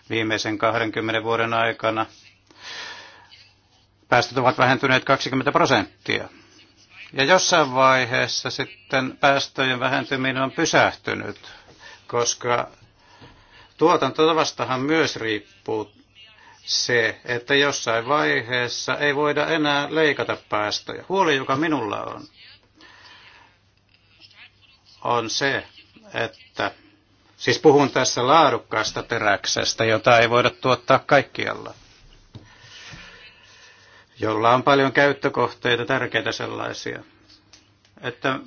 viimeisen 20 vuoden aikana. Päästöt ovat vähentyneet 20 prosenttia. Ja jossain vaiheessa sitten päästöjen vähentyminen on pysähtynyt, koska tuotantotavastahan myös riippuu se, että jossain vaiheessa ei voida enää leikata päästöjä. Huoli, joka minulla on, on se, että siis puhun tässä laadukkaasta teräksestä, jota ei voida tuottaa kaikkialla jolla on paljon käyttökohteita, tärkeitä sellaisia, että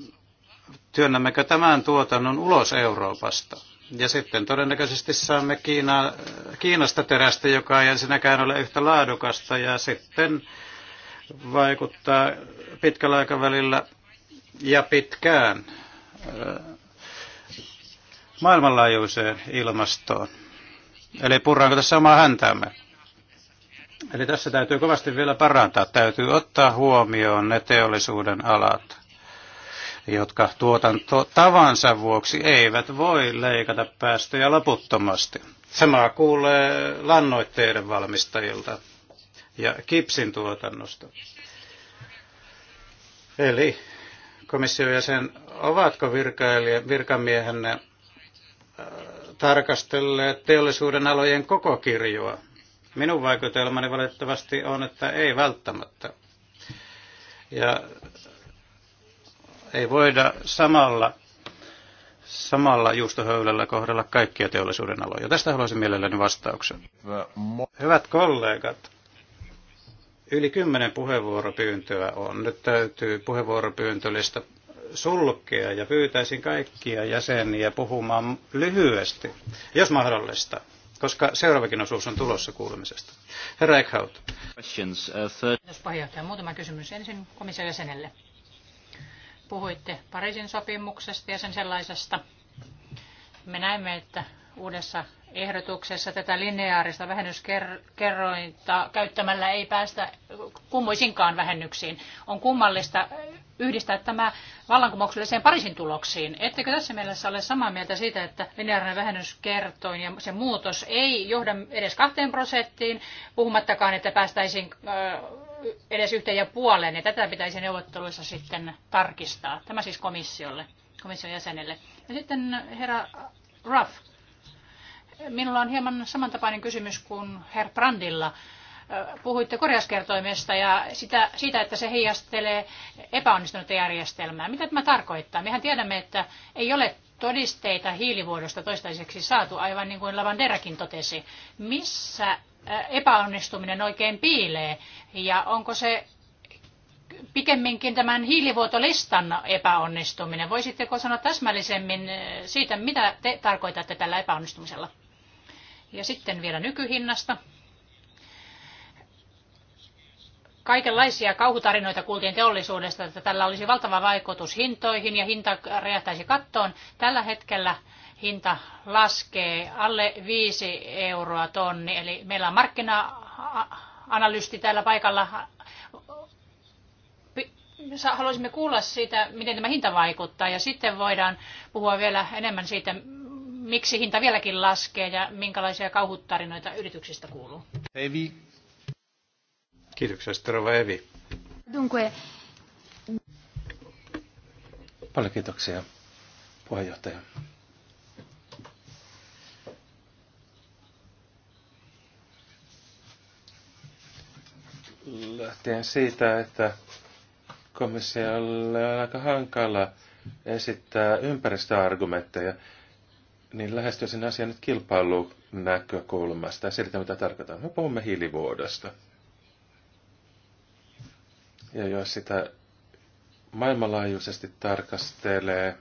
työnnämmekö tämän tuotannon ulos Euroopasta. Ja sitten todennäköisesti saamme Kiina, Kiinasta terästä, joka ei ensinnäkään ole yhtä laadukasta ja sitten vaikuttaa pitkällä aikavälillä ja pitkään maailmanlaajuiseen ilmastoon. Eli purraanko tässä omaa häntäämme? Eli tässä täytyy kovasti vielä parantaa. Täytyy ottaa huomioon ne teollisuuden alat, jotka tuotantotavansa vuoksi eivät voi leikata päästöjä loputtomasti. Sama kuulee lannoitteiden valmistajilta ja kipsin tuotannosta. Eli komission jäsen, ovatko virkamiehenne äh, tarkastelleet teollisuuden alojen koko kirjoa? Minun vaikutelmani valitettavasti on, että ei välttämättä. Ja ei voida samalla, samalla juustohöylällä kohdella kaikkia teollisuuden aloja. Tästä haluaisin mielelläni vastauksen. Hyvät kollegat, yli kymmenen puheenvuoropyyntöä on. Nyt täytyy puheenvuoropyyntölistä sulkea ja pyytäisin kaikkia jäseniä puhumaan lyhyesti, jos mahdollista koska seuraavakin osuus on tulossa kuulemisesta. Herra Eckhout. Uh, Kiitos puheenjohtaja. Muutama kysymys ensin komission jäsenelle. Puhuitte Pariisin sopimuksesta ja sen sellaisesta. Me näemme, että uudessa ehdotuksessa tätä lineaarista vähennyskerrointa käyttämällä ei päästä kummoisinkaan vähennyksiin. On kummallista yhdistää tämä vallankumoukselliseen Pariisin tuloksiin. Ettekö tässä mielessä ole samaa mieltä siitä, että lineaarinen vähennyskertoin ja se muutos ei johda edes kahteen prosenttiin, puhumattakaan, että päästäisiin edes yhteen ja puoleen, ja tätä pitäisi neuvotteluissa sitten tarkistaa. Tämä siis komissiolle, komission jäsenelle. Ja sitten herra Ruff, Minulla on hieman samantapainen kysymys kuin Herr Brandilla. Puhuitte korjauskertoimesta ja sitä, siitä, että se heijastelee epäonnistunutta järjestelmää. Mitä tämä tarkoittaa? Mehän tiedämme, että ei ole todisteita hiilivuodosta toistaiseksi saatu, aivan niin kuin Lavanderakin totesi. Missä äh, epäonnistuminen oikein piilee ja onko se pikemminkin tämän hiilivuotolistan epäonnistuminen. Voisitteko sanoa täsmällisemmin äh, siitä, mitä te tarkoitatte tällä epäonnistumisella? Ja sitten vielä nykyhinnasta. Kaikenlaisia kauhutarinoita kuultiin teollisuudesta, että tällä olisi valtava vaikutus hintoihin ja hinta räjähtäisi kattoon. Tällä hetkellä hinta laskee alle 5 euroa tonni, eli meillä on markkina-analysti täällä paikalla. Haluaisimme kuulla siitä, miten tämä hinta vaikuttaa, ja sitten voidaan puhua vielä enemmän siitä, miksi hinta vieläkin laskee ja minkälaisia kauhutarinoita yrityksistä kuuluu? Evi. Kiitoksia, Strava Evi. Dunque. Paljon kiitoksia, puheenjohtaja. lähtien siitä, että komissiolle on aika hankala esittää ympäristöargumentteja, niin lähestyisin asian nyt kilpailunäkökulmasta ja selitän, mitä tarkoitan. Me puhumme hiilivuodosta. Ja jos sitä maailmanlaajuisesti tarkastelee,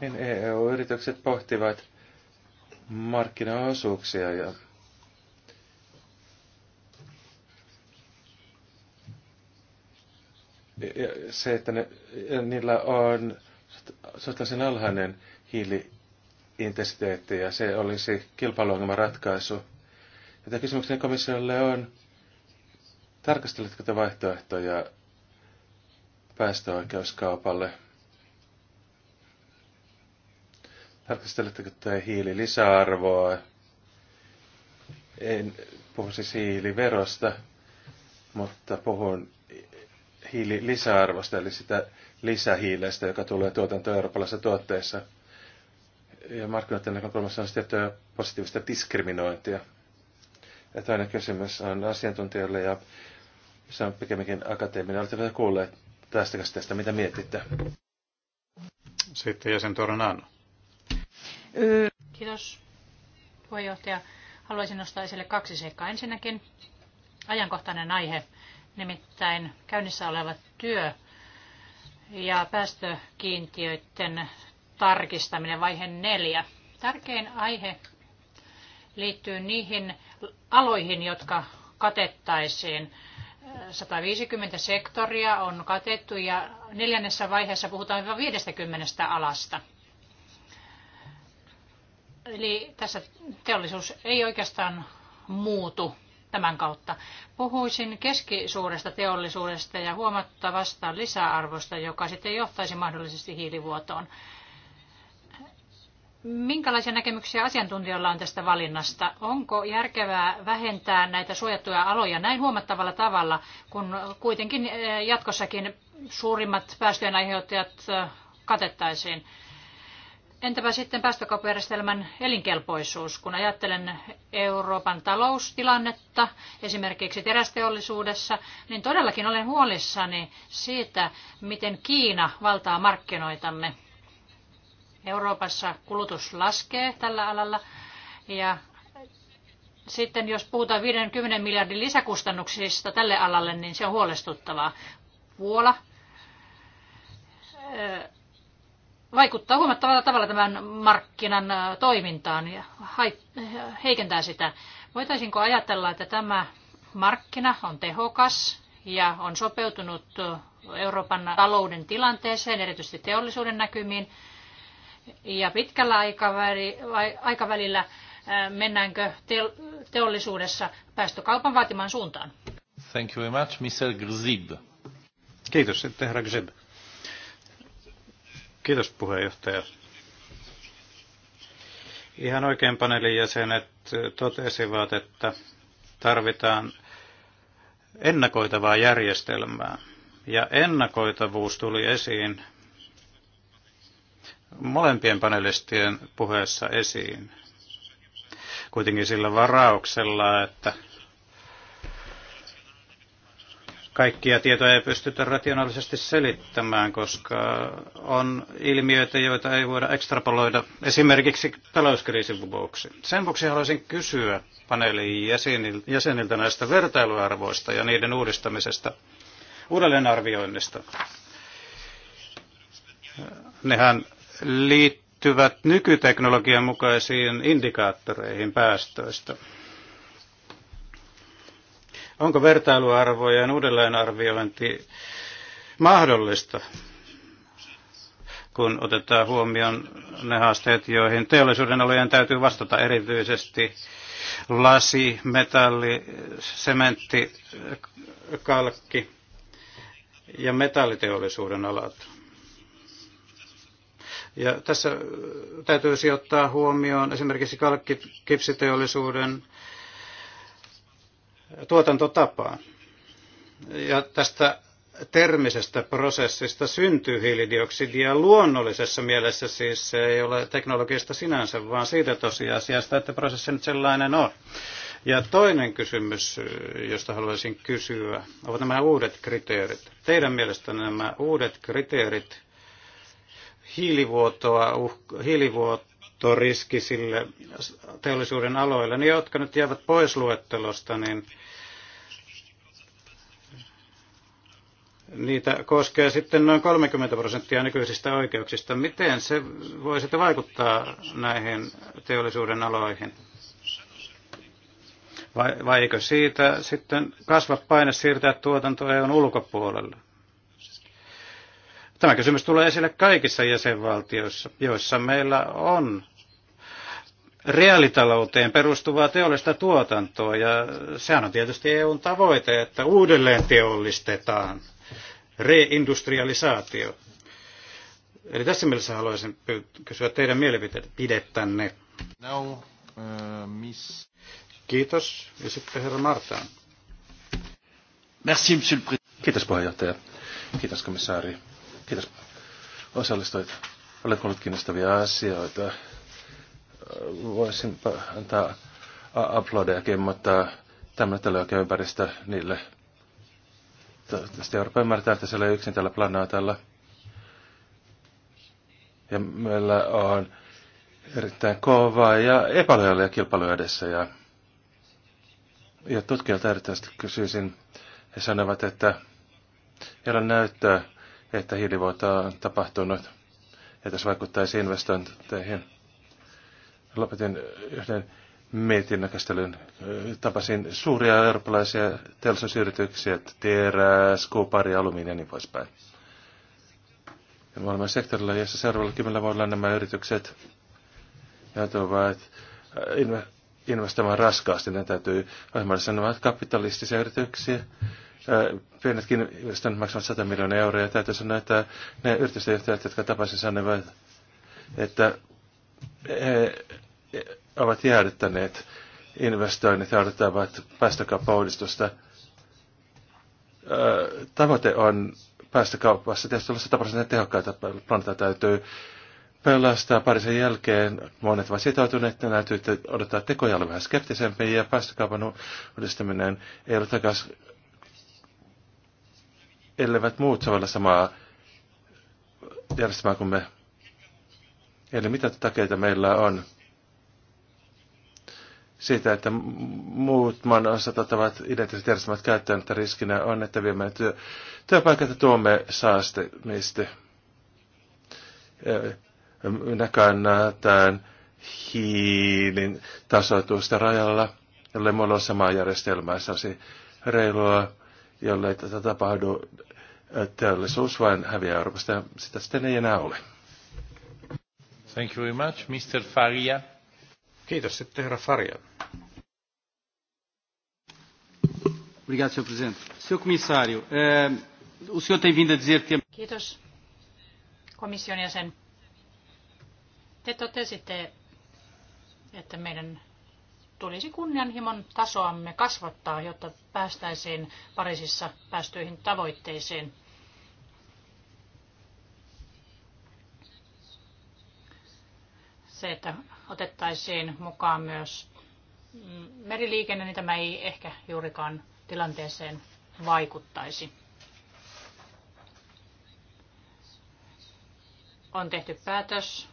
niin EU-yritykset pohtivat markkinaosuuksia ja se, että ne, niillä on suhteellisen alhainen hiiliintensiteetti ja se olisi kilpailuongelman ratkaisu. Joten kysymykseni komissiolle on, tarkasteletko te vaihtoehtoja päästöoikeuskaupalle? Tarkasteletteko te hiili lisäarvoa? En puhu siis hiiliverosta, mutta puhun hiililisäarvosta, eli sitä lisähiilestä, joka tulee tuotanto eurooppalaisissa tuotteissa – ja markkinoiden näkökulmassa on sitten positiivista diskriminointia. että aina kysymys on asiantuntijoille ja se on pikemminkin akateeminen. Oletteko kuulleet tästä käsitteestä, mitä mietitte? Sitten jäsen Anna. Kiitos puheenjohtaja. Haluaisin nostaa esille kaksi seikkaa. Ensinnäkin ajankohtainen aihe, nimittäin käynnissä oleva työ ja päästökiintiöiden tarkistaminen, vaihe neljä. Tärkein aihe liittyy niihin aloihin, jotka katettaisiin. 150 sektoria on katettu ja neljännessä vaiheessa puhutaan vain 50 alasta. Eli tässä teollisuus ei oikeastaan muutu tämän kautta. Puhuisin keskisuuresta teollisuudesta ja huomattavasta lisäarvosta, joka sitten johtaisi mahdollisesti hiilivuotoon. Minkälaisia näkemyksiä asiantuntijoilla on tästä valinnasta? Onko järkevää vähentää näitä suojattuja aloja näin huomattavalla tavalla, kun kuitenkin eh, jatkossakin suurimmat päästöjen aiheuttajat eh, katettaisiin? Entäpä sitten päästökauppajärjestelmän elinkelpoisuus, kun ajattelen Euroopan taloustilannetta, esimerkiksi terästeollisuudessa, niin todellakin olen huolissani siitä, miten Kiina valtaa markkinoitamme. Euroopassa kulutus laskee tällä alalla ja sitten jos puhutaan 50 miljardin lisäkustannuksista tälle alalle, niin se on huolestuttavaa. Puola vaikuttaa huomattavalla tavalla tämän markkinan toimintaan ja heikentää sitä. Voitaisinko ajatella, että tämä markkina on tehokas ja on sopeutunut Euroopan talouden tilanteeseen, erityisesti teollisuuden näkymiin, ja pitkällä aikavälillä äh, mennäänkö teollisuudessa päästökaupan vaatimaan suuntaan. Thank you very much, Mr. Grzib. Kiitos, sitten herra Grzib. Kiitos puheenjohtaja. Ihan oikein paneelin jäsenet totesivat, että tarvitaan ennakoitavaa järjestelmää. Ja ennakoitavuus tuli esiin molempien panelistien puheessa esiin. Kuitenkin sillä varauksella, että kaikkia tietoja ei pystytä rationaalisesti selittämään, koska on ilmiöitä, joita ei voida ekstrapoloida esimerkiksi talouskriisin vuoksi. Sen vuoksi haluaisin kysyä paneelin jäseniltä näistä vertailuarvoista ja niiden uudistamisesta, uudelleenarvioinnista. Nehän liittyvät nykyteknologian mukaisiin indikaattoreihin päästöistä. Onko vertailuarvojen uudelleenarviointi mahdollista, kun otetaan huomioon ne haasteet, joihin teollisuuden alojen täytyy vastata erityisesti lasi, metalli, sementti, kalkki ja metalliteollisuuden alat. Ja tässä äh, täytyisi ottaa huomioon esimerkiksi kalkkikipsiteollisuuden äh, tuotantotapa. Ja tästä termisestä prosessista syntyy hiilidioksidia luonnollisessa mielessä, siis se ei ole teknologista sinänsä, vaan siitä tosiasiasta, että prosessi nyt sellainen on. Ja toinen kysymys, äh, josta haluaisin kysyä, ovat nämä uudet kriteerit. Teidän mielestänne nämä uudet kriteerit hiilivuotoa, uh, hiilivuottoriski sille teollisuuden aloille, ne jotka nyt jäävät pois luettelosta, niin niitä koskee sitten noin 30 prosenttia nykyisistä oikeuksista. Miten se voi sitten vaikuttaa näihin teollisuuden aloihin? Vai, vai eikö siitä sitten kasva paine siirtää tuotanto EUn ulkopuolelle? Tämä kysymys tulee esille kaikissa jäsenvaltioissa, joissa meillä on reaalitalouteen perustuvaa teollista tuotantoa. Ja sehän on tietysti EUn tavoite, että uudelleen teollistetaan reindustrialisaatio. Eli tässä mielessä haluaisin kysyä teidän mielipidettänne. No, uh, miss. Kiitos. Ja sitten herra Martaan. Merci, monsieur le Kiitos puheenjohtaja. Kiitos komissaari. Kiitos Osallistuit Olen kuullut kiinnostavia asioita. Voisin antaa aplodejakin, mutta tämmöinen oli oikein ympäristö niille. Tästä Eurooppa ymmärtää, että se ei yksin tällä planeetalla. Ja meillä on erittäin kovaa ja epälojalle kilpailu edessä. Ja, ja tutkijoilta erityisesti kysyisin, he sanovat, että heillä on näyttöä että hiilivuotoa on tapahtunut, että se vaikuttaisi investointeihin. Lopetin yhden mietinnäkäsittelyn. Tapasin suuria eurooppalaisia teollisuusyrityksiä, teräs, kuupari, alumiini ja niin poispäin. Ja me sektorilla, jossa seuraavalla kymmenellä vuodella nämä yritykset joutuvat äh, investoimaan raskaasti. Ne täytyy ohjelmalla sanoa, että kapitalistisia yrityksiä Äh, pienetkin investoinnit maksavat 100 miljoonaa euroa. Ja täytyy sanoa, että ne yritysten johtajat, jotka tapasin, sanoivat, että he ovat jäädyttäneet investoinnit ja odottavat päästökauppauudistusta. Äh, tavoite on päästökaupassa tietysti olla 100 prosenttia tehokkaita. Planeetta täytyy pelastaa parisen jälkeen. Monet ovat sitoutuneet ja näytyy odottaa tekoja olla vähän skeptisempiä ja päästökaupan uudistaminen ei ole takaisin elävät muut samalla samaa järjestelmää kuin me. Eli mitä takeita meillä on siitä, että muut maan osat ottavat identiteettiset järjestelmät käyttöön, että riskinä on, että viemme työ, työpaikat tuomme saastemista. Minä kannatan hiilin tasoitusta rajalla, jolle me ollaan samaa järjestelmää. Se olisi reilua jollei tätä tapahdu, teollisuus vain häviää Euroopasta ja sitä sitten ei enää ole. Thank you very much, Mr. Faria. Kiitos sitten herra Faria. Obrigado, senhor Presidente. Senhor Comissário, eh, o senhor tem vindo a dizer que... Kiitos, komission jäsen. Te totesitte, että meidän tulisi kunnianhimon tasoamme kasvattaa, jotta päästäisiin Pariisissa päästöihin tavoitteisiin. Se, että otettaisiin mukaan myös meriliikenne, niin tämä ei ehkä juurikaan tilanteeseen vaikuttaisi. On tehty päätös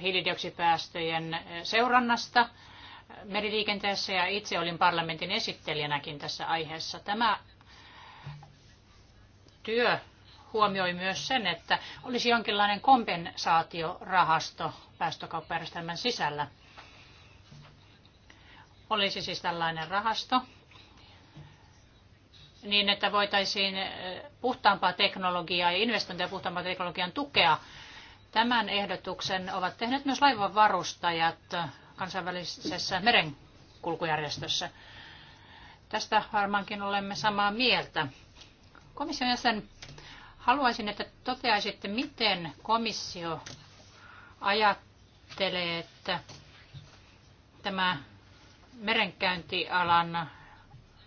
hiilidioksipäästöjen seurannasta meriliikenteessä ja itse olin parlamentin esittelijänäkin tässä aiheessa. Tämä työ huomioi myös sen, että olisi jonkinlainen kompensaatiorahasto päästökauppajärjestelmän sisällä. Olisi siis tällainen rahasto, niin että voitaisiin eh, puhtaampaa teknologiaa ja investointeja puhtaampaa teknologian tukea. Tämän ehdotuksen ovat tehneet myös varustajat kansainvälisessä merenkulkujärjestössä. Tästä varmaankin olemme samaa mieltä. Komission jäsen, haluaisin, että toteaisitte, miten komissio ajattelee, että tämä merenkäyntialan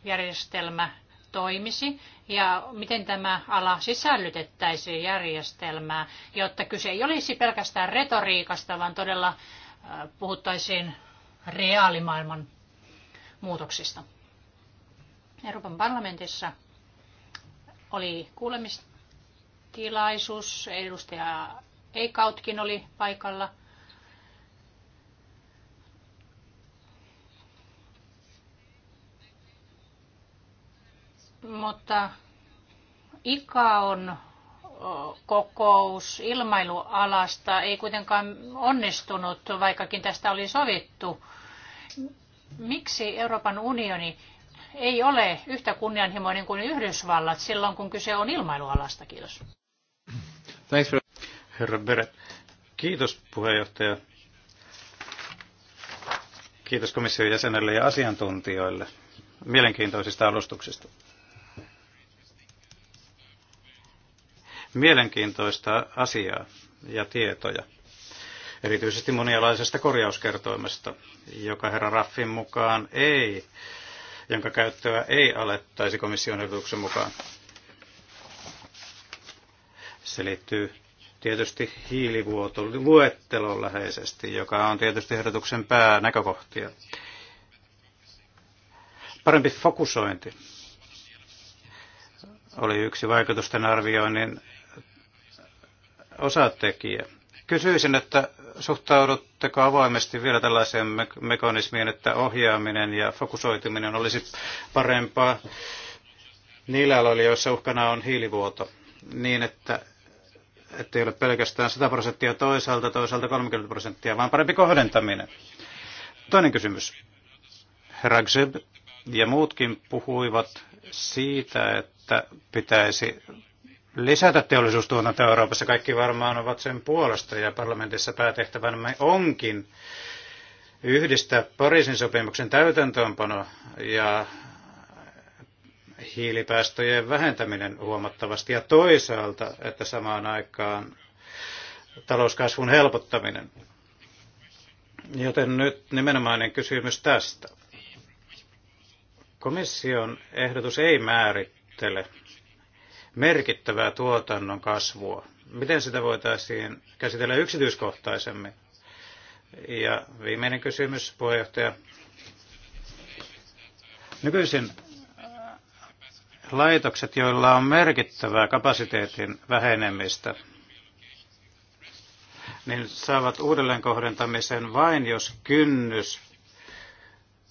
järjestelmä toimisi ja miten tämä ala sisällytettäisiin järjestelmään, jotta kyse ei olisi pelkästään retoriikasta, vaan todella puhuttaisiin reaalimaailman muutoksista. Euroopan parlamentissa oli kuulemistilaisuus, edustaja Eikautkin oli paikalla. Mutta ikä on kokous ilmailualasta ei kuitenkaan onnistunut, vaikkakin tästä oli sovittu. Miksi Euroopan unioni ei ole yhtä kunnianhimoinen kuin Yhdysvallat silloin, kun kyse on ilmailualasta? Kiitos. Thanks Herra Beret. Kiitos puheenjohtaja. Kiitos komission jäsenelle ja asiantuntijoille mielenkiintoisista alustuksista. mielenkiintoista asiaa ja tietoja. Erityisesti monialaisesta korjauskertoimesta, joka herra Raffin mukaan ei, jonka käyttöä ei alettaisi komission ehdotuksen mukaan. Se liittyy tietysti hiilivuotoluetteloon läheisesti, joka on tietysti ehdotuksen päänäkökohtia. Parempi fokusointi oli yksi vaikutusten arvioinnin osatekijä. Kysyisin, että suhtaudutteko avoimesti vielä tällaiseen me- mekanismiin, että ohjaaminen ja fokusoituminen olisi parempaa niillä aloilla, joissa uhkana on hiilivuoto, niin että että ei ole pelkästään 100 prosenttia toisaalta, toisaalta 30 prosenttia, vaan parempi kohdentaminen. Toinen kysymys. Herra Gzeb ja muutkin puhuivat siitä, että pitäisi lisätä teollisuustuotantoa Euroopassa. Kaikki varmaan ovat sen puolesta ja parlamentissa päätehtävänä onkin yhdistää Pariisin sopimuksen täytäntöönpano ja hiilipäästöjen vähentäminen huomattavasti ja toisaalta, että samaan aikaan talouskasvun helpottaminen. Joten nyt nimenomainen kysymys tästä. Komission ehdotus ei määrittele merkittävää tuotannon kasvua. Miten sitä voitaisiin käsitellä yksityiskohtaisemmin? Ja viimeinen kysymys, puheenjohtaja. Nykyisin äh, laitokset, joilla on merkittävää kapasiteetin vähenemistä, niin saavat uudelleenkohdentamisen vain, jos kynnys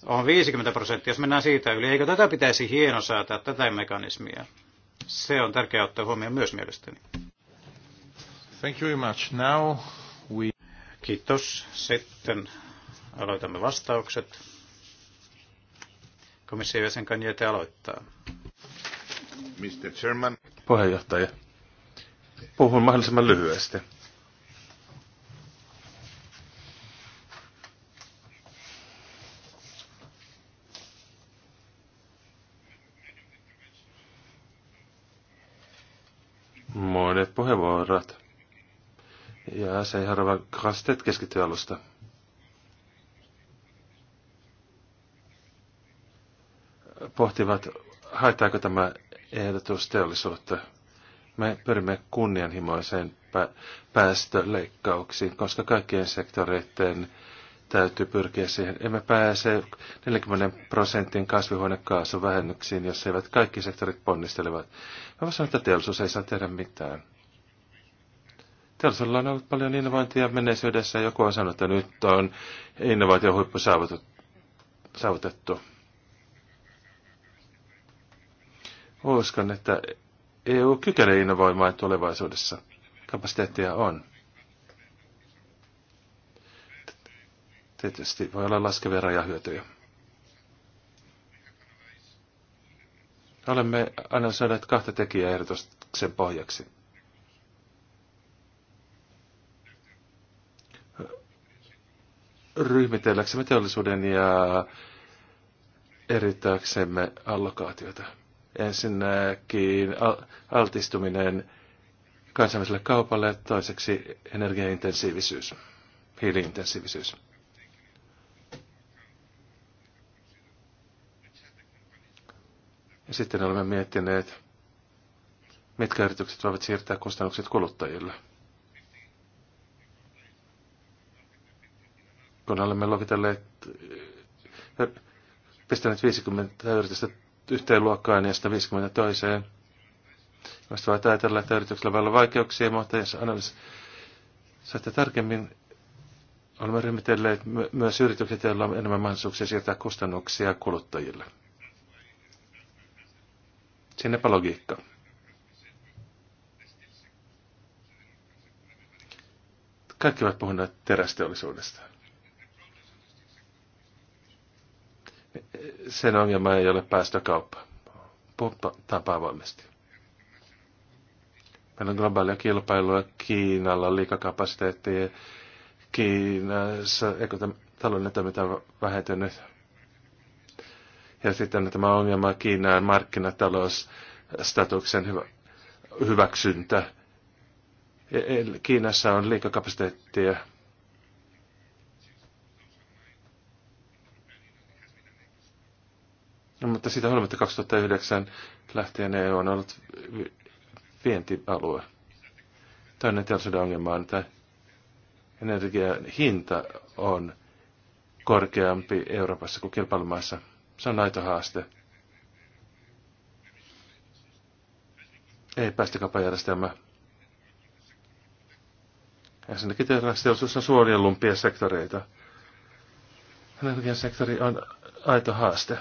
on 50 prosenttia, jos mennään siitä yli. Eikö tätä pitäisi hienosaata, tätä mekanismia? Se on tärkeää ottaa huomioon myös mielestäni. Thank you very much. Now we... Kiitos. Sitten aloitamme vastaukset. Komission jäsen Kanjete aloittaa. Mr. Chairman. Puheenjohtaja. Puhun mahdollisimman lyhyesti. tässä ei harva keskittyy alusta. Pohtivat, haittaako tämä ehdotus teollisuutta. Me pyrimme kunnianhimoiseen päästöleikkauksiin, koska kaikkien sektoreiden täytyy pyrkiä siihen. Emme pääse 40 prosentin kasvihuonekaasuvähennyksiin, jos eivät kaikki sektorit ponnistelevat. Mä voin sanoa, että teollisuus ei saa tehdä mitään. Teollisuudella on ollut paljon innovointia menneisyydessä. Joku on sanonut, että nyt on huippu saavutettu. Uskon, että EU kykenee innovoimaan tulevaisuudessa. Kapasiteettia on. Tietysti voi olla laskevia rajahyötyjä. Olemme analysoineet kahta tekijää ehdotuksen pohjaksi ryhmitelläksemme teollisuuden ja erittääksemme allokaatiota. Ensinnäkin altistuminen kansainväliselle kaupalle, toiseksi energiaintensiivisyys, hiiliintensiivisyys. Ja sitten olemme miettineet, mitkä yritykset voivat siirtää kustannukset kuluttajille – kun olemme luokitelleet, äh, pistäneet 50 yritystä yhteen luokkaan ja 150 toiseen. Vasta voi ajatella, että yrityksellä voi olla vaikeuksia, mutta jos analysoitte tarkemmin, olemme ryhmitelleet myös yritykset, joilla on enemmän mahdollisuuksia siirtää kustannuksia kuluttajille. Sinnepä logiikka. Kaikki ovat puhuneet terästeollisuudesta. sen ongelma ei ole päästökauppa. tapaa voimasti. Meillä on globaalia kilpailua Kiinalla, liikakapasiteetti, Kiinassa eikö talouden toiminta on vähentynyt. Ja sitten tämä ongelma Kiinan markkinatalousstatuksen hyvä, hyväksyntä. E- e- Kiinassa on liikakapasiteettia No, mutta siitä huolimatta 2009 lähtien EU on ollut vientialue. Toinen teollisuuden ongelma on, että energian hinta on korkeampi Euroopassa kuin kilpailumaissa. Se on aito haaste. Ei päästökauppajärjestelmä. Ensinnäkin teollisuus on suojellumpia sektoreita. Energian sektori on aito haaste.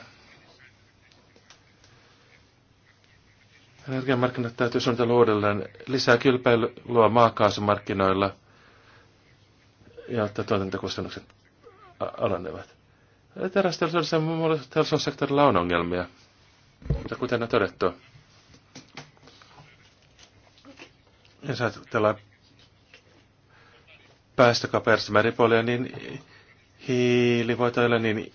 Energiamarkkinat täytyy suunnitella uudelleen. Lisää kilpailua maakaasumarkkinoilla, jotta tuotantokustannukset alenevat. Terästeollisuudessa ja muulla teollisuussektorilla on ongelmia. mutta kuten on todettu, saat ajatellaan päästökapersimä meripuolia, niin hiili voi olla niin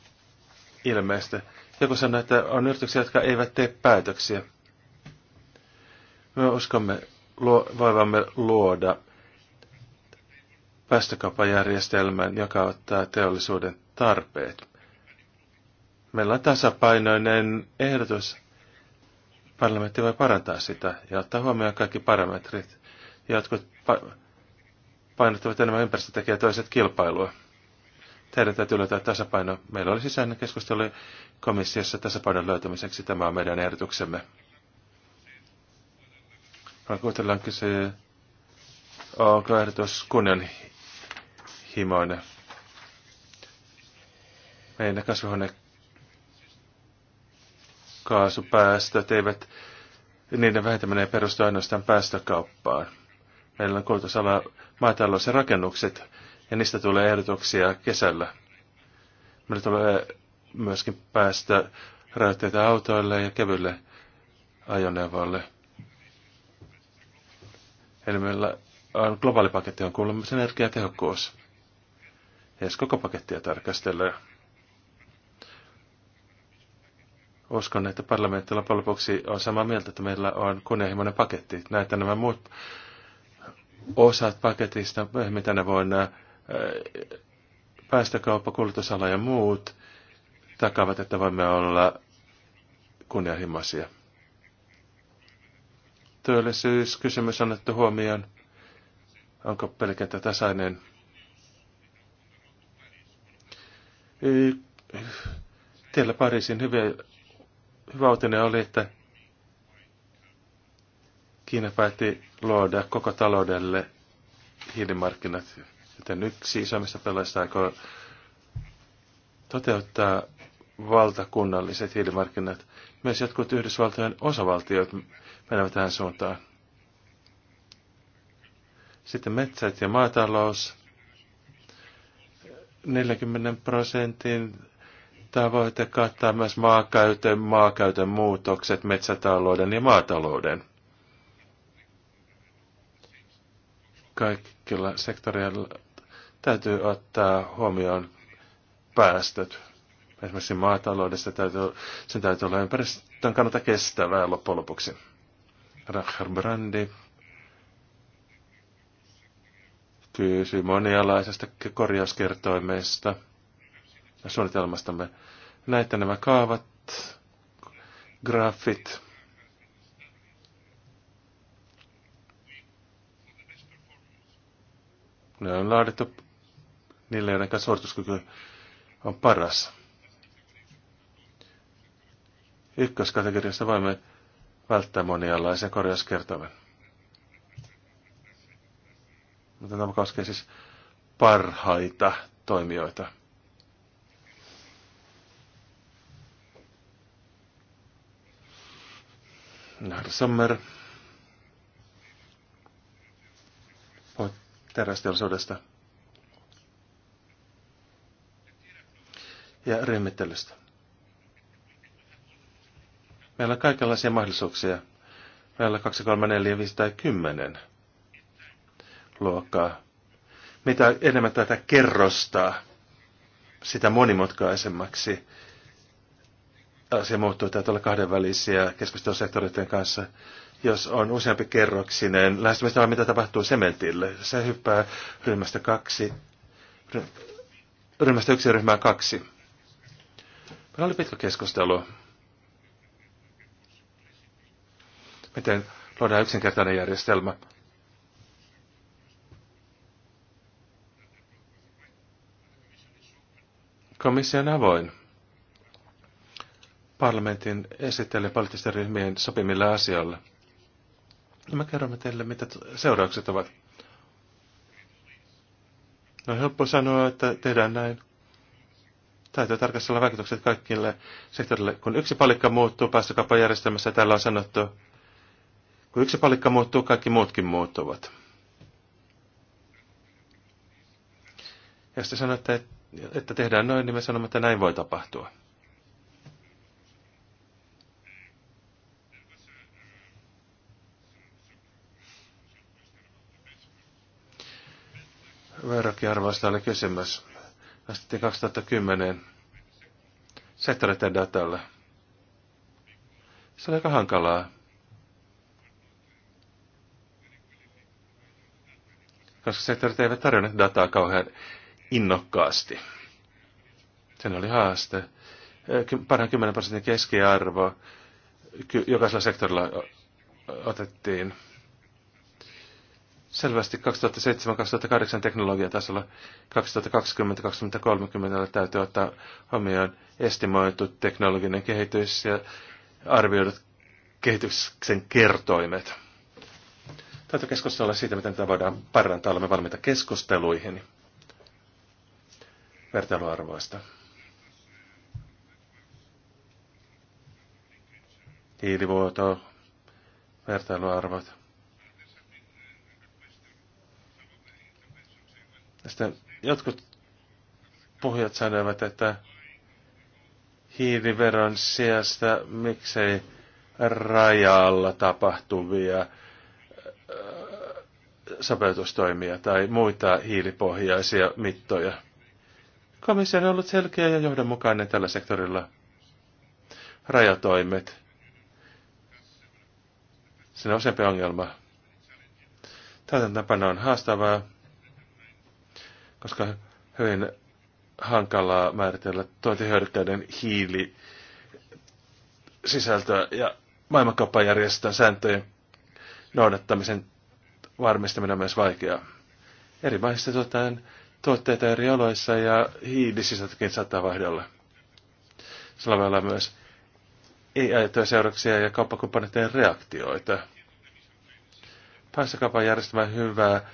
ilmeistä. Joku sanoi, että on yrityksiä, jotka eivät tee päätöksiä. Me uskomme luo, voivamme luoda päästökauppajärjestelmän, joka ottaa teollisuuden tarpeet. Meillä on tasapainoinen ehdotus. Parlamentti voi parantaa sitä ja ottaa huomioon kaikki parametrit. Jotkut pa- painottavat enemmän ympäristötekijä toiset kilpailua. Teidän täytyy löytää tasapaino. Meillä oli sisäinen keskustelu komissiossa tasapainon löytämiseksi. Tämä on meidän ehdotuksemme. Vaan kuitenkin kysyy, onko ehdotus kunnianhimoinen. Meidän kasvihuone kaasupäästöt eivät, niiden vähentäminen perustu ainoastaan päästökauppaan. Meillä on koulutusala maatalous ja rakennukset, ja niistä tulee ehdotuksia kesällä. Meillä tulee myöskin päästä rajoitteita autoille ja kevyille ajoneuvoille – Eli meillä on globaali paketti on kuulemma energiatehokkuus. Edes koko pakettia tarkastellaan, uskon, että parlamentti loppujen lopuksi on samaa mieltä, että meillä on kunnianhimoinen paketti. Näitä nämä muut osat paketista myöhemmin tänä äh, vuonna, päästökauppa, kulutusala ja muut, takavat, että voimme olla kunnianhimoisia työllisyyskysymys on otettu huomioon. Onko pelkätä tasainen? Tiellä Pariisin hyviä, hyvä uutinen oli, että Kiina päätti luoda koko taloudelle hiilimarkkinat, joten yksi isommista pelaista aikoo toteuttaa valtakunnalliset hiilimarkkinat. Myös jotkut Yhdysvaltojen osavaltiot menevät tähän suuntaan. Sitten metsät ja maatalous. 40 prosentin tavoite kattaa myös maakäytön, maakäytön muutokset, metsätalouden ja maatalouden. Kaikilla sektoreilla täytyy ottaa huomioon päästöt. Esimerkiksi maataloudessa täytyy, sen täytyy olla ympäristön kannalta kestävää loppujen lopuksi. Rachar Brandi kysyi monialaisesta korjauskertoimesta ja suunnitelmastamme. Näitä nämä kaavat, graafit. Ne on laadittu niille, joiden suorituskyky on paras. Ykköskategoriassa voimme välttää monialaisen korjauskertoimen. Mutta tämä koskee siis parhaita toimijoita. Sommer terästeollisuudesta ja ryhmittelystä. Meillä on kaikenlaisia mahdollisuuksia. Meillä on 2, 3, 4, 5 tai 10 luokkaa. Mitä enemmän tätä kerrostaa, sitä monimutkaisemmaksi asia muuttuu. Täytyy olla kahdenvälisiä keskustelusektoreiden kanssa. Jos on useampi kerroksinen, lähestymistä mitä tapahtuu sementille. Se hyppää ryhmästä kaksi, ryhmästä yksi ryhmää kaksi. Meillä oli pitkä keskustelu miten luodaan yksinkertainen järjestelmä. Komission avoin. Parlamentin esittelee poliittisten ryhmien sopimilla asioilla. Mä me kerromme teille, mitä seuraukset ovat. No helppo sanoa, että tehdään näin. Täytyy tarkastella vaikutukset kaikille sektorille. Kun yksi palikka muuttuu päästökauppajärjestelmässä, täällä on sanottu, kun yksi palikka muuttuu, kaikki muutkin muuttuvat. Ja jos te sanotte, että tehdään noin, niin me sanomme, että näin voi tapahtua. arvoista oli kysymys. Nostettiin 2010 sektoreiden datalle. Se oli aika hankalaa. koska sektorit eivät tarjonneet dataa kauhean innokkaasti. Sen oli haaste. Eh, parhaan 10 prosentin keskiarvo jokaisella sektorilla otettiin selvästi 2007-2008 teknologiatasolla 2020-2030 täytyy ottaa huomioon estimoitu teknologinen kehitys ja arvioidut kehityksen kertoimet. Täytyy keskustella siitä, miten tätä voidaan parantaa. Olemme valmiita keskusteluihin vertailuarvoista. Hiilivuoto, vertailuarvot. Ja sitten jotkut puhujat sanoivat, että hiiliveron sijasta miksei rajalla tapahtuvia sopeutustoimia tai muita hiilipohjaisia mittoja. Komissio on ollut selkeä ja johdonmukainen tällä sektorilla. Rajatoimet. Sen on useampi ongelma. Täytäntöpano on haastavaa, koska hyvin hankalaa määritellä tuontihyödykkeiden hiili sisältöä ja maailmankauppajärjestön sääntöjen noudattamisen varmistaminen on myös vaikeaa. Eri maissa tuotetaan tuotteita eri oloissa ja hiilisisätkin saattaa vaihdella. Sillä voi olla myös ei-ajattuja seurauksia ja kauppakumppaneiden reaktioita. Päästökaupan järjestelmän hyvää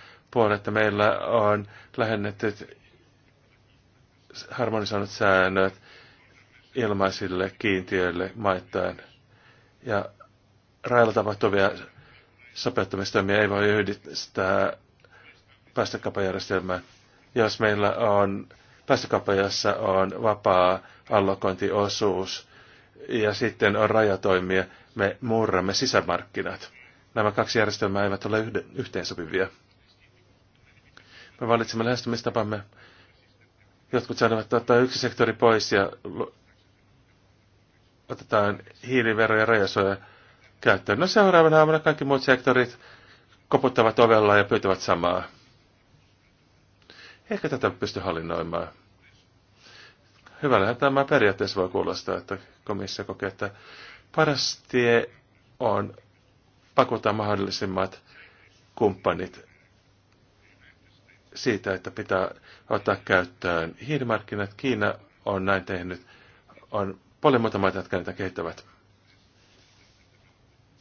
että meillä on lähennetyt harmonisoinnut säännöt ilmaisille kiintiöille maittain ja railla tapahtuvia sopeuttamistoimia ei voi yhdistää päästökauppajärjestelmään. Jos meillä on päästökauppa, jossa on vapaa allokointiosuus ja sitten on rajatoimia, me murramme sisämarkkinat. Nämä kaksi järjestelmää eivät ole yhteensopivia. Me valitsemme lähestymistapamme. Jotkut sanovat, että ottaa yksi sektori pois ja otetaan hiilivero ja rajasuoja käyttöön. No seuraavana aamuna kaikki muut sektorit koputtavat ovella ja pyytävät samaa. Ehkä tätä pysty hallinnoimaan. Hyvällähän tämä periaatteessa voi kuulostaa, että komissio kokee, että paras tie on pakota mahdollisimmat kumppanit siitä, että pitää ottaa käyttöön hiilimarkkinat. Kiina on näin tehnyt, on paljon muuta maita, jotka niitä kehittävät.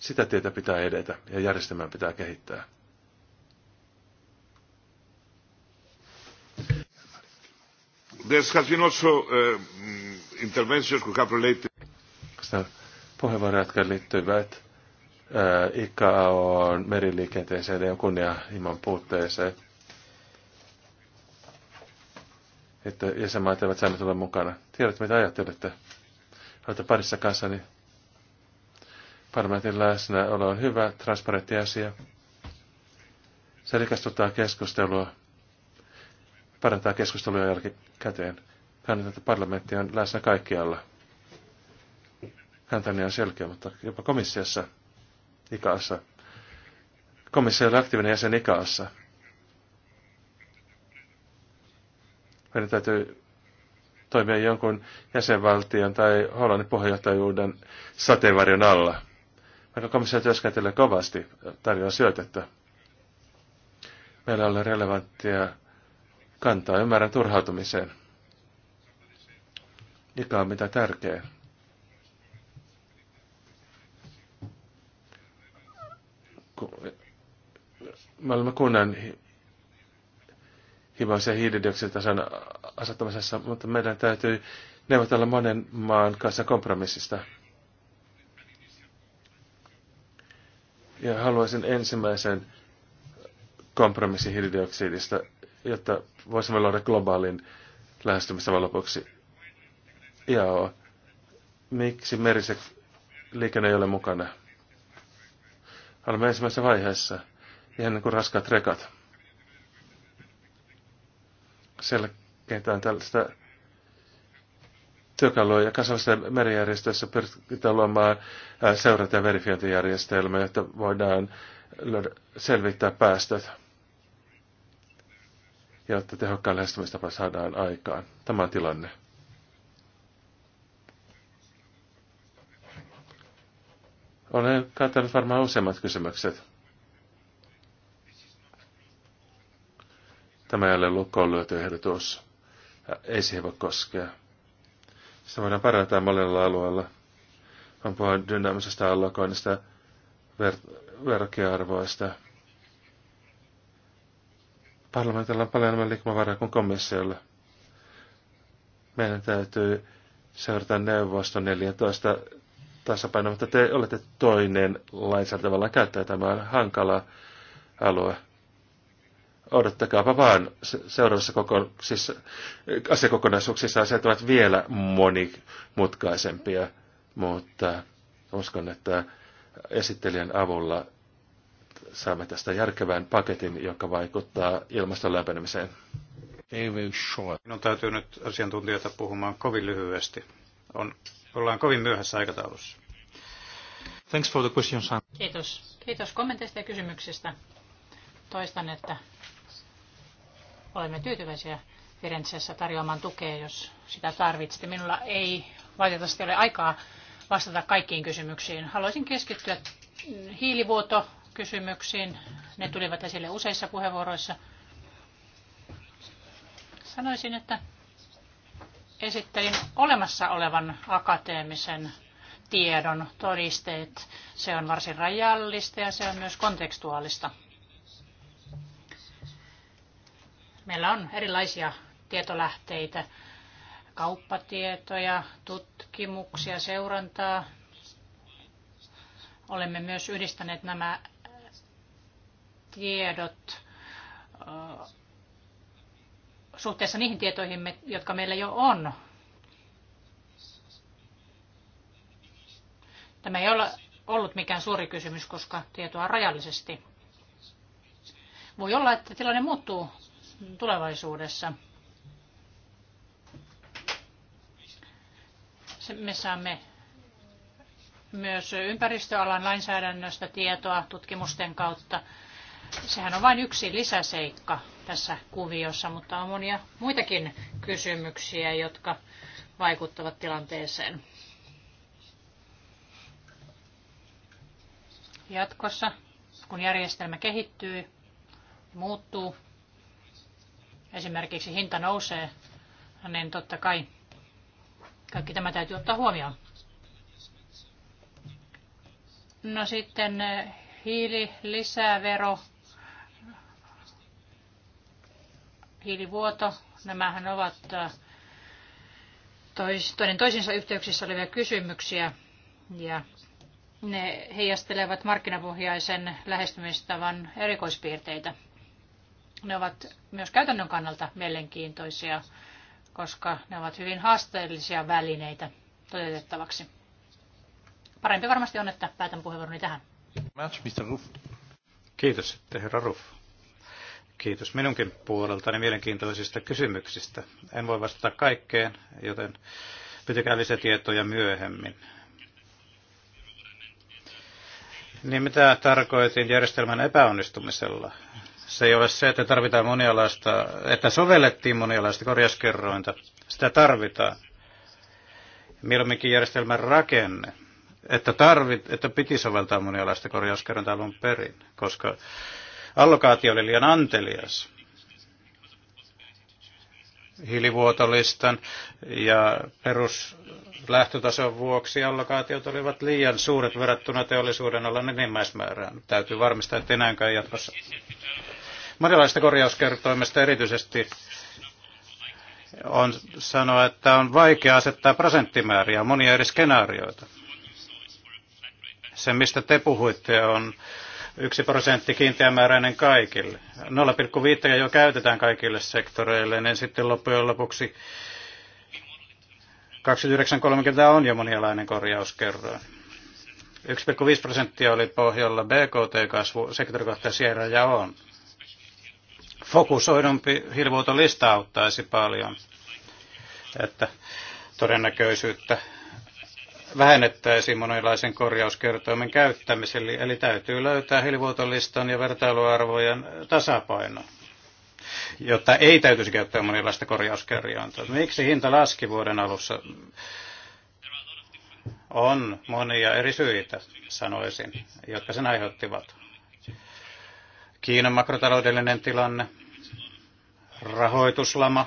Sitä tietä pitää edetä ja järjestelmää pitää kehittää. Sitä puheenvuoroja, jotka liittyvät uh, ICAOn meriliikenteeseen ja kunnianhimon puutteeseen. Että jäsenmaat eivät saaneet olla mukana. Tiedät, mitä ajattelette? Olette parissa kanssani. Niin Parlamentin läsnäolo on hyvä, transparentti asia. Se rikastuttaa keskustelua, parantaa keskustelua jälkikäteen. Kannatan, että parlamentti on läsnä kaikkialla. Kantani on selkeä, mutta jopa komissiossa, ikaassa. Komissio on aktiivinen jäsen ikaassa. Meidän täytyy toimia jonkun jäsenvaltion tai Hollannin puheenjohtajuuden sateenvarjon alla. Vaikka komissio työskentelee kovasti, tarjoaa syötettä. Meillä on relevanttia kantaa ymmärrän turhautumiseen. Mikä on mitä tärkeää? Me olemme kunnan himoisen hiilidioksidin asettamisessa, mutta meidän täytyy neuvotella monen maan kanssa kompromissista. Ja haluaisin ensimmäisen kompromissin hiilidioksidista, jotta voisimme luoda globaalin lähestymistavan lopuksi. Joo, Miksi merisek liikenne ei ole mukana? Olemme ensimmäisessä vaiheessa, ihan niin kuin raskaat rekat. Selkeätään tällaista työkaluja ja kansallisessa merijärjestössä pyritään luomaan seurata- ja verifiointijärjestelmä, jotta voidaan selvittää päästöt, jotta tehokkaan lähestymistapa saadaan aikaan. Tämä on tilanne. Olen katsonut varmaan useimmat kysymykset. Tämä ei ole lukkoon lyöty ehdotus. Ei siihen voi koskea. Sitä voidaan parantaa monella alueella. On puhua dynaamisesta allokoinnista, ver- verkearvoista. Parlamentilla on paljon enemmän liikkumavaraa kuin komissiolla. Meidän täytyy seurata neuvoston 14 tasapainoa, mutta te olette toinen lainsäädäntö, tavallaan käyttää tämä hankala alue odottakaapa vaan seuraavassa kokouksissa, äh, asiakokonaisuuksissa asiat ovat vielä monimutkaisempia, mutta uskon, että esittelijän avulla saamme tästä järkevän paketin, joka vaikuttaa ilmaston lämpenemiseen. Minun täytyy nyt asiantuntijoita puhumaan kovin lyhyesti. On, ollaan kovin myöhässä aikataulussa. Thanks for the question, Kiitos. Kiitos kommenteista ja kysymyksistä. Toistan, että Olemme tyytyväisiä Firenzessä tarjoamaan tukea, jos sitä tarvitsette. Minulla ei valitettavasti ole aikaa vastata kaikkiin kysymyksiin. Haluaisin keskittyä hiilivuotokysymyksiin. Ne tulivat esille useissa puheenvuoroissa. Sanoisin, että esittelin olemassa olevan akateemisen tiedon todisteet. Se on varsin rajallista ja se on myös kontekstuaalista. Meillä on erilaisia tietolähteitä, kauppatietoja, tutkimuksia, seurantaa. Olemme myös yhdistäneet nämä tiedot suhteessa niihin tietoihin, jotka meillä jo on. Tämä ei ole ollut mikään suuri kysymys, koska tietoa on rajallisesti. Voi olla, että tilanne muuttuu tulevaisuudessa. Me saamme myös ympäristöalan lainsäädännöstä tietoa tutkimusten kautta. Sehän on vain yksi lisäseikka tässä kuviossa, mutta on monia muitakin kysymyksiä, jotka vaikuttavat tilanteeseen. Jatkossa, kun järjestelmä kehittyy, muuttuu, esimerkiksi hinta nousee, niin totta kai kaikki tämä täytyy ottaa huomioon. No sitten eh, hiililisävero, hiilivuoto, nämähän ovat eh, tois, toinen toisinsa yhteyksissä olevia kysymyksiä ja ne heijastelevat markkinapohjaisen lähestymistavan erikoispiirteitä. Ne ovat myös käytännön kannalta mielenkiintoisia, koska ne ovat hyvin haasteellisia välineitä toteutettavaksi. Parempi varmasti on, että päätän puheenvuoroni tähän. Kiitos herra Ruff. Kiitos minunkin puoleltani mielenkiintoisista kysymyksistä. En voi vastata kaikkeen, joten pitäkää lisätietoja myöhemmin. Niin mitä tarkoitin järjestelmän epäonnistumisella? Se ei ole se, että tarvitaan monialaista, että sovellettiin monialaista korjauskerrointa. Sitä tarvitaan. Mieluumminkin järjestelmän rakenne, että, tarvit, että piti soveltaa monialaista korjauskerrointa alun perin, koska allokaatio oli liian antelias hiilivuotolistan ja peruslähtötason vuoksi allokaatiot olivat liian suuret verrattuna teollisuuden alan enimmäismäärään. Täytyy varmistaa, että enääkään jatkossa. Monilaista korjauskertoimesta erityisesti on sanoa, että on vaikea asettaa prosenttimääriä, monia eri skenaarioita. Se, mistä te puhuitte, on yksi prosentti kiinteämääräinen kaikille. 0,5 jo käytetään kaikille sektoreille, niin sitten loppujen lopuksi 29.30 on jo monialainen korjauskerroin. 1,5 prosenttia oli pohjalla BKT-kasvu, sektorikohtaisia eroja on fokusoidumpi hiilivuotolista auttaisi paljon, että todennäköisyyttä vähennettäisiin monenlaisen korjauskertoimen käyttämiselle, eli täytyy löytää hiilivuotolistan ja vertailuarvojen tasapaino jotta ei täytyisi käyttää monenlaista korjauskerjainta. Miksi hinta laski vuoden alussa? On monia eri syitä, sanoisin, jotka sen aiheuttivat. Kiinan makrotaloudellinen tilanne, rahoituslama,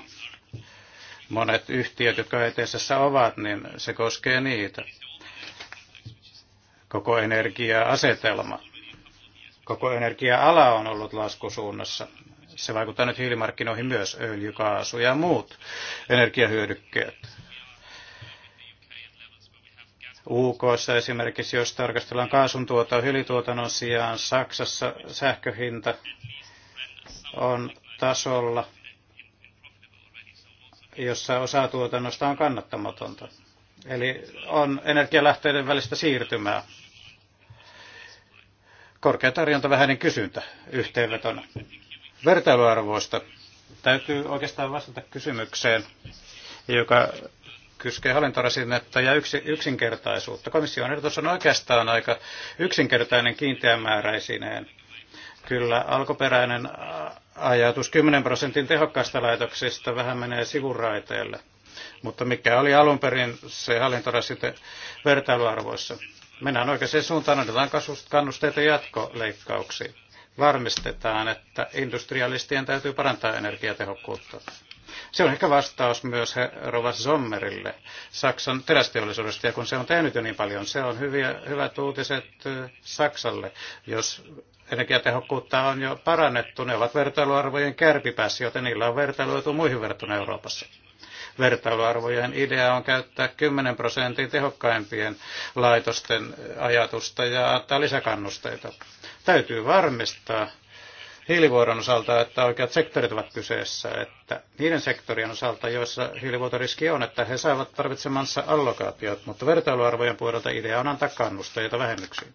monet yhtiöt, jotka ETSssä ovat, niin se koskee niitä. Koko energia-asetelma. Koko energia-ala on ollut laskusuunnassa. Se vaikuttaa nyt hiilimarkkinoihin myös öljy, kaasu ja muut energiahyödykkeet. UK esimerkiksi, jos tarkastellaan kaasun tuotoa hylituotannon sijaan, Saksassa sähköhinta on tasolla, jossa osa tuotannosta on kannattamatonta. Eli on energialähteiden välistä siirtymää. Korkea tarjonta, vähäinen kysyntä yhteenvetona. Vertailuarvoista täytyy oikeastaan vastata kysymykseen, joka kyskee hallintorasitetta ja yksinkertaisuutta. Komission ehdotus on oikeastaan aika yksinkertainen kiinteämääräisineen. Kyllä alkuperäinen ajatus 10 prosentin tehokkaista laitoksista vähän menee sivuraiteelle, mutta mikä oli alun perin se hallintorasite vertailuarvoissa. Mennään oikeaan suuntaan, annetaan kannusteita jatkoleikkauksiin. Varmistetaan, että industrialistien täytyy parantaa energiatehokkuutta se on ehkä vastaus myös Rova Sommerille Saksan terästeollisuudesta, ja kun se on tehnyt jo niin paljon, se on hyviä, hyvät uutiset Saksalle, jos energiatehokkuutta on jo parannettu. Ne ovat vertailuarvojen kärpipäässä, joten niillä on vertailuetu muihin verrattuna Euroopassa. Vertailuarvojen idea on käyttää 10 prosentin tehokkaimpien laitosten ajatusta ja antaa lisäkannusteita. Täytyy varmistaa, hiilivuoron osalta, että oikeat sektorit ovat kyseessä, että niiden sektorien osalta, joissa hiilivuotoriski on, että he saavat tarvitsemansa allokaatiot, mutta vertailuarvojen puolelta idea on antaa kannusteita vähennyksiin.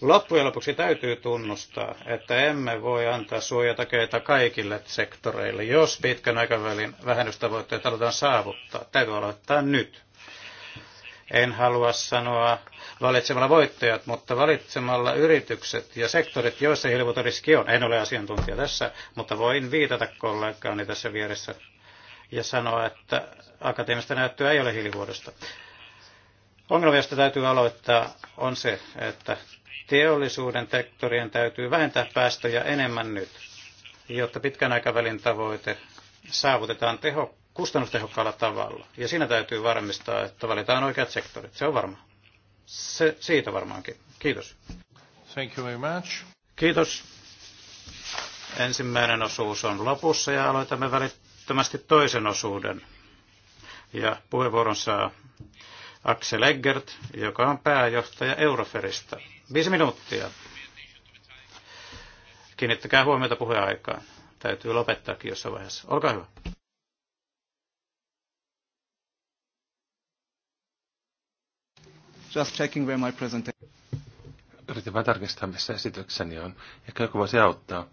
Loppujen lopuksi täytyy tunnustaa, että emme voi antaa suojatakeita kaikille sektoreille, jos pitkän aikavälin vähennystavoitteet halutaan saavuttaa. Täytyy aloittaa nyt. En halua sanoa valitsemalla voittajat, mutta valitsemalla yritykset ja sektorit, joissa hiilivuotoriski on. En ole asiantuntija tässä, mutta voin viitata kollegaani tässä vieressä ja sanoa, että akateemista näyttöä ei ole hiilivuodosta. Ongelma, josta täytyy aloittaa, on se, että teollisuuden sektorien täytyy vähentää päästöjä enemmän nyt, jotta pitkän aikavälin tavoite saavutetaan tehokkaasti kustannustehokkaalla tavalla. Ja siinä täytyy varmistaa, että valitaan oikeat sektorit. Se on varma. Se, siitä varmaankin. Kiitos. Thank you very much. Kiitos. Ensimmäinen osuus on lopussa ja aloitamme välittömästi toisen osuuden. Ja puheenvuoron saa Axel Eggert, joka on pääjohtaja Euroferista. Viisi minuuttia. Kiinnittäkää huomiota puheaikaan. Täytyy lopettaakin jossain vaiheessa. Olkaa hyvä. Just checking where my presentation... Yritin vain tarkistaa, missä esitykseni on. Ehkä joku voisi auttaa.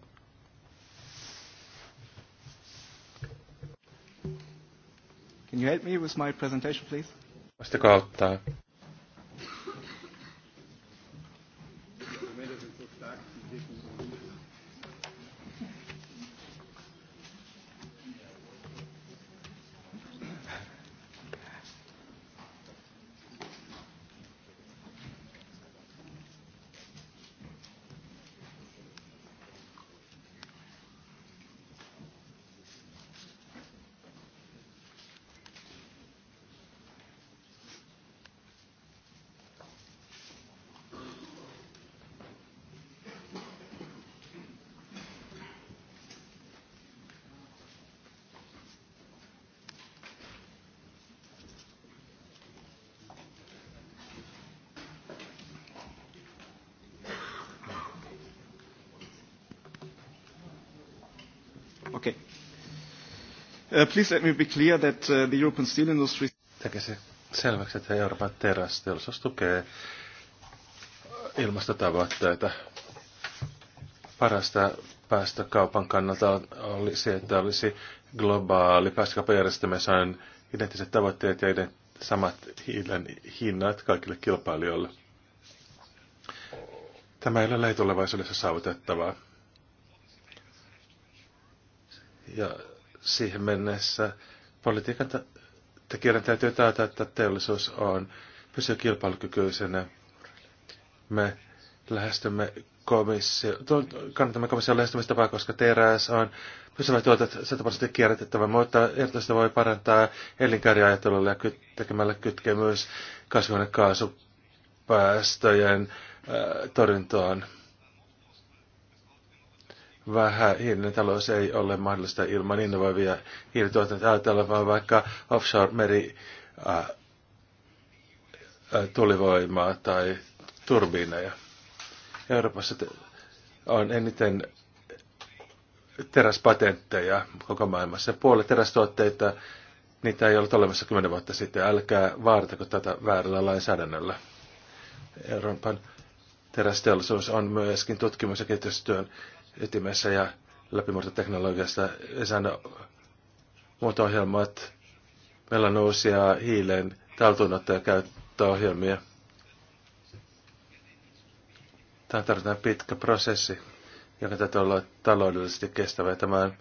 Can you help me with my presentation, please? Voisitko auttaa? Uh, please let me be clear that uh, the European steel industry... Tekee se selväksi, että Euroopan terästeollisuus tukee ilmastotavoitteita. Parasta päästökaupan kannalta oli se, että olisi globaali päästökauppajärjestelmä, jossa on identtiset tavoitteet ja ident- samat hiilen hinnat kaikille kilpailijoille. Tämä ei ole lähitulevaisuudessa saavutettavaa. Ja siihen mennessä politiikan tekijöiden täytyy taata, että teollisuus on pysyy kilpailukykyisenä. Me lähestymme komissio, kannatamme komission lähestymistapaa, koska TRS on pysyvä tuotot 100 prosenttia kierrätettävä, mutta erityisesti voi parantaa elinkaariajattelulla ja ky- tekemällä kytkemys kasvihuonekaasupäästöjen äh, torjuntaan vähähiilinen talous ei ole mahdollista ilman innovoivia hiilituotantoja. Ajatellaan vaan vaikka offshore-meri äh, tulivoimaa tai turbiineja. Euroopassa on eniten teräspatentteja koko maailmassa. Puolet terästuotteita, niitä ei ollut olemassa kymmenen vuotta sitten. Älkää vaartako tätä väärällä lainsäädännöllä. Euroopan terästeollisuus on myöskin tutkimus- ja kehitystyön ytimessä ja läpimurtoteknologiasta esänä muut ohjelmat. Meillä on taltuunotto hiilen käyttöohjelmia. Tämä tarvitaan pitkä prosessi, joka täytyy olla taloudellisesti kestävä. Tämä on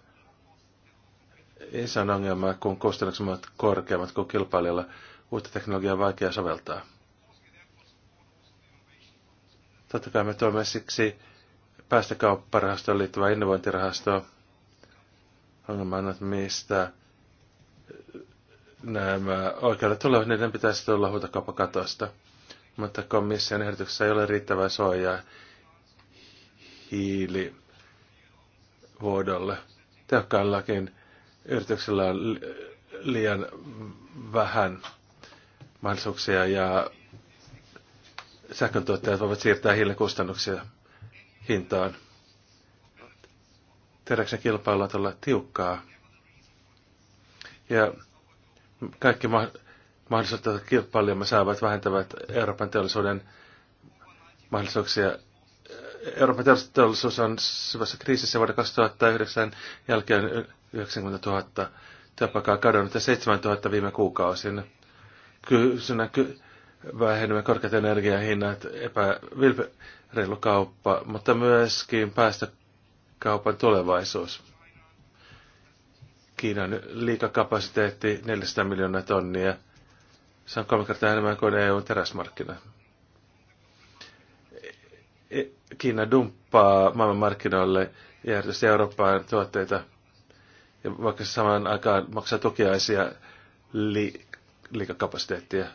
iso ongelma, kun kustannukset ovat korkeammat kuin kilpailijalla. Uutta teknologiaa on vaikea soveltaa. Totta kai me tuomme siksi päästökaupparahastoon liittyvää innovointirahastoa. Ongelma on, että mistä nämä oikeudet tulevat, niiden pitäisi tulla huutokauppakatosta. Mutta komission ehdotuksessa ei ole riittävää suojaa hiilivuodolle. Tehokkaillakin yrityksellä on liian vähän mahdollisuuksia ja sähköntuottajat voivat siirtää hiilen kustannuksia hintaan. Teräksen kilpailu on todella tiukkaa. Ja kaikki ma- mahdollisuudet, kilpailijamme saavat, vähentävät Euroopan teollisuuden mahdollisuuksia. Euroopan teollisuus on syvässä kriisissä vuoden 2009 jälkeen 90 000 työpaikkaa kadonnut ja 7 000 viime kuukausina. Kysynnän ky- vähenemä, korkeat energiahinnat, epävilpe- reilu kauppa, mutta myöskin päästä kaupan tulevaisuus. Kiinan liikakapasiteetti 400 miljoonaa tonnia. Se on kolme kertaa enemmän kuin EUn teräsmarkkina. E, Kiina dumppaa maailmanmarkkinoille ja erityisesti Eurooppaan tuotteita. Ja vaikka se samaan aikaan maksaa tukiaisia li- liikakapasiteettia.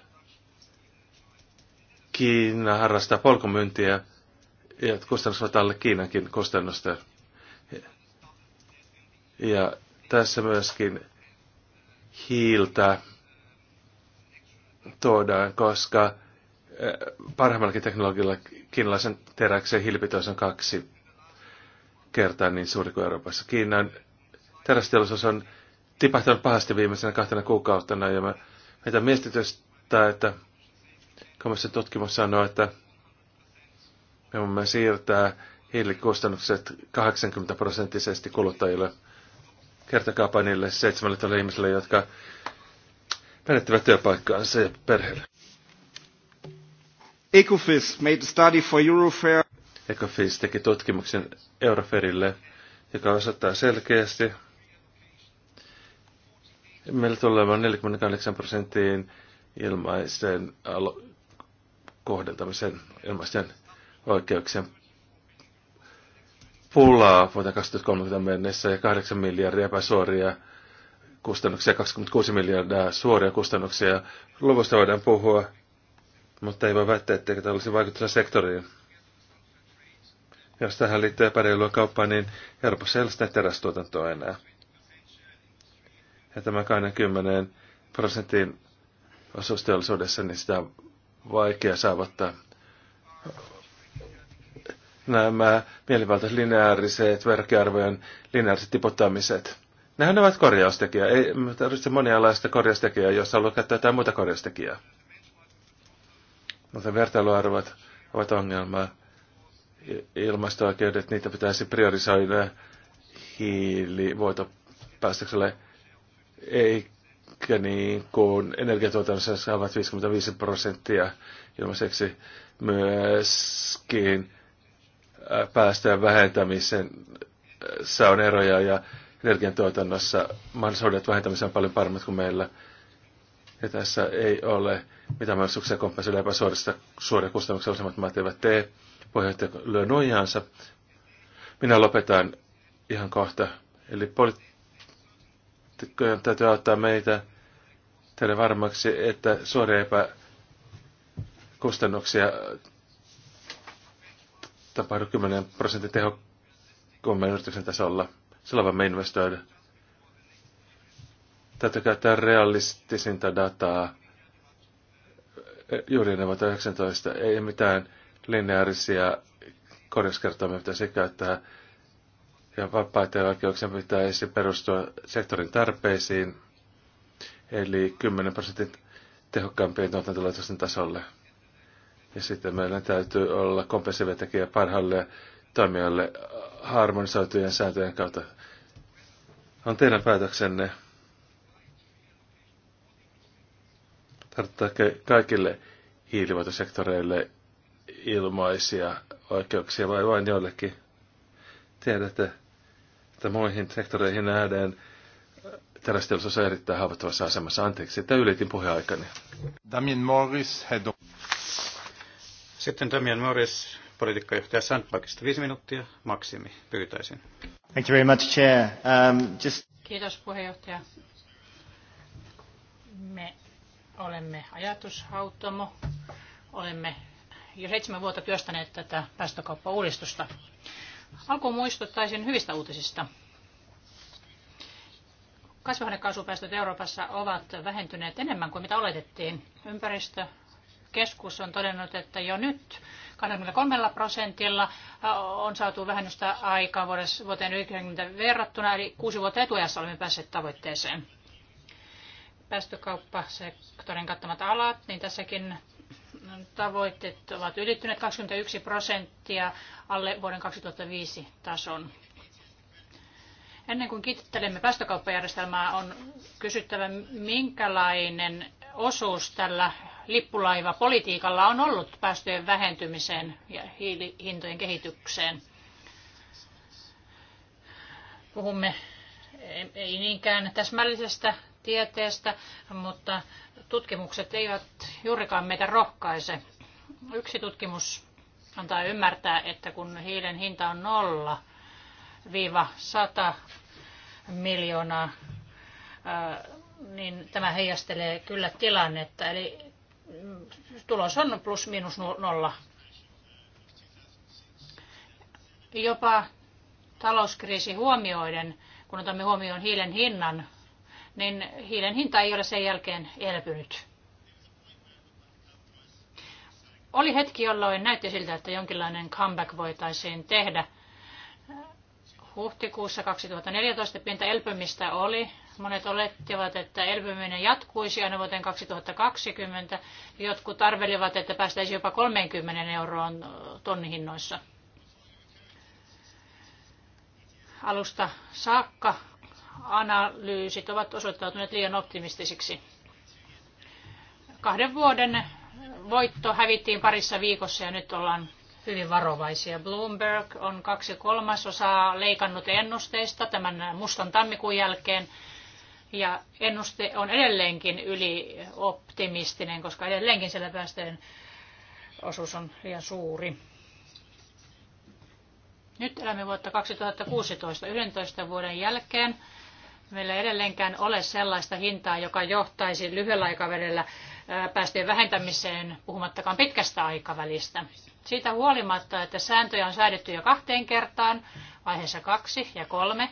Kiina harrastaa polkumyyntiä ja kustannus ovat alle Kiinankin kustannusta. Ja tässä myöskin hiiltä tuodaan, koska eh, parhaimmallakin teknologialla kiinalaisen teräksen hiilipitoisuus on kaksi kertaa niin suuri kuin Euroopassa. Kiinan terästeollisuus on tipahtanut pahasti viimeisenä kahtena kuukautena ja mä, meitä mietitystä, että komissio tutkimus sanoo, että me voimme siirtää hiilikustannukset 80 prosenttisesti kuluttajille. Kertokaapa niille 17 ihmisille, jotka menettävät työpaikkaansa ja perheelle. Ecofis made a study for Eurofair. Ecofis teki tutkimuksen Euroferille, joka osoittaa selkeästi, meillä tulee olemaan 48 prosenttiin ilmaisten kohdentamisen ilmaisten oikeuksien pulaa vuoteen 2030 mennessä ja 8 miljardia epäsuoria kustannuksia, 26 miljardia suoria kustannuksia. Luvusta voidaan puhua, mutta ei voi väittää, etteikö tämä olisi vaikutusta sektoriin. Jos tähän liittyy epäreilua kauppaa, niin Euroopassa ei ole sitä terästuotantoa enää. Ja tämä 20 prosentin osuusteollisuudessa, niin sitä on vaikea saavuttaa nämä mielivaltaiset lineaariset, verkkiarvojen lineaariset tiputtamiset. Nehän ovat korjaustekijä. Ei tarvitse monialaista korjaustekijää, jos haluaa käyttää jotain muuta korjaustekijää. Mutta vertailuarvot ovat ongelma. Ilmasto-oikeudet, niitä pitäisi priorisoida hiilivuotopäästökselle, eikä niin kuin energiatuotannossa saavat 55 prosenttia ilmaiseksi myöskin päästöjen vähentämisen on eroja ja energiantuotannossa mahdollisuudet vähentämiseen on paljon paremmat kuin meillä. Ja tässä ei ole mitään mahdollisuuksia kompensoida epäsuorista suoria kustannuksia useimmat maat eivät tee. Puheenjohtaja lyö nuijansa. Minä lopetan ihan kohta. Eli poliitikkojen täytyy auttaa meitä teille varmaksi, että suoria epäkustannuksia tapahdu 10 prosentin tehokkuuden yrityksen tasolla. on voimme investoida. Täytyy käyttää realistisinta dataa. Juuri ne ovat 19. Ei mitään lineaarisia korjauskertoimia pitäisi käyttää. Ja vapaita ja oikeuksien pitäisi perustua sektorin tarpeisiin, eli 10 prosentin tehokkaampien tuotantolaitosten tasolle. Ja sitten meillä täytyy olla kompensiivinen tekijä parhaalle toimijalle harmonisoitujen sääntöjen kautta. On teidän päätöksenne. Tarvittaako kaikille hiilivuotosektoreille ilmaisia oikeuksia vai vain joillekin? Tiedätte, että muihin sektoreihin nähden terästeollisuus on erittäin haavoittuvassa asemassa. Anteeksi, että ylitin puheaikani. Damien Morris, head of... Sitten Damian Morris, politiikkajohtaja Sandbagista. Viisi minuuttia maksimi, pyytäisin. Thank you very much, Chair. Um, just... Kiitos puheenjohtaja. Me olemme ajatushautomo. Olemme jo seitsemän vuotta työstäneet tätä päästökauppauudistusta. Alkuun muistuttaisin hyvistä uutisista. Kasvihuonekaasupäästöt Euroopassa ovat vähentyneet enemmän kuin mitä oletettiin. Ympäristö, keskus on todennut, että jo nyt 23 prosentilla äh, on saatu vähennystä aikaa vuoteen 1990 verrattuna, eli kuusi vuotta etuajassa olemme päässeet tavoitteeseen. Päästökauppasektorin kattamat alat, niin tässäkin tavoitteet ovat ylittyneet 21 prosenttia alle vuoden 2005 tason. Ennen kuin kiittelemme päästökauppajärjestelmää, on kysyttävä, minkälainen osuus tällä lippulaivapolitiikalla on ollut päästöjen vähentymiseen ja hiilihintojen kehitykseen. Puhumme ei niinkään täsmällisestä tieteestä, mutta tutkimukset eivät juurikaan meitä rohkaise. Yksi tutkimus antaa ymmärtää, että kun hiilen hinta on nolla viiva sata miljoonaa, niin tämä heijastelee kyllä tilannetta. Eli tulos on plus miinus nolla. Jopa talouskriisi huomioiden, kun otamme huomioon hiilen hinnan, niin hiilen hinta ei ole sen jälkeen elpynyt. Oli hetki, jolloin näytti siltä, että jonkinlainen comeback voitaisiin tehdä. Huhtikuussa 2014 pientä elpymistä oli, Monet olettivat, että elpyminen jatkuisi aina vuoteen 2020. Jotkut arvelivat, että päästäisiin jopa 30 euroon tonnihinnoissa. Alusta saakka analyysit ovat osoittautuneet liian optimistisiksi. Kahden vuoden voitto hävittiin parissa viikossa ja nyt ollaan hyvin varovaisia. Bloomberg on kaksi kolmasosaa leikannut ennusteista tämän mustan tammikuun jälkeen. Ja ennuste on edelleenkin ylioptimistinen, koska edelleenkin siellä päästöjen osuus on liian suuri. Nyt elämme vuotta 2016, 11 vuoden jälkeen. Meillä ei edelleenkään ole sellaista hintaa, joka johtaisi lyhyellä aikavälillä päästöjen vähentämiseen, puhumattakaan pitkästä aikavälistä. Siitä huolimatta, että sääntöjä on säädetty jo kahteen kertaan, vaiheessa kaksi ja kolme,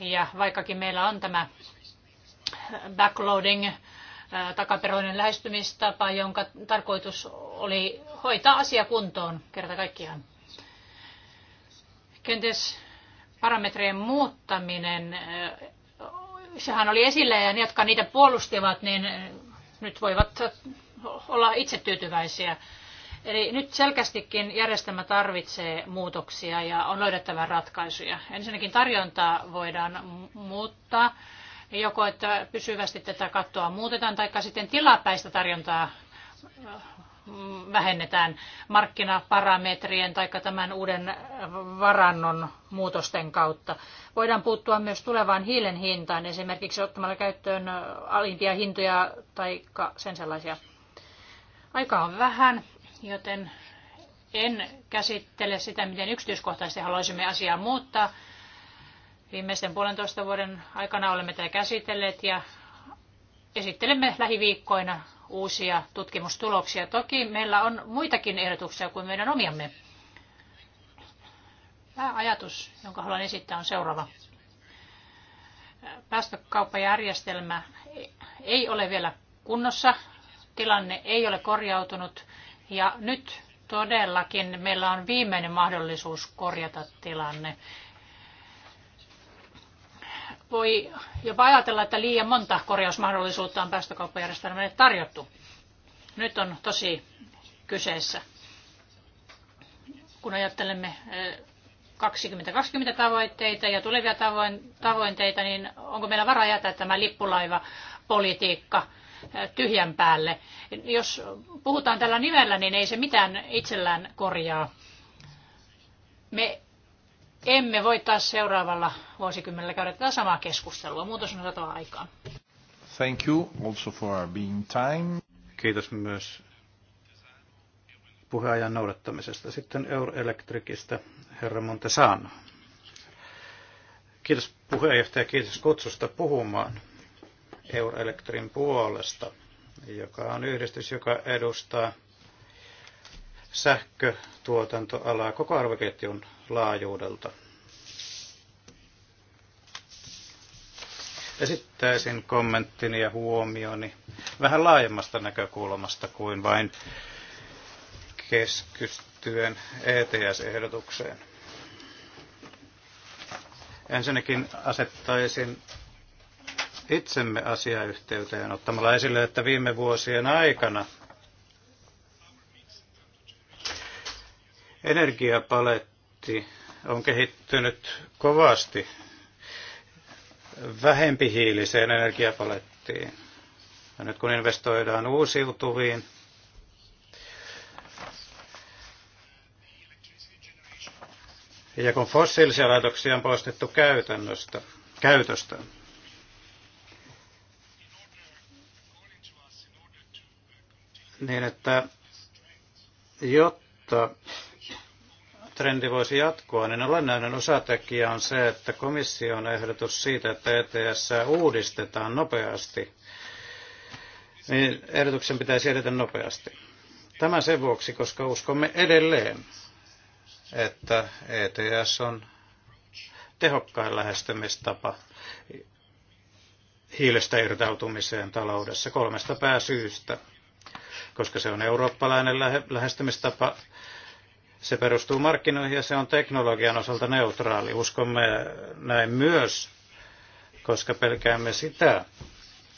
ja vaikkakin meillä on tämä backloading, äh, takaperoinen lähestymistapa, jonka tarkoitus oli hoitaa asia kuntoon kerta kaikkiaan. Kenties parametrien muuttaminen, äh, sehän oli esillä ja ne, jotka niitä puolustivat, niin nyt voivat olla itse tyytyväisiä. Eli nyt selkeästikin järjestelmä tarvitsee muutoksia ja on löydettävä ratkaisuja. Ensinnäkin tarjontaa voidaan muuttaa niin joko että pysyvästi tätä kattoa muutetaan tai sitten tilapäistä tarjontaa mm, vähennetään markkinaparametrien tai tämän uuden varannon muutosten kautta. Voidaan puuttua myös tulevaan hiilen hintaan, esimerkiksi ottamalla käyttöön alimpia hintoja tai sen sellaisia. Aika on vähän, joten en käsittele sitä, miten yksityiskohtaisesti haluaisimme asiaa muuttaa. Viimeisen puolentoista vuoden aikana olemme tätä käsitelleet ja esittelemme lähiviikkoina uusia tutkimustuloksia. Toki meillä on muitakin ehdotuksia kuin meidän omiamme. Pääajatus, jonka haluan esittää, on seuraava. Päästökauppajärjestelmä ei ole vielä kunnossa, tilanne ei ole korjautunut ja nyt todellakin meillä on viimeinen mahdollisuus korjata tilanne. Voi jopa ajatella, että liian monta korjausmahdollisuutta on päästökauppajärjestelmälle tarjottu. Nyt on tosi kyseessä. Kun ajattelemme 2020 eh, tavoitteita ja tulevia tavoitteita, niin onko meillä varaa jättää tämä lippulaivapolitiikka eh, tyhjän päälle? Jos puhutaan tällä nimellä, niin ei se mitään itsellään korjaa. Me emme voi taas seuraavalla vuosikymmenellä käydä tätä samaa keskustelua. Muutos on saatava aikaan. Thank you also for being time. Kiitos myös puheajan noudattamisesta. Sitten Euroelektrikistä herra Montesano. Kiitos puheenjohtaja, kiitos kutsusta puhumaan Euroelektrin puolesta, joka on yhdistys, joka edustaa sähkötuotantoalaa koko arvoketjun laajuudelta. Esittäisin kommenttini ja huomioni vähän laajemmasta näkökulmasta kuin vain keskustyön ETS-ehdotukseen. Ensinnäkin asettaisin itsemme asiayhteyteen ottamalla esille, että viime vuosien aikana energiapaletti konflikti on kehittynyt kovasti vähempihiiliseen energiapalettiin. Ja nyt kun investoidaan uusiutuviin, ja kun fossiilisia laitoksia on poistettu käytännöstä, käytöstä, niin että jotta trendi voisi jatkua, niin olennainen osatekijä on se, että komission ehdotus siitä, että ETS uudistetaan nopeasti, niin ehdotuksen pitäisi edetä nopeasti. Tämä sen vuoksi, koska uskomme edelleen, että ETS on tehokkain lähestymistapa hiilestä irtautumiseen taloudessa kolmesta pääsyystä, koska se on eurooppalainen lähestymistapa, se perustuu markkinoihin ja se on teknologian osalta neutraali. Uskomme näin myös, koska pelkäämme sitä,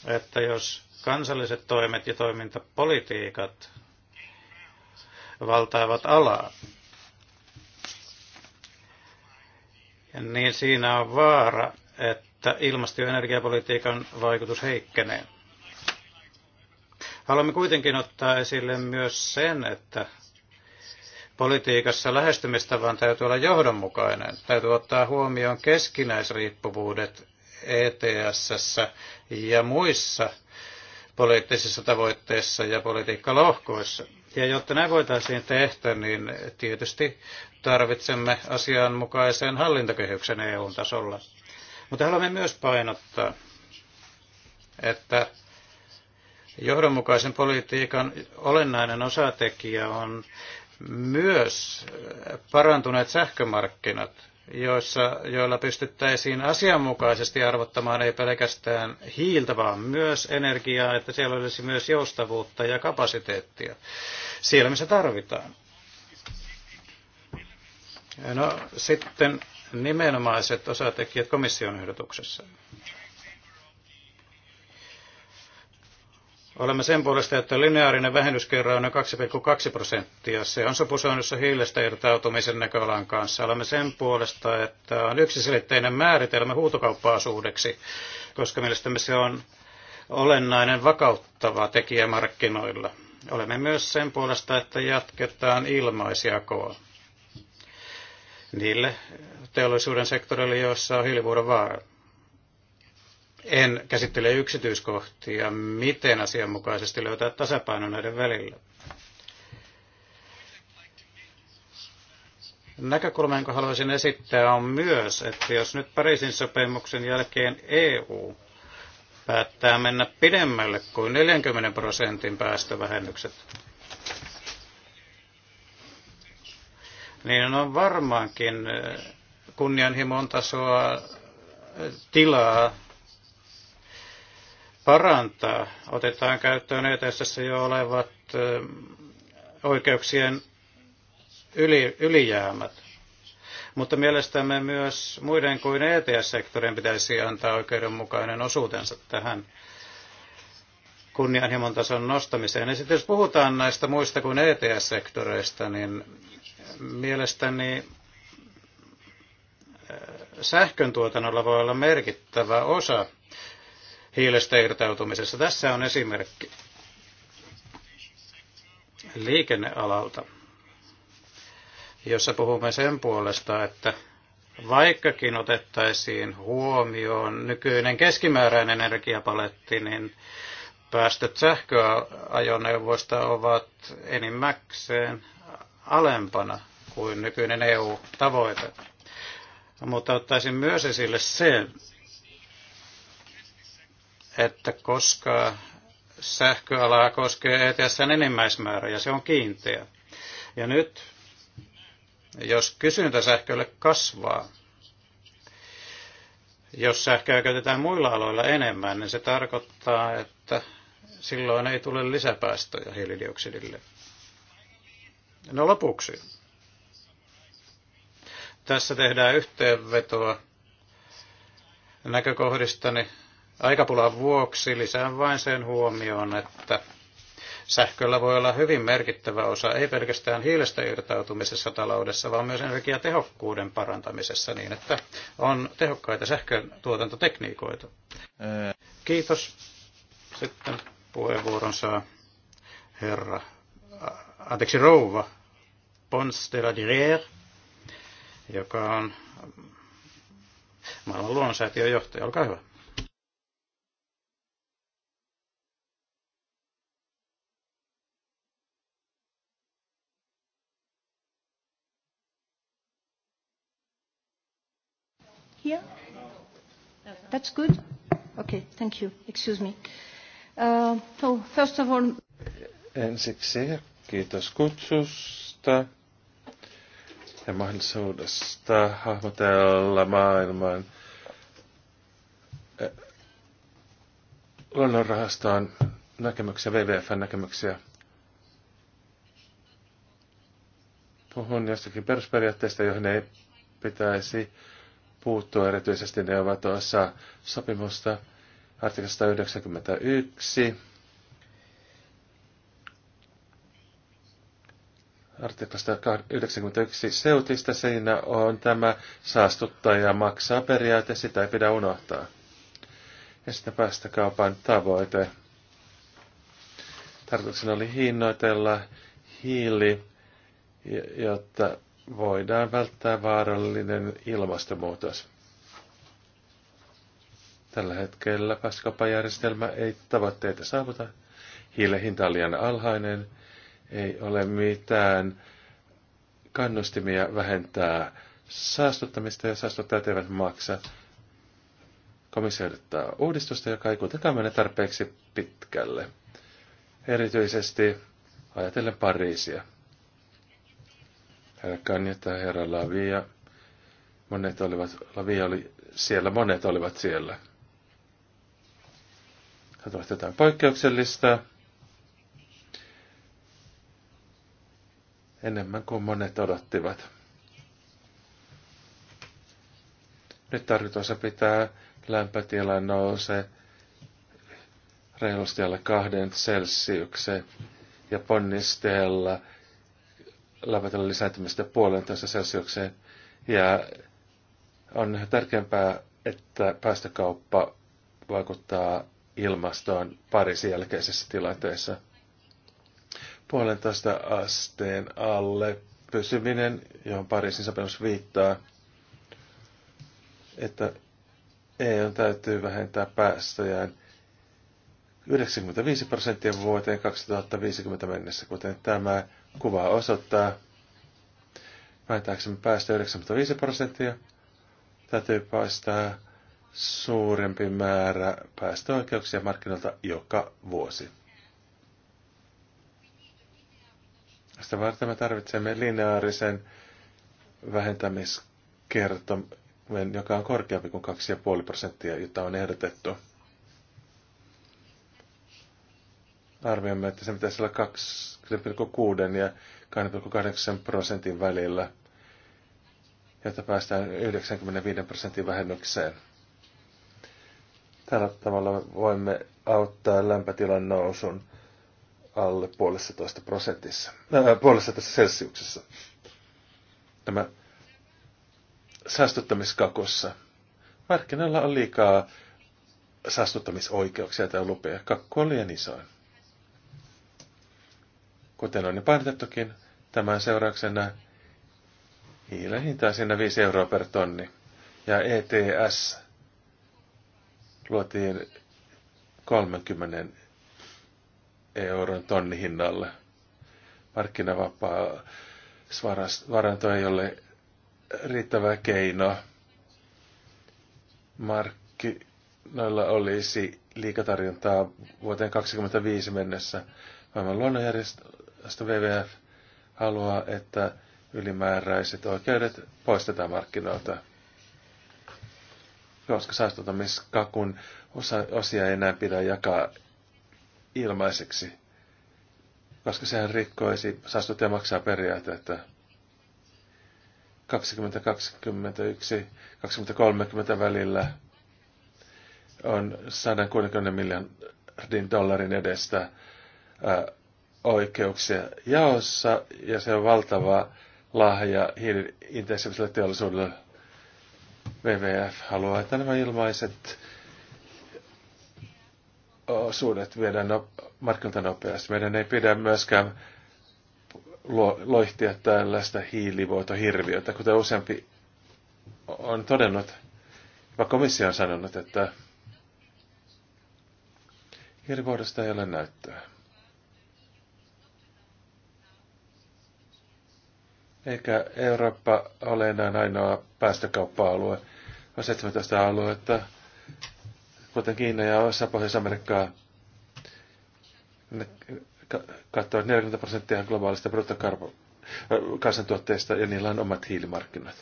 että jos kansalliset toimet ja toimintapolitiikat valtaavat alaa, niin siinä on vaara, että ilmasto- ja energiapolitiikan vaikutus heikkenee. Haluamme kuitenkin ottaa esille myös sen, että politiikassa lähestymistavan täytyy olla johdonmukainen. Täytyy ottaa huomioon keskinäisriippuvuudet ETS ja muissa poliittisissa tavoitteissa ja politiikkalohkoissa. Ja jotta näin voitaisiin tehdä, niin tietysti tarvitsemme asianmukaisen hallintokehyksen EU-tasolla. Mutta haluamme myös painottaa, että johdonmukaisen politiikan olennainen osatekijä on myös parantuneet sähkömarkkinat, joissa, joilla pystyttäisiin asianmukaisesti arvottamaan ei pelkästään hiiltä, vaan myös energiaa, että siellä olisi myös joustavuutta ja kapasiteettia siellä, missä tarvitaan. No sitten nimenomaiset osatekijät komission ehdotuksessa. Olemme sen puolesta, että lineaarinen vähennyskerroin on 2,2 prosenttia. Se on sopusoinnussa hiilestä irtautumisen näköalan kanssa. Olemme sen puolesta, että on yksiselitteinen määritelmä huutokauppaa koska mielestämme se on olennainen vakauttava tekijä markkinoilla. Olemme myös sen puolesta, että jatketaan ilmaisjakoa niille teollisuuden sektoreille, joissa on hiilivuodon vaara. En käsittele yksityiskohtia, miten asianmukaisesti löytää tasapaino näiden välillä. Näkökulma, jonka haluaisin esittää, on myös, että jos nyt Pariisin sopimuksen jälkeen EU päättää mennä pidemmälle kuin 40 prosentin päästövähennykset, niin on varmaankin kunnianhimon tasoa tilaa parantaa. Otetaan käyttöön ETSS jo olevat oikeuksien yli, ylijäämät. Mutta mielestämme myös muiden kuin ETS-sektorin pitäisi antaa oikeudenmukainen osuutensa tähän kunnianhimon tason nostamiseen. Ja sitten jos puhutaan näistä muista kuin ETS-sektoreista, niin mielestäni sähkön tuotannolla voi olla merkittävä osa hiilestä irtautumisessa. Tässä on esimerkki liikennealalta, jossa puhumme sen puolesta, että vaikkakin otettaisiin huomioon nykyinen keskimääräinen energiapaletti, niin päästöt sähköajoneuvoista ovat enimmäkseen alempana kuin nykyinen EU-tavoite. Mutta ottaisin myös esille sen, että koska sähköalaa koskee ETSn enimmäismäärä ja se on kiinteä. Ja nyt, jos kysyntä sähkölle kasvaa, jos sähköä käytetään muilla aloilla enemmän, niin se tarkoittaa, että silloin ei tule lisäpäästöjä hiilidioksidille. No lopuksi. Tässä tehdään yhteenvetoa näkökohdistani Aikapulan vuoksi lisään vain sen huomioon, että sähköllä voi olla hyvin merkittävä osa ei pelkästään hiilestä irtautumisessa taloudessa, vaan myös energiatehokkuuden parantamisessa niin, että on tehokkaita sähkön tuotantotekniikoita. Kiitos. Sitten puheenvuoron saa herra, anteeksi rouva Pons de la Dirière, joka on maailman luonnonsäätiön johtaja. Olkaa hyvä. here? That's good? Okay, thank you. Excuse me. Uh, so first of all... Ensiksi kiitos kutsusta ja mahdollisuudesta hahmotella maailman eh, luonnonrahaston näkemyksiä, WWFn näkemyksiä. Puhun jostakin perusperiaatteista, joihin ei pitäisi puuttua erityisesti. Ne ovat osa sopimusta artiklasta 91. artiklasta 91 seutista siinä on tämä saastuttaja maksaa periaate, sitä ei pidä unohtaa. Ja sitten päästökaupan tavoite. Tarkoituksena oli hinnoitella hiili, jotta voidaan välttää vaarallinen ilmastonmuutos. Tällä hetkellä päästökauppajärjestelmä ei tavoitteita saavuta. Hiilen hinta on liian alhainen. Ei ole mitään kannustimia vähentää saastuttamista ja saastuttajat eivät maksa. Komissio ehdottaa uudistusta, joka ei kuitenkaan mene tarpeeksi pitkälle. Erityisesti ajatellen Pariisia herra Kanjata, herra Lavia. Monet olivat, Lavia oli siellä, monet olivat siellä. Katsotaan jotain poikkeuksellista. Enemmän kuin monet odottivat. Nyt tarkoitus pitää lämpötila nouse reilusti alle kahden selsiyksen ja ponnistella lämpötilan lisääntymistä puolentoista selsiokseen. Ja on tärkeämpää, että päästökauppa vaikuttaa ilmastoon Pariisin jälkeisessä tilanteessa. Puolentoista asteen alle pysyminen, johon Pariisin sopimus viittaa, että EU täytyy vähentää päästöjään 95 prosenttia vuoteen 2050 mennessä, kuten tämä kuvaa osoittaa. Vähentääksemme päästä 95 prosenttia. Täytyy päästää suurempi määrä päästöoikeuksia markkinoilta joka vuosi. Sitä varten me tarvitsemme lineaarisen vähentämiskertomen, joka on korkeampi kuin 2,5 prosenttia, jota on ehdotettu. Arvioimme, että se pitäisi olla 2 2,6 ja 2,8 prosentin välillä, jotta päästään 95 prosentin vähennykseen. Tällä tavalla voimme auttaa lämpötilan nousun alle puolessatoista prosentissa, äh, tässä selsiuksessa. Tämä saastuttamiskakossa. Markkinoilla on liikaa saastuttamisoikeuksia tai lupia. Kakku on liian isoin. Kuten on jo painotettukin, tämän seurauksena hiilen hinta on siinä 5 euroa per tonni. Ja ETS luotiin 30 euron tonni hinnalle. Markkinavapaa varanto ei ole riittävä keino. Markkinoilla olisi liikatarjontaa vuoteen 2025 mennessä. Maailman luonnonjärjestö josta WWF haluaa, että ylimääräiset oikeudet poistetaan markkinoilta, koska saastuttamiskakun osa, osia ei enää pidä jakaa ilmaiseksi, koska sehän rikkoisi saastuttaja maksaa periaatetta. 2021, 2030 välillä on 160 miljardin dollarin edestä ää, oikeuksia jaossa ja se on valtava lahja hiilintensiiviselle intensiiviselle teollisuudelle. WWF haluaa, että nämä ilmaiset osuudet viedään no, markkinoilta nopeasti. Meidän ei pidä myöskään loihtia tällaista hiilivuotohirviötä, kuten useampi on todennut, vaikka komissio on sanonut, että hiilivuodosta ei ole näyttöä. Eikä Eurooppa ole enää ainoa päästökauppa-alue. On 17 aluetta, kuten Kiina ja osa Pohjois-Amerikkaa. Ne kattavat 40 prosenttia globaalista bruttokansantuotteista ja niillä on omat hiilimarkkinat.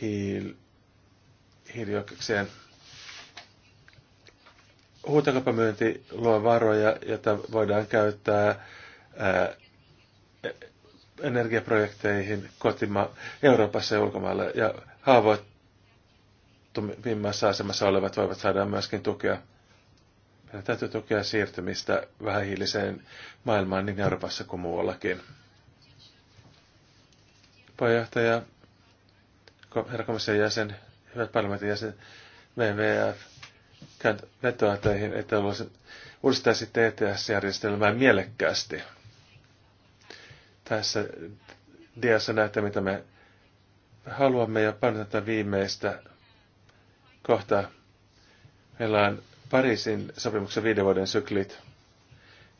hiil, hiilioikeuksien huutokauppamyynti luo varoja, joita voidaan käyttää ää, energiaprojekteihin kotima Euroopassa ja ulkomailla. Ja haavoittumimmassa asemassa olevat voivat saada myöskin tukea. Meidän täytyy tukea siirtymistä vähähiiliseen maailmaan niin Euroopassa kuin muuallakin. Puheenjohtaja, herra komission jäsen, hyvät parlamentin jäsen, WWF, vetoa teihin, että uudistaisitte ETS-järjestelmää mielekkäästi. Tässä diassa näette, mitä me haluamme ja painotetaan viimeistä kohtaa. Meillä on Pariisin sopimuksen viiden vuoden syklit,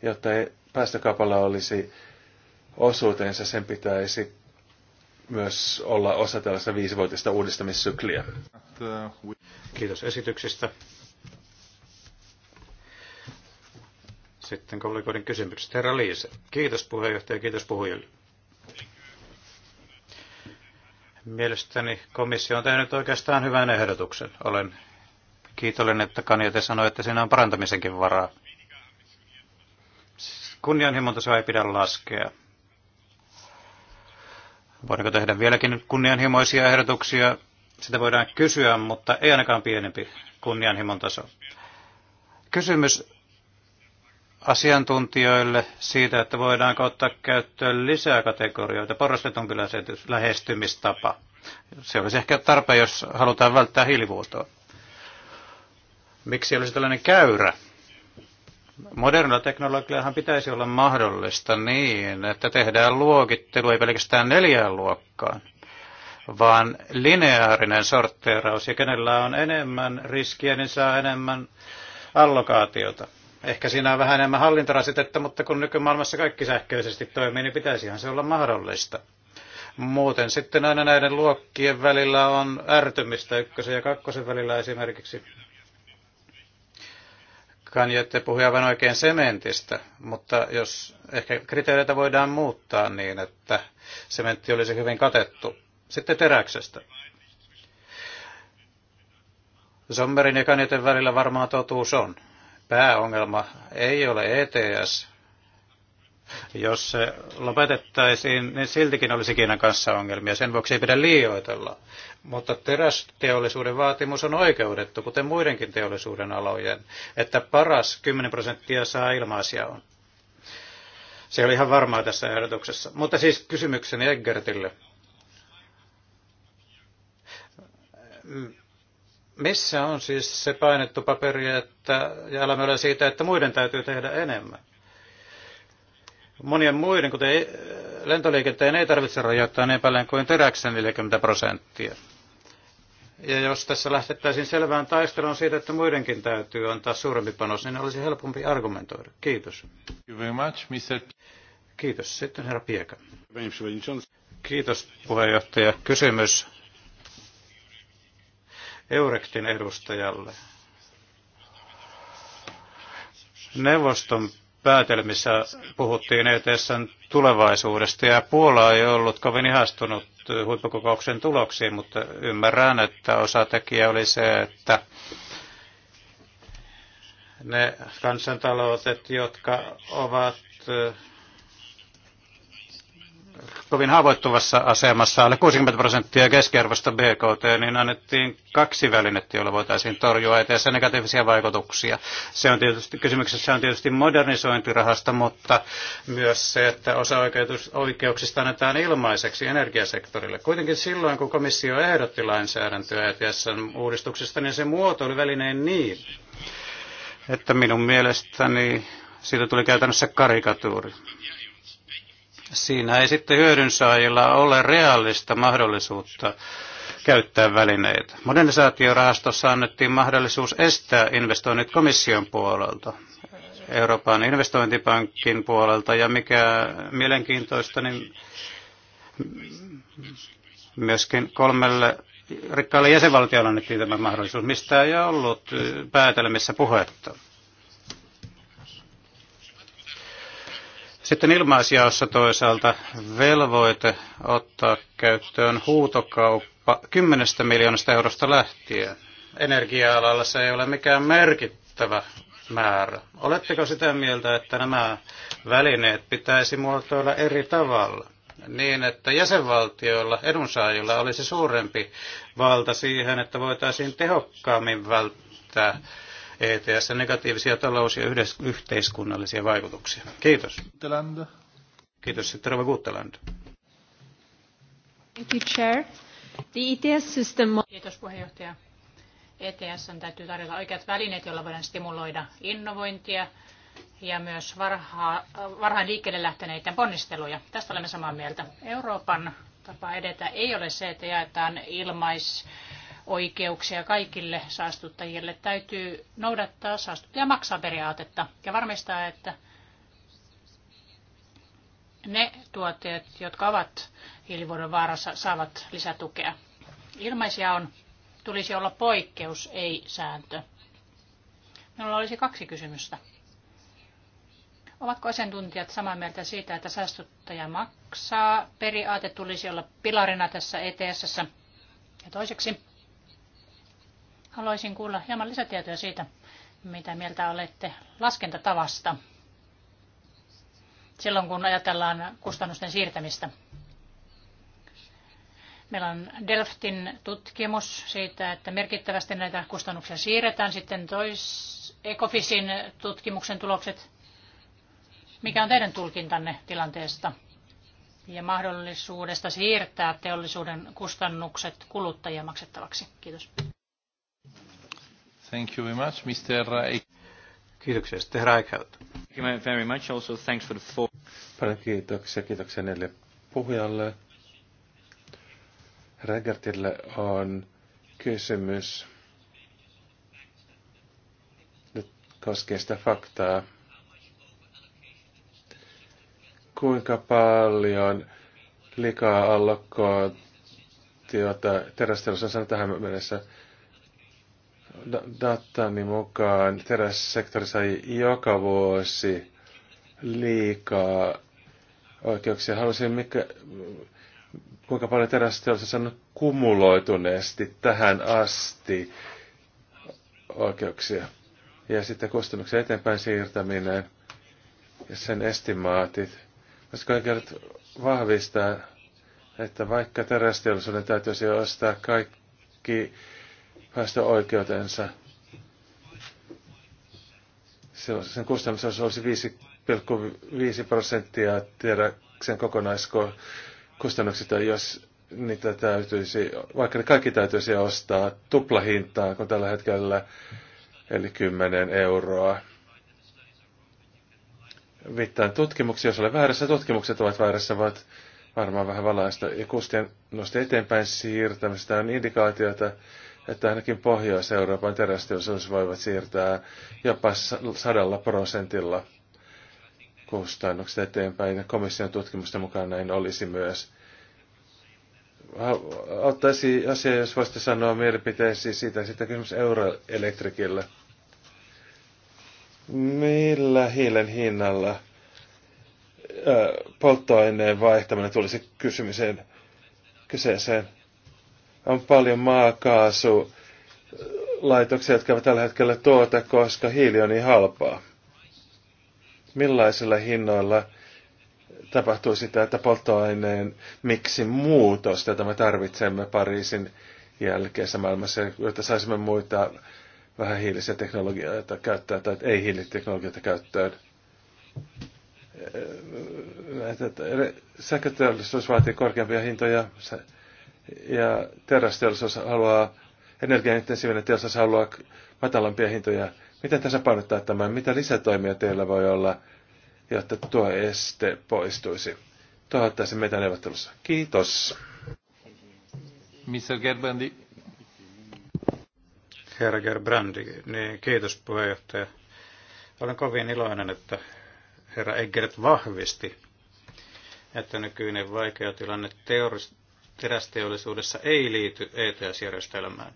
jotta päästökaupalla olisi osuutensa, sen pitäisi myös olla osa tällaista viisivuotista uudistamissykliä. Kiitos esityksestä. Sitten kollegoiden kysymykset. Herra Liise, kiitos puheenjohtaja, kiitos puhujille. Mielestäni komissio on tehnyt oikeastaan hyvän ehdotuksen. Olen kiitollinen, että Kanjate sanoi, että siinä on parantamisenkin varaa. Kunnianhimon ei pidä laskea. Voidaanko tehdä vieläkin kunnianhimoisia ehdotuksia? Sitä voidaan kysyä, mutta ei ainakaan pienempi kunnianhimon taso. Kysymys asiantuntijoille siitä, että voidaanko ottaa käyttöön lisää kategorioita. se lähestymistapa. Se olisi ehkä tarpeen, jos halutaan välttää hiilivuotoa. Miksi olisi tällainen käyrä, Modernilla teknologiallahan pitäisi olla mahdollista niin, että tehdään luokittelu ei pelkästään neljään luokkaan, vaan lineaarinen sortteeraus, ja kenellä on enemmän riskiä, niin saa enemmän allokaatiota. Ehkä siinä on vähän enemmän hallintarasitetta, mutta kun nykymaailmassa kaikki sähköisesti toimii, niin pitäisihän se olla mahdollista. Muuten sitten aina näiden luokkien välillä on ärtymistä ykkösen ja kakkosen välillä esimerkiksi. Kanjette puhui aivan oikein sementistä, mutta jos ehkä kriteereitä voidaan muuttaa niin, että sementti olisi hyvin katettu. Sitten teräksestä. Sommerin ja Kanjeten välillä varmaan totuus on. Pääongelma ei ole ETS, jos se lopetettaisiin, niin siltikin olisi Kiinan kanssa ongelmia. Sen vuoksi ei pidä liioitella. Mutta terästeollisuuden vaatimus on oikeudettu, kuten muidenkin teollisuuden alojen, että paras 10 prosenttia saa ilmaisia on. Se oli ihan varmaa tässä ehdotuksessa. Mutta siis kysymykseni Eggertille. Missä on siis se painettu paperi, että, ja elämme siitä, että muiden täytyy tehdä enemmän? Monien muiden, kuten lentoliikenteen, ei tarvitse rajoittaa niin paljon kuin teräksen 40 prosenttia. Ja jos tässä lähtettäisiin selvään taisteluun siitä, että muidenkin täytyy antaa suurempi panos, niin olisi helpompi argumentoida. Kiitos. Kiitos. Sitten herra Pieka. Kiitos puheenjohtaja. Kysymys Eurektin edustajalle. Neuvoston päätelmissä puhuttiin ETSn tulevaisuudesta ja Puola ei ollut kovin ihastunut huippukokouksen tuloksiin, mutta ymmärrän, että osatekijä oli se, että ne kansantaloudet, jotka ovat kovin haavoittuvassa asemassa, alle 60 prosenttia keskiarvosta BKT, niin annettiin kaksi välinettä, joilla voitaisiin torjua eteessä negatiivisia vaikutuksia. Se on tietysti, kysymyksessä on tietysti modernisointirahasta, mutta myös se, että osa oikeuksista annetaan ilmaiseksi energiasektorille. Kuitenkin silloin, kun komissio ehdotti lainsäädäntöä ETSn uudistuksesta, niin se muotoili välineen niin, että minun mielestäni siitä tuli käytännössä karikatuuri siinä ei sitten hyödynsaajilla ole reaalista mahdollisuutta käyttää välineitä. Modernisaatiorahastossa annettiin mahdollisuus estää investoinnit komission puolelta, Euroopan investointipankin puolelta, ja mikä mielenkiintoista, niin myöskin kolmelle rikkaalle jäsenvaltiolle annettiin tämä mahdollisuus, mistä ei ollut päätelmissä puhetta. Sitten ilmaisjaossa toisaalta velvoite ottaa käyttöön huutokauppa 10 miljoonasta eurosta lähtien. Energia-alalla se ei ole mikään merkittävä määrä. Oletteko sitä mieltä, että nämä välineet pitäisi muotoilla eri tavalla? Niin, että jäsenvaltioilla, edunsaajilla olisi suurempi valta siihen, että voitaisiin tehokkaammin välttää ETS negatiivisia talous- ja yhteiskunnallisia vaikutuksia. Kiitos. Kiitos. Sitten Rova Gutteland. Thank you, Chair. The ETS system... Kiitos puheenjohtaja. ETS täytyy tarjota oikeat välineet, joilla voidaan stimuloida innovointia ja myös varhaan varhain liikkeelle lähteneiden ponnisteluja. Tästä olemme samaa mieltä. Euroopan tapa edetä ei ole se, että jaetaan ilmais oikeuksia kaikille saastuttajille. Täytyy noudattaa saastuttaja maksaa periaatetta ja varmistaa, että ne tuotteet, jotka ovat hiilivuodon vaarassa, saavat lisätukea. Ilmaisia on, tulisi olla poikkeus, ei sääntö. Minulla olisi kaksi kysymystä. Ovatko asiantuntijat samaa mieltä siitä, että säästöttäjä maksaa? Periaate tulisi olla pilarina tässä ETS. Ja toiseksi, Haluaisin kuulla hieman lisätietoja siitä, mitä mieltä olette laskentatavasta silloin, kun ajatellaan kustannusten siirtämistä. Meillä on Delftin tutkimus siitä, että merkittävästi näitä kustannuksia siirretään. Sitten tois Ecofisin tutkimuksen tulokset. Mikä on teidän tulkintanne tilanteesta ja mahdollisuudesta siirtää teollisuuden kustannukset kuluttajia maksettavaksi? Kiitos. Thank you very much, Mr. Kiitoksia. Sitten herra Thank you very much. Also thanks for the four. Paljon kiitoksia. Kiitoksia neille puhujalle. Rägertille on kysymys. Nyt koskee sitä faktaa. Kuinka paljon likaa allokkoa terästelussa on tähän mennessä? datani mukaan terässektori sai joka vuosi liikaa oikeuksia. Haluaisin, mikä, kuinka paljon terästeollisuus on saanut kumuloituneesti tähän asti oikeuksia. Ja sitten kustannuksen eteenpäin siirtäminen ja sen estimaatit. Olisiko oikeudet vahvistaa, että vaikka terästeollisuuden täytyisi ostaa kaikki oikeutensa. Se on, sen kustannus olisi 5,5 prosenttia tiedäksen kokonaiskustannuksista, jos niitä täytyisi, vaikka ne kaikki täytyisi ostaa tuplahintaa, kun tällä hetkellä, eli 10 euroa. Viittaan tutkimuksia, jos olen väärässä, tutkimukset ovat väärässä, ovat varmaan vähän valaista. Ja kustien nosti eteenpäin siirtämistä on indikaatiota, että ainakin Pohjois-Euroopan terästeollisuus voivat siirtää jopa sadalla prosentilla kustannukset eteenpäin. Komission tutkimusten mukaan näin olisi myös. Ottaisi asia, jos voisitte sanoa mielipiteesi siitä, sitten kysymys euroelektrikille. Millä hiilen hinnalla polttoaineen vaihtaminen tulisi kysymiseen kyseeseen? On paljon maakaasu jotka eivät tällä hetkellä tuota, koska hiili on niin halpaa. Millaisilla hinnoilla tapahtuu sitä, että polttoaineen miksi muutos, jota me tarvitsemme Pariisin jälkeessä maailmassa, jotta saisimme muita vähän hiilisiä teknologioita käyttää tai ei hiiliteknologioita käyttöön. sähköteollisuus vaatii korkeampia hintoja, ja terästeollisuus haluaa, energiaintensiivinen teollisuus haluaa matalampia hintoja. Miten tässä painottaa tämän? Mitä lisätoimia teillä voi olla, jotta tuo este poistuisi? Toivottavasti meitä neuvottelussa. Kiitos. Mr. Gerbrandi. Herra Gerbrandi, niin kiitos puheenjohtaja. Olen kovin iloinen, että herra Eggert vahvisti, että nykyinen vaikea tilanne terästeollisuudessa ei liity ETS-järjestelmään.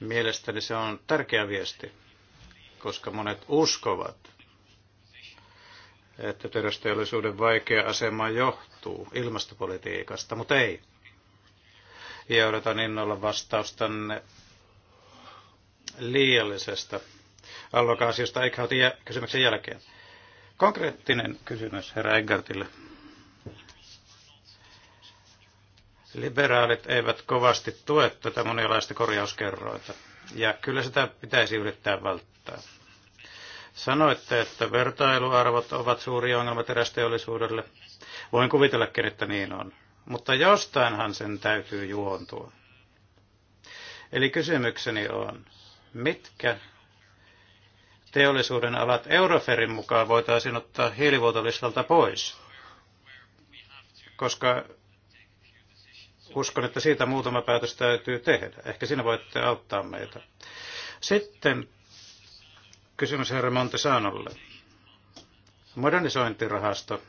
Mielestäni se on tärkeä viesti, koska monet uskovat, että terästeollisuuden vaikea asema johtuu ilmastopolitiikasta, mutta ei. Ja odotan innolla vastaustanne liiallisesta Allokaasiosta eikä jä- kysymyksen jälkeen. Konkreettinen kysymys herra Eggartille. Liberaalit eivät kovasti tue tätä monialaista korjauskerrointa, ja kyllä sitä pitäisi yrittää välttää. Sanoitte, että vertailuarvot ovat suuri ongelma terästeollisuudelle. Voin kuvitellakin, että niin on. Mutta jostainhan sen täytyy juontua. Eli kysymykseni on, mitkä teollisuuden alat Euroferin mukaan voitaisiin ottaa hiilivuotolistalta pois? Koska uskon, että siitä muutama päätös täytyy tehdä. Ehkä sinä voitte auttaa meitä. Sitten kysymys herra Montesanolle. Modernisointirahasto,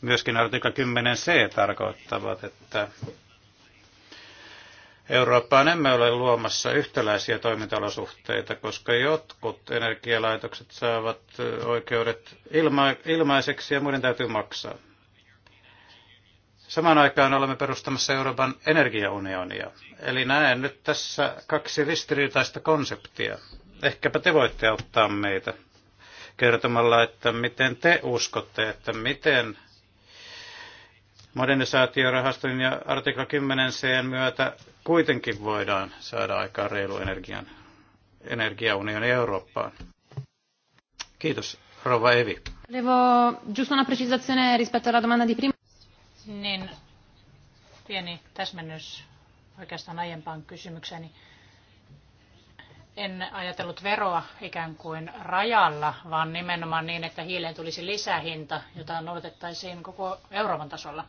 myöskin artikla 10c tarkoittavat, että Eurooppaan emme ole luomassa yhtäläisiä toimintalosuhteita, koska jotkut energialaitokset saavat oikeudet ilma- ilmaiseksi ja muiden täytyy maksaa. Samaan aikaan olemme perustamassa Euroopan energiaunionia. Eli näen nyt tässä kaksi ristiriitaista konseptia. Ehkäpä te voitte auttaa meitä kertomalla, että miten te uskotte, että miten modernisaatiorahaston ja artikla 10 C myötä kuitenkin voidaan saada aikaan reilu energian, energiaunioni Eurooppaan. Kiitos, rouva Evi. Volevo just una precisazione rispetto alla domanda di prima. Niin, pieni täsmennys oikeastaan aiempaan kysymykseeni. En ajatellut veroa ikään kuin rajalla, vaan nimenomaan niin, että hiileen tulisi lisähinta, jota noudatettaisiin koko Euroopan tasolla.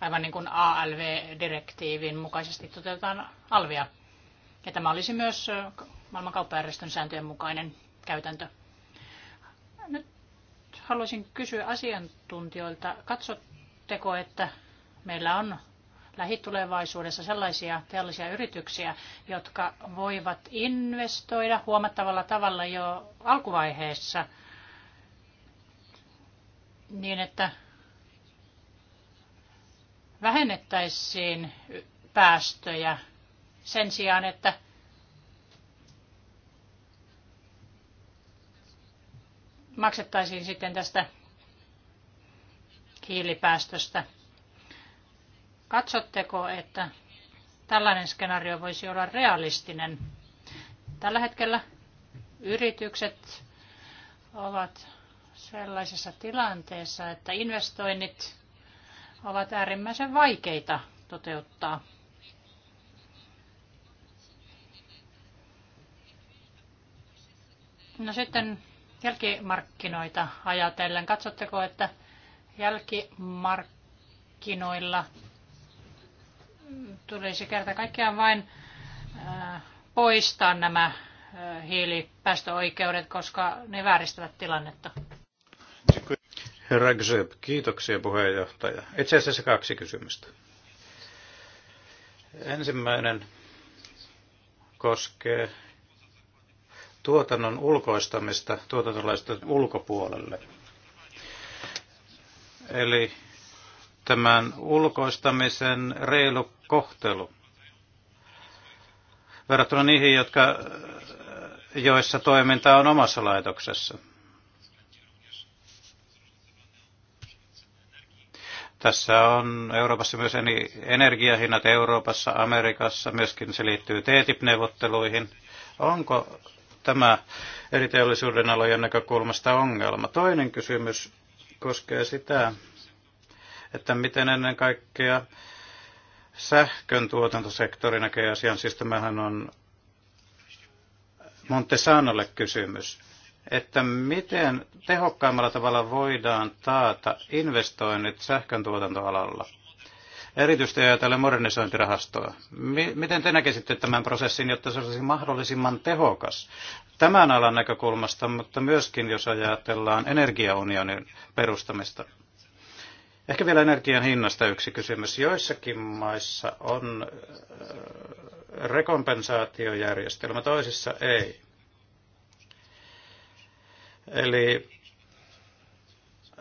Aivan niin kuin ALV-direktiivin mukaisesti toteutetaan alvia. Ja tämä olisi myös maailman kauppajärjestön sääntöjen mukainen käytäntö. Nyt haluaisin kysyä asiantuntijoilta. Katsot Uskotteko, että meillä on lähitulevaisuudessa sellaisia teollisia yrityksiä, jotka voivat investoida huomattavalla tavalla jo alkuvaiheessa niin, että vähennettäisiin päästöjä sen sijaan, että maksettaisiin sitten tästä hiilipäästöstä. Katsotteko, että tällainen skenaario voisi olla realistinen? Tällä hetkellä yritykset ovat sellaisessa tilanteessa, että investoinnit ovat äärimmäisen vaikeita toteuttaa. No sitten jälkimarkkinoita ajatellen, katsotteko, että jälkimarkkinoilla tulisi kerta kaikkiaan vain äh, poistaa nämä äh, hiilipäästöoikeudet, koska ne vääristävät tilannetta. Herra Gzeb, kiitoksia puheenjohtaja. Itse asiassa kaksi kysymystä. Ensimmäinen koskee tuotannon ulkoistamista tuotantolaisten ulkopuolelle. Eli tämän ulkoistamisen reilu kohtelu verrattuna niihin, jotka, joissa toiminta on omassa laitoksessa. Tässä on Euroopassa myös energiahinnat Euroopassa, Amerikassa, myöskin se liittyy TTIP-neuvotteluihin. E Onko tämä eri teollisuuden alojen näkökulmasta ongelma? Toinen kysymys koskee sitä, että miten ennen kaikkea sähkön tuotantosektori näkee asian. Siis tämähän on Montesanolle kysymys, että miten tehokkaimmalla tavalla voidaan taata investoinnit sähkön tuotantoalalla erityisesti ajatellen modernisointirahastoa. Miten te näkisitte tämän prosessin, jotta se olisi mahdollisimman tehokas tämän alan näkökulmasta, mutta myöskin jos ajatellaan energiaunionin perustamista? Ehkä vielä energian hinnasta yksi kysymys. Joissakin maissa on äh, rekompensaatiojärjestelmä, toisissa ei. Eli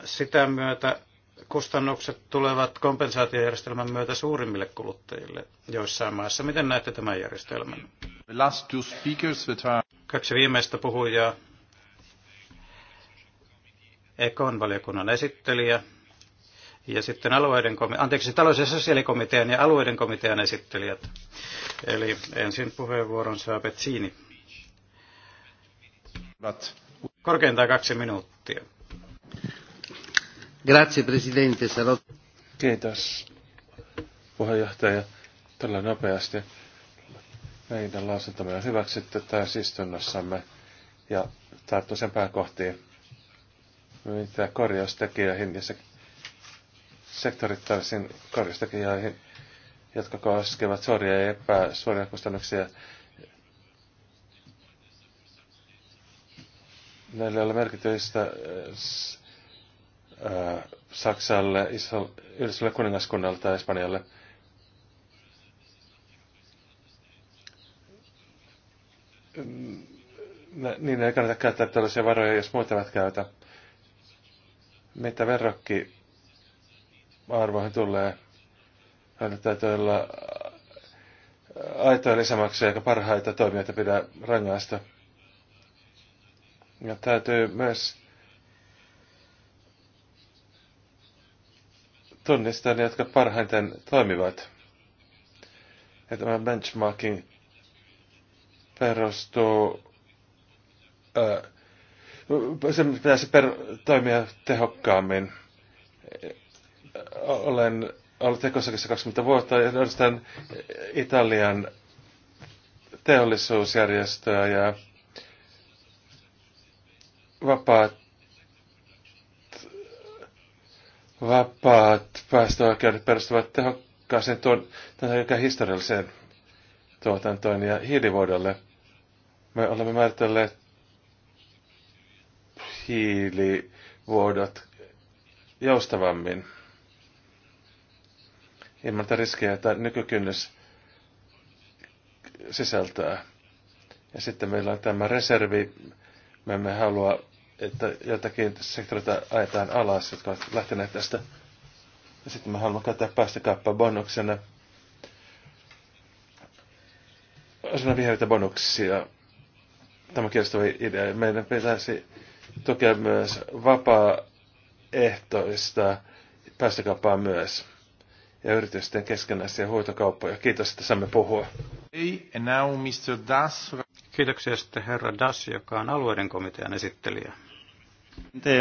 sitä myötä kustannukset tulevat kompensaatiojärjestelmän myötä suurimmille kuluttajille joissain maissa. Miten näette tämän järjestelmän? Kaksi viimeistä puhujaa. Ekon valiokunnan esittelijä ja sitten alueiden, anteeksi, talous- ja sosiaalikomitean ja alueiden komitean esittelijät. Eli ensin puheenvuoron saa Petsiini. Korkeintaan kaksi minuuttia. Grazie presidente, sarò... Kiitos puheenjohtaja. Tällä nopeasti meidän lausuntamme on hyväksytty täysistunnossamme ja tarttu sen pääkohtiin, mitä korjaustekijöihin ja se, sektorittaisiin korjaustekijöihin, jotka koskevat suoria ja epäsuoria kustannuksia. Näille ei ole merkitystä Saksalle, Iso- kuningaskunnalle tai Espanjalle. Mm, niin ei kannata käyttää tällaisia varoja, jos muut eivät käytä. Mitä verrokki arvoihin tulee, hän täytyy olla aitoja lisämaksuja, eikä parhaita toimijoita pidä rangaista. Ja täytyy myös tunnistan, jotka parhaiten toimivat. Ja tämä benchmarking perustuu, ää, äh, se pitäisi per, toimia tehokkaammin. Olen ollut tekosakissa 20 vuotta ja edustan Italian teollisuusjärjestöä ja vapaat Vapaat päästöoikeudet perustuvat tehokkaaseen tuon, historialliseen tuotantoon ja hiilivuodolle. Me olemme määritelleet hiilivuodot joustavammin ilman tätä riskejä, että nykykynnys sisältää. Ja sitten meillä on tämä reservi. Me emme halua että jotakin sektoreita ajetaan alas, jotka ovat lähteneet tästä. Ja sitten mä haluan käyttää päästökauppaa bonuksena. Osana vihreitä bonuksia. Tämä kiinnostava idea. Meidän pitäisi tukea myös vapaaehtoista päästökauppaa myös ja yritysten keskenäisiä huutokauppoja. Kiitos, että saamme puhua. Hey, and now Mr. Das. Kiitoksia sitten herra Das, joka on alueiden komitean esittelijä. Eh,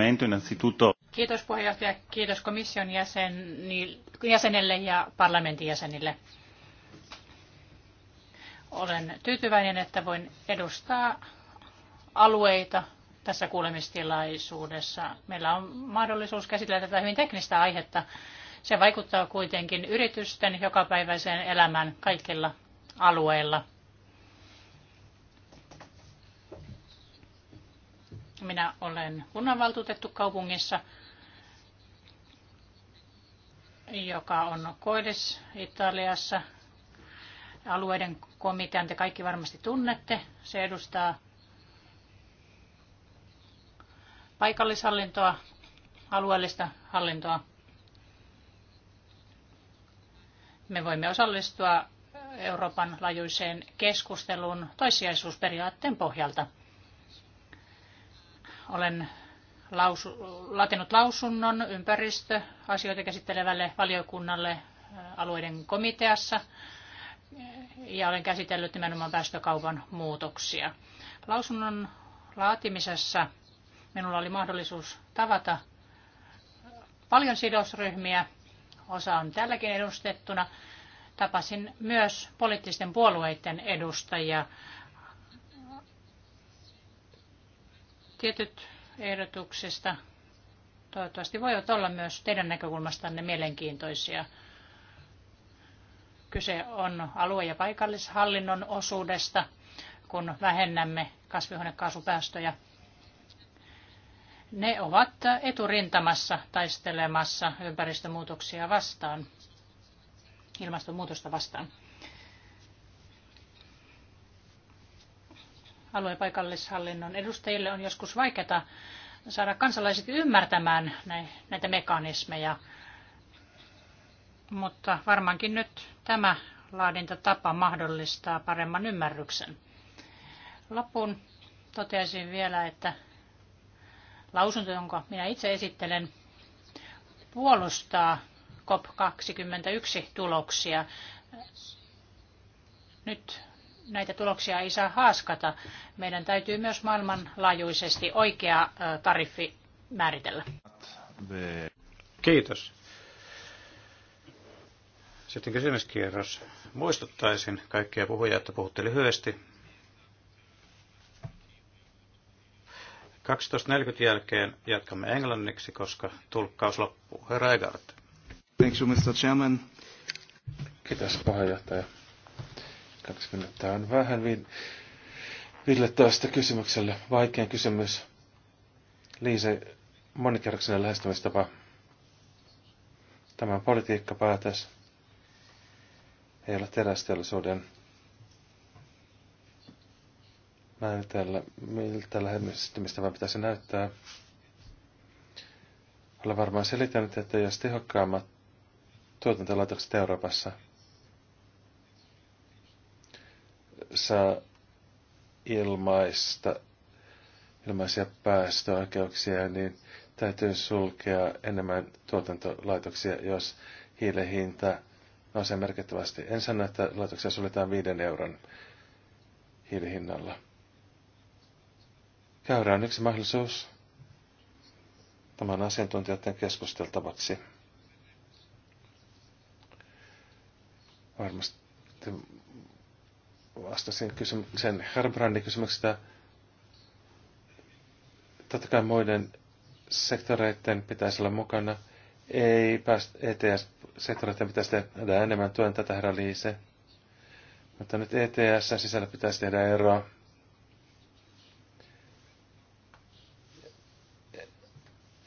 e kiitos puheenjohtaja, kiitos komission jäsenelle ja parlamentin jäsenille. Olen tyytyväinen, että voin edustaa alueita tässä kuulemistilaisuudessa. Meillä on mahdollisuus käsitellä tätä hyvin teknistä aihetta. Se vaikuttaa kuitenkin yritysten jokapäiväiseen elämään kaikilla alueilla. Minä olen kunnanvaltuutettu kaupungissa, joka on Koides Italiassa. Alueiden komitean te kaikki varmasti tunnette. Se edustaa paikallishallintoa, alueellista hallintoa. Me voimme osallistua Euroopan laajuiseen keskusteluun toissijaisuusperiaatteen pohjalta – olen lausu, latinut lausunnon ympäristöasioita käsittelevälle valiokunnalle äh, alueiden komiteassa ja olen käsitellyt nimenomaan päästökaupan muutoksia. Lausunnon laatimisessa minulla oli mahdollisuus tavata paljon sidosryhmiä, osa on tälläkin edustettuna. Tapasin myös poliittisten puolueiden edustajia Tietyt ehdotuksista toivottavasti voivat olla myös teidän näkökulmastanne mielenkiintoisia. Kyse on alue- ja paikallishallinnon osuudesta, kun vähennämme kasvihuonekaasupäästöjä. Ne ovat eturintamassa taistelemassa ympäristömuutoksia vastaan, ilmastonmuutosta vastaan. alueen paikallishallinnon edustajille on joskus vaikeaa saada kansalaiset ymmärtämään näitä mekanismeja. Mutta varmaankin nyt tämä laadintatapa mahdollistaa paremman ymmärryksen. Loppuun toteaisin vielä, että lausunto, jonka minä itse esittelen, puolustaa COP21 tuloksia. Nyt näitä tuloksia ei saa haaskata. Meidän täytyy myös maailmanlaajuisesti oikea tariffi määritellä. Kiitos. Sitten kysymyskierros. Muistuttaisin kaikkia puhujia, että puhutte lyhyesti. 12.40 jälkeen jatkamme englanniksi, koska tulkkaus loppuu. Herra Egard. Thank you, Mr. Chairman. Kiitos puheenjohtaja. 20 on vähän. Ville toista kysymykselle. Vaikein kysymys. Liise, monikerroksinen lähestymistapa. Tämä politiikkapäätös ei ole terästeollisuuden määritellä, miltä lähestymistapa pitäisi näyttää. Olen varmaan selittänyt, että jos tehokkaammat tuotantolaitokset Euroopassa – saa ilmaista, ilmaisia päästöoikeuksia, niin täytyy sulkea enemmän tuotantolaitoksia, jos hiilen hinta nousee merkittävästi. En sano, että laitoksia suljetaan viiden euron hiilihinnalla. Käyrä on yksi mahdollisuus tämän asiantuntijoiden keskusteltavaksi. Varmasti vastasin kysymyksen Herbrandin kysymyksestä. Totta kai muiden sektoreiden pitäisi olla mukana. Ei päästä ETS-sektoreiden pitäisi tehdä enemmän tuen tätä herra Liise. Mutta nyt ETS sisällä pitäisi tehdä eroa.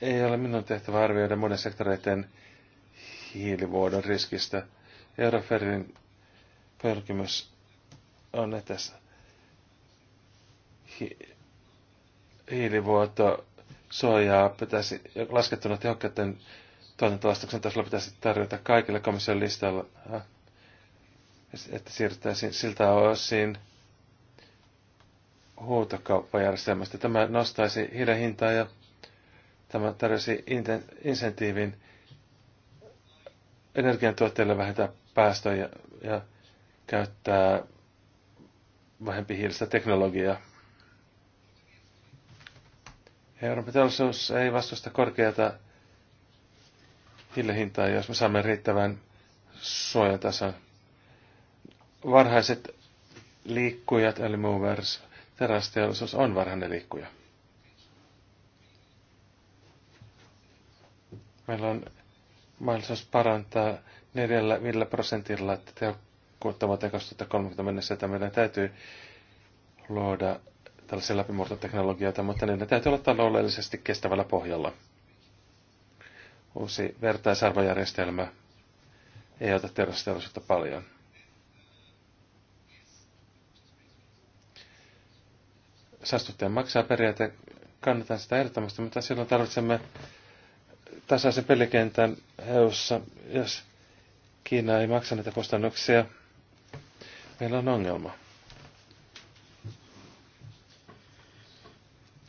Ei ole minun tehtävä arvioida muiden sektoreiden hiilivuodon riskistä. Euroferin pyrkimys on, että hi, hiilivuoto suojaa pitäisi, laskettuna tehokkaiden tuotantolastuksen tasolla pitäisi tarjota kaikille komission listalla, että siirryttäisiin siltä osin huutokauppajärjestelmästä. Tämä nostaisi hiilen hintaa ja tämä tarjosi insentiivin energiantuotteille vähentää päästöjä ja käyttää vähempi hiilistä teknologiaa. Euroopan teollisuus ei vastusta korkeata hiilihintaa, jos me saamme riittävän suojatason. Varhaiset liikkujat, eli movers, terästeollisuus on varhainen liikkuja. Meillä on mahdollisuus parantaa 4-5 prosentilla tehokkuutta vuoteen 2030 mennessä, että meidän täytyy luoda tällaisia läpimurtoteknologioita, mutta ne täytyy olla taloudellisesti kestävällä pohjalla. Uusi vertaisarvojärjestelmä ei ota terveysteollisuutta paljon. Saastuttajan maksaa periaate, kannatan sitä ehdottomasti, mutta silloin tarvitsemme tasaisen pelikentän eu jos Kiina ei maksa näitä kustannuksia – meillä on ongelma.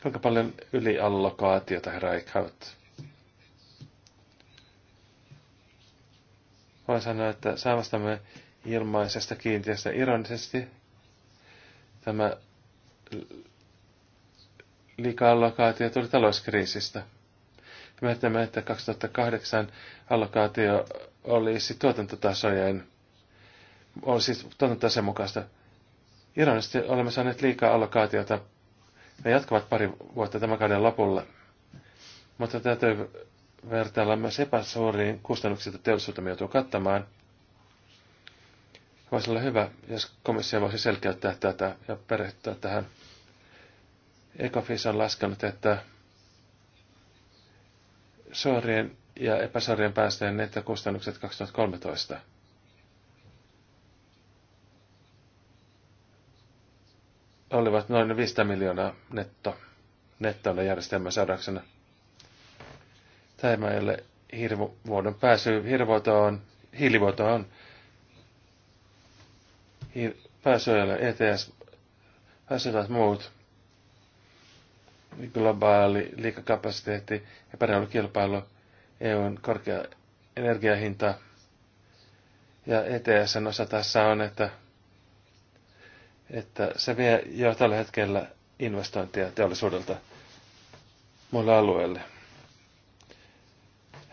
Kuinka paljon yliallokaatiota herra Eichhout? Voin sanoa, että saamastamme ilmaisesta kiintiöstä ironisesti tämä liika-allokaatio tuli talouskriisistä. Mietimme, että 2008 allokaatio olisi tuotantotasojen on siis totta sen mukaista. Ironisesti olemme saaneet liikaa allokaatiota. Ne jatkavat pari vuotta tämän kauden lopulla. Mutta täytyy vertailla myös epäsuuriin kustannuksiin, joita teollisuutemme joutuu kattamaan. Voisi olla hyvä, jos komissio voisi selkeyttää tätä ja perehtyä tähän. Ecofis on laskenut, että suorien ja epäsuorien päästöjen nettokustannukset 2013 – olivat noin 500 miljoonaa netto, nettoilla järjestelmän saadaksena. Tämä ei ole hirvuodon pääsy hiilivuoto on Hir, pääsyöllä ETS, e pääsyvät muut, globaali liikakapasiteetti, epäreilu kilpailu, EUn korkea energiahinta ja ETSn osa tässä on, että – että se vie jo tällä hetkellä investointia teollisuudelta muille alueille.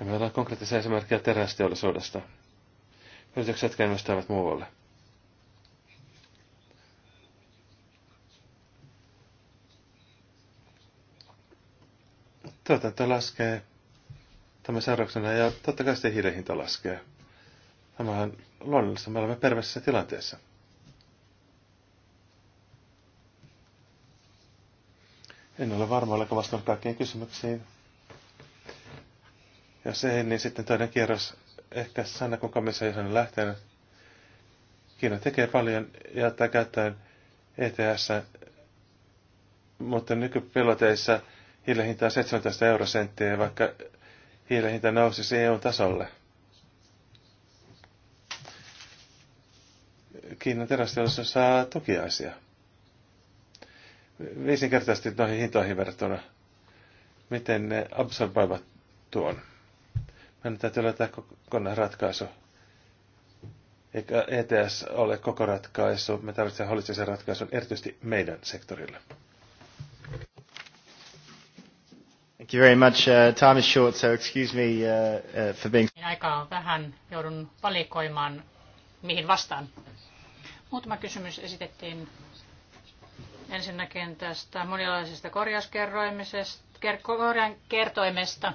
Ja meillä on konkreettisia esimerkkejä terästeollisuudesta. Yritykset, jotka investoivat muualle. Tuotanto laskee tämän seurauksena ja totta kai sitten hiilihinta laskee. Tämä on luonnollista. Me olemme perveessä tilanteessa. En ole varma, olenko vastannut kaikkiin kysymyksiin. Ja se, niin sitten toinen kierros. Ehkä Sanna, kun komissa ei ole lähtenyt. Kiina tekee paljon ja ottaa käyttöön ETS, mutta nykypiloteissa hiilen hinta on 17 eurosenttiä, vaikka hiilen hinta nousisi EU-tasolle. Kiinan terästeollisuus saa tukiaisia viisinkertaisesti noihin hintoihin verrattuna. Miten ne absorboivat tuon? Meidän täytyy löytää kokonaan ratkaisu. Eikä ETS ole koko ratkaisu. Me tarvitsemme holistisen ratkaisun erityisesti meidän sektorilla. Thank you very much. Uh, time is short, so excuse me uh, uh, for being... Aikaa on vähän. Joudun valikoimaan, mihin vastaan. Muutama kysymys esitettiin Ensinnäkin tästä monialaisesta korjauskertoimesta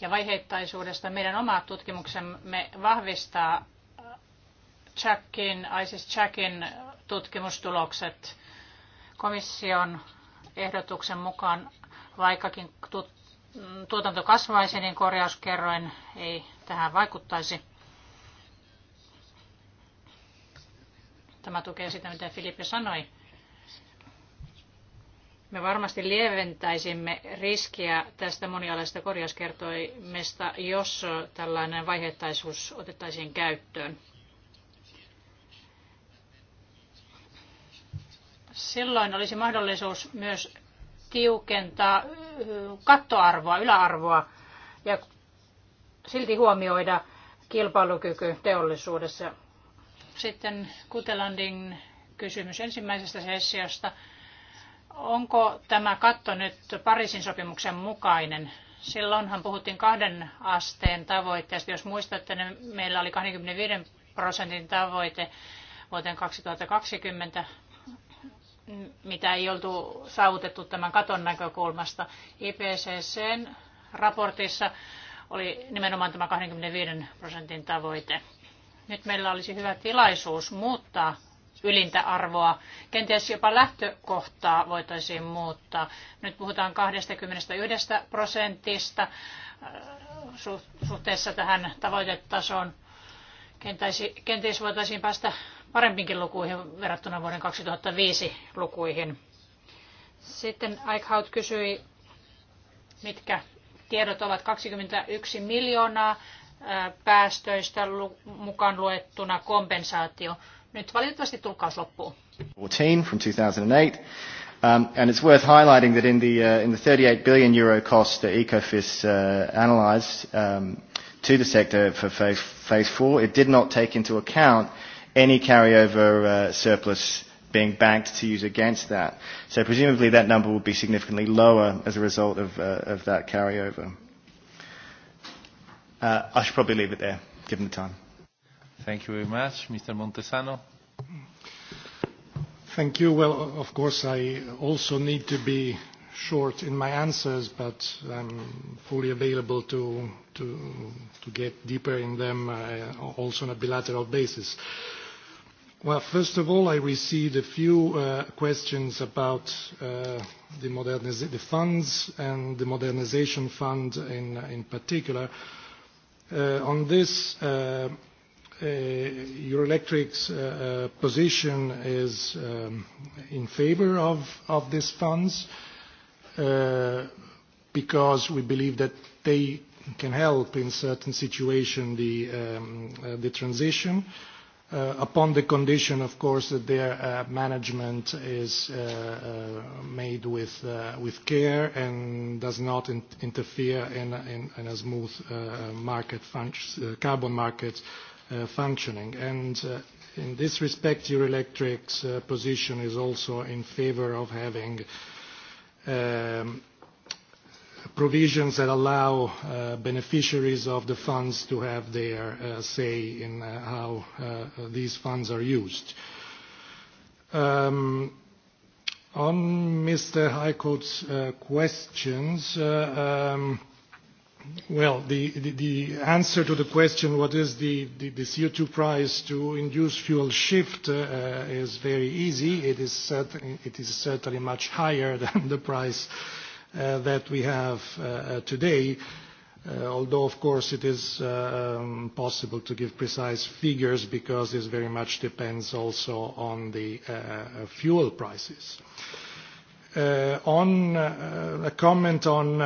ja vaiheittaisuudesta. Meidän oma tutkimuksemme vahvistaa Jackin, äh, ISIS Jackin tutkimustulokset komission ehdotuksen mukaan, vaikkakin tuotanto kasvaisi, niin korjauskerroin ei tähän vaikuttaisi. Tämä tukee sitä, mitä Filippi sanoi. Me varmasti lieventäisimme riskiä tästä monialaisesta korjauskertoimesta, jos tällainen vaiheittaisuus otettaisiin käyttöön. Silloin olisi mahdollisuus myös tiukentaa kattoarvoa, yläarvoa ja silti huomioida kilpailukyky teollisuudessa. Sitten Kutelandin kysymys ensimmäisestä sessiosta. Onko tämä katto nyt Pariisin sopimuksen mukainen? Silloinhan puhuttiin kahden asteen tavoitteesta. Jos muistatte, niin meillä oli 25 prosentin tavoite vuoteen 2020, mitä ei oltu saavutettu tämän katon näkökulmasta. IPCCn raportissa oli nimenomaan tämä 25 prosentin tavoite. Nyt meillä olisi hyvä tilaisuus muuttaa ylintä arvoa. Kenties jopa lähtökohtaa voitaisiin muuttaa. Nyt puhutaan 21 prosentista äh, suhteessa tähän tavoitetasoon. Kenties voitaisiin päästä parempinkin lukuihin verrattuna vuoden 2005 lukuihin. Sitten Eichhout kysyi, mitkä tiedot ovat 21 miljoonaa äh, päästöistä mukaan luettuna kompensaatio. Nyt valitettavasti tulkaus loppuu. 14 from 2008. Um, and it's worth highlighting that in the, uh, in the 38 billion euro cost that ECOFIS uh, analysed um, to the sector for phase, phase four, it did not take into account any carryover uh, surplus being banked to use against that. So presumably that number will be significantly lower as a result of, uh, of that carryover. Uh, I should probably leave it there, given the time. Thank you very much. Mr. Montesano. Thank you. Well, of course, I also need to be short in my answers, but I'm fully available to, to, to get deeper in them uh, also on a bilateral basis. Well, first of all, I received a few uh, questions about uh, the, moderniz- the funds and the modernization fund in, in particular. Uh, on this, uh, Uh, Eurelectric's uh, uh, position is um, in favor of, of these funds uh, because we believe that they can help in certain situation the, um, uh, the transition uh, upon the condition, of course, that their uh, management is uh, uh, made with, uh, with care and does not in interfere in, in, in a smooth uh, market uh, carbon market uh, Uh, functioning. And uh, in this respect, Eurelectric's uh, position is also in favor of having um, provisions that allow beneficiaries of the funds to have their say in how these funds are used. Um, on Mr. Highcourt's questions, um, Well, the, the, the answer to the question, what is the, the, the CO2 price to induce fuel shift, uh, uh is very easy. It is, certain, it is certainly much higher <laughs> than the price uh, that we have uh, uh, today. Uh, although, of course, it is uh, um, possible to give precise figures because this very much depends also on the uh, uh fuel prices. On a comment on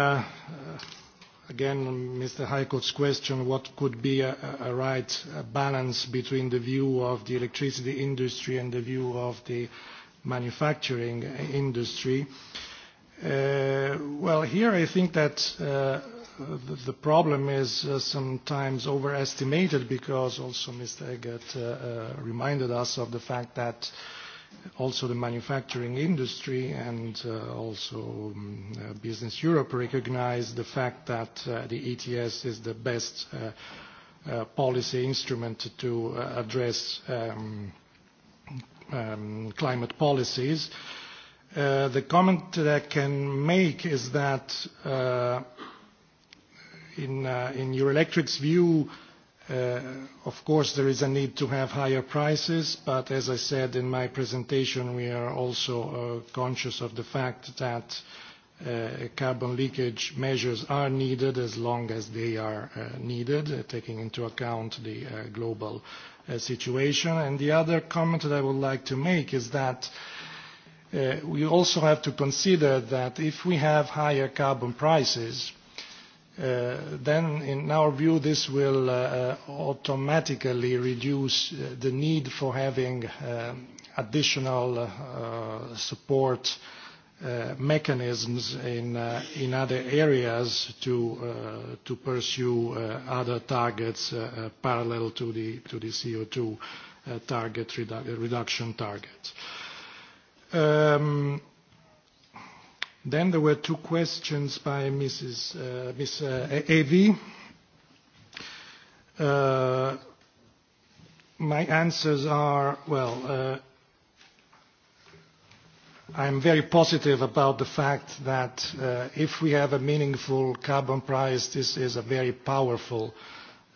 again, Mr. Highcourt's question, what could be a, right balance between the view of the electricity industry and the view of the manufacturing industry. Uh, well, here I think that uh, the, problem is uh, sometimes overestimated because also Mr. Eggert reminded us of the fact that also the manufacturing industry and uh, also um, uh, Business Europe recognize the fact that uh, the ETS is the best uh, uh, policy instrument to uh, address um, um, climate policies. Uh, the comment that I can make is that uh, in, uh, in Eurelectric's view, uh, Uh, of course, there is a need to have higher prices, but as I said in my presentation, we are also uh, conscious of the fact that uh, carbon leakage measures are needed as long as they are needed, taking into account the global situation. And the other comment that I would like to make is that we also have to consider that if we have higher carbon prices, Uh, then in our view, this will uh, uh, automatically reduce the need for having additional support mechanisms in, in other areas to, to pursue other targets parallel to the, to the CO2 target reduction target. Um, Then there were two questions by Mrs. Uh, Evi. Uh, uh, my answers are, well, uh, I'm very positive about the fact that uh, if we have a meaningful carbon price, this is a very powerful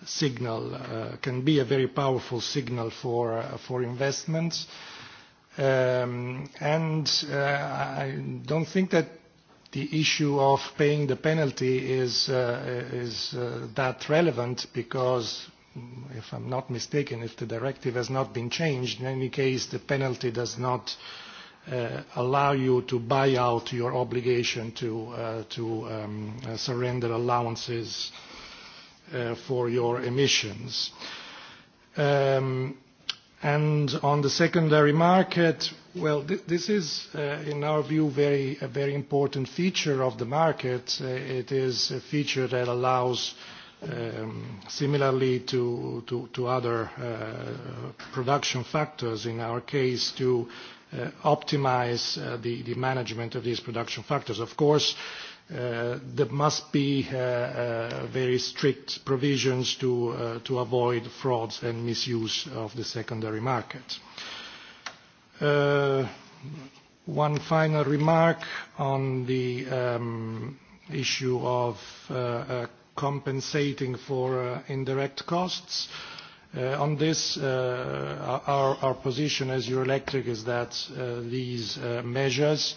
signal, can be a very powerful signal for, for investments. Um, and uh, I don't think that the issue of paying the penalty is, uh, is uh, that relevant because, if I'm not mistaken, if the directive has not been changed, in any case, the penalty does not uh, allow you to buy out your obligation to, uh, to um, uh, surrender allowances uh, for your emissions. Um, And on the secondary market, well, this is, uh, in our view, very, a very important feature of the market. Uh, it is a feature that allows, um, similarly to, to, other uh, production factors, in our case, to optimize the, the management of these production factors. Of course, Uh, there must be uh, uh, very strict provisions to, to avoid frauds and misuse of the secondary market. One final remark on the um, issue of compensating for indirect costs. On this, our, our position as Eurelectric is that these measures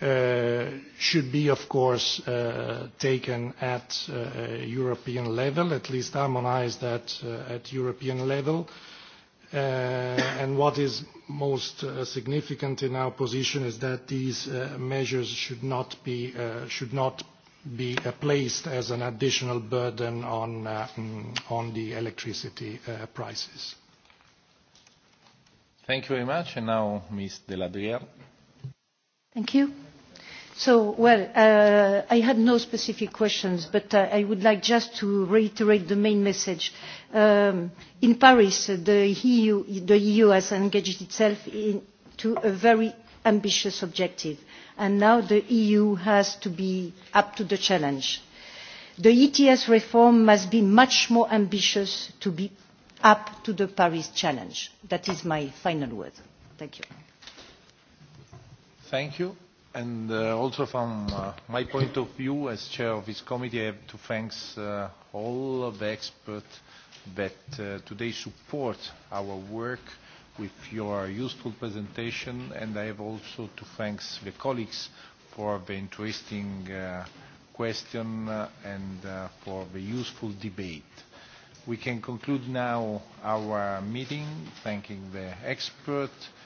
Uh, should be, of course, uh, taken at uh, uh European level, at least harmonized at, uh, at European level. And What is most significant in our position is that these measures should not be, should not be placed as an additional burden on, mm, on the electricity prices. Thank you very much. And Now Ms. Deladriere. Thank you. Uh, I had no specific questions, but uh, I would like just to reiterate the main message. Um, in Paris, the EU, e has engaged itself in a very ambitious objective, and now the EU has to be up to the challenge. The ETS reform must be much more ambitious to be up to the Paris challenge. That is my final word. Thank you. And uh, also from uh, my point of view as chair of this committee, I have to thank uh, all of the experts that uh, today support our work with your useful presentation. And I have also to thank the colleagues for the interesting uh, question uh, and uh, for the useful debate. We can conclude now our meeting, thanking the experts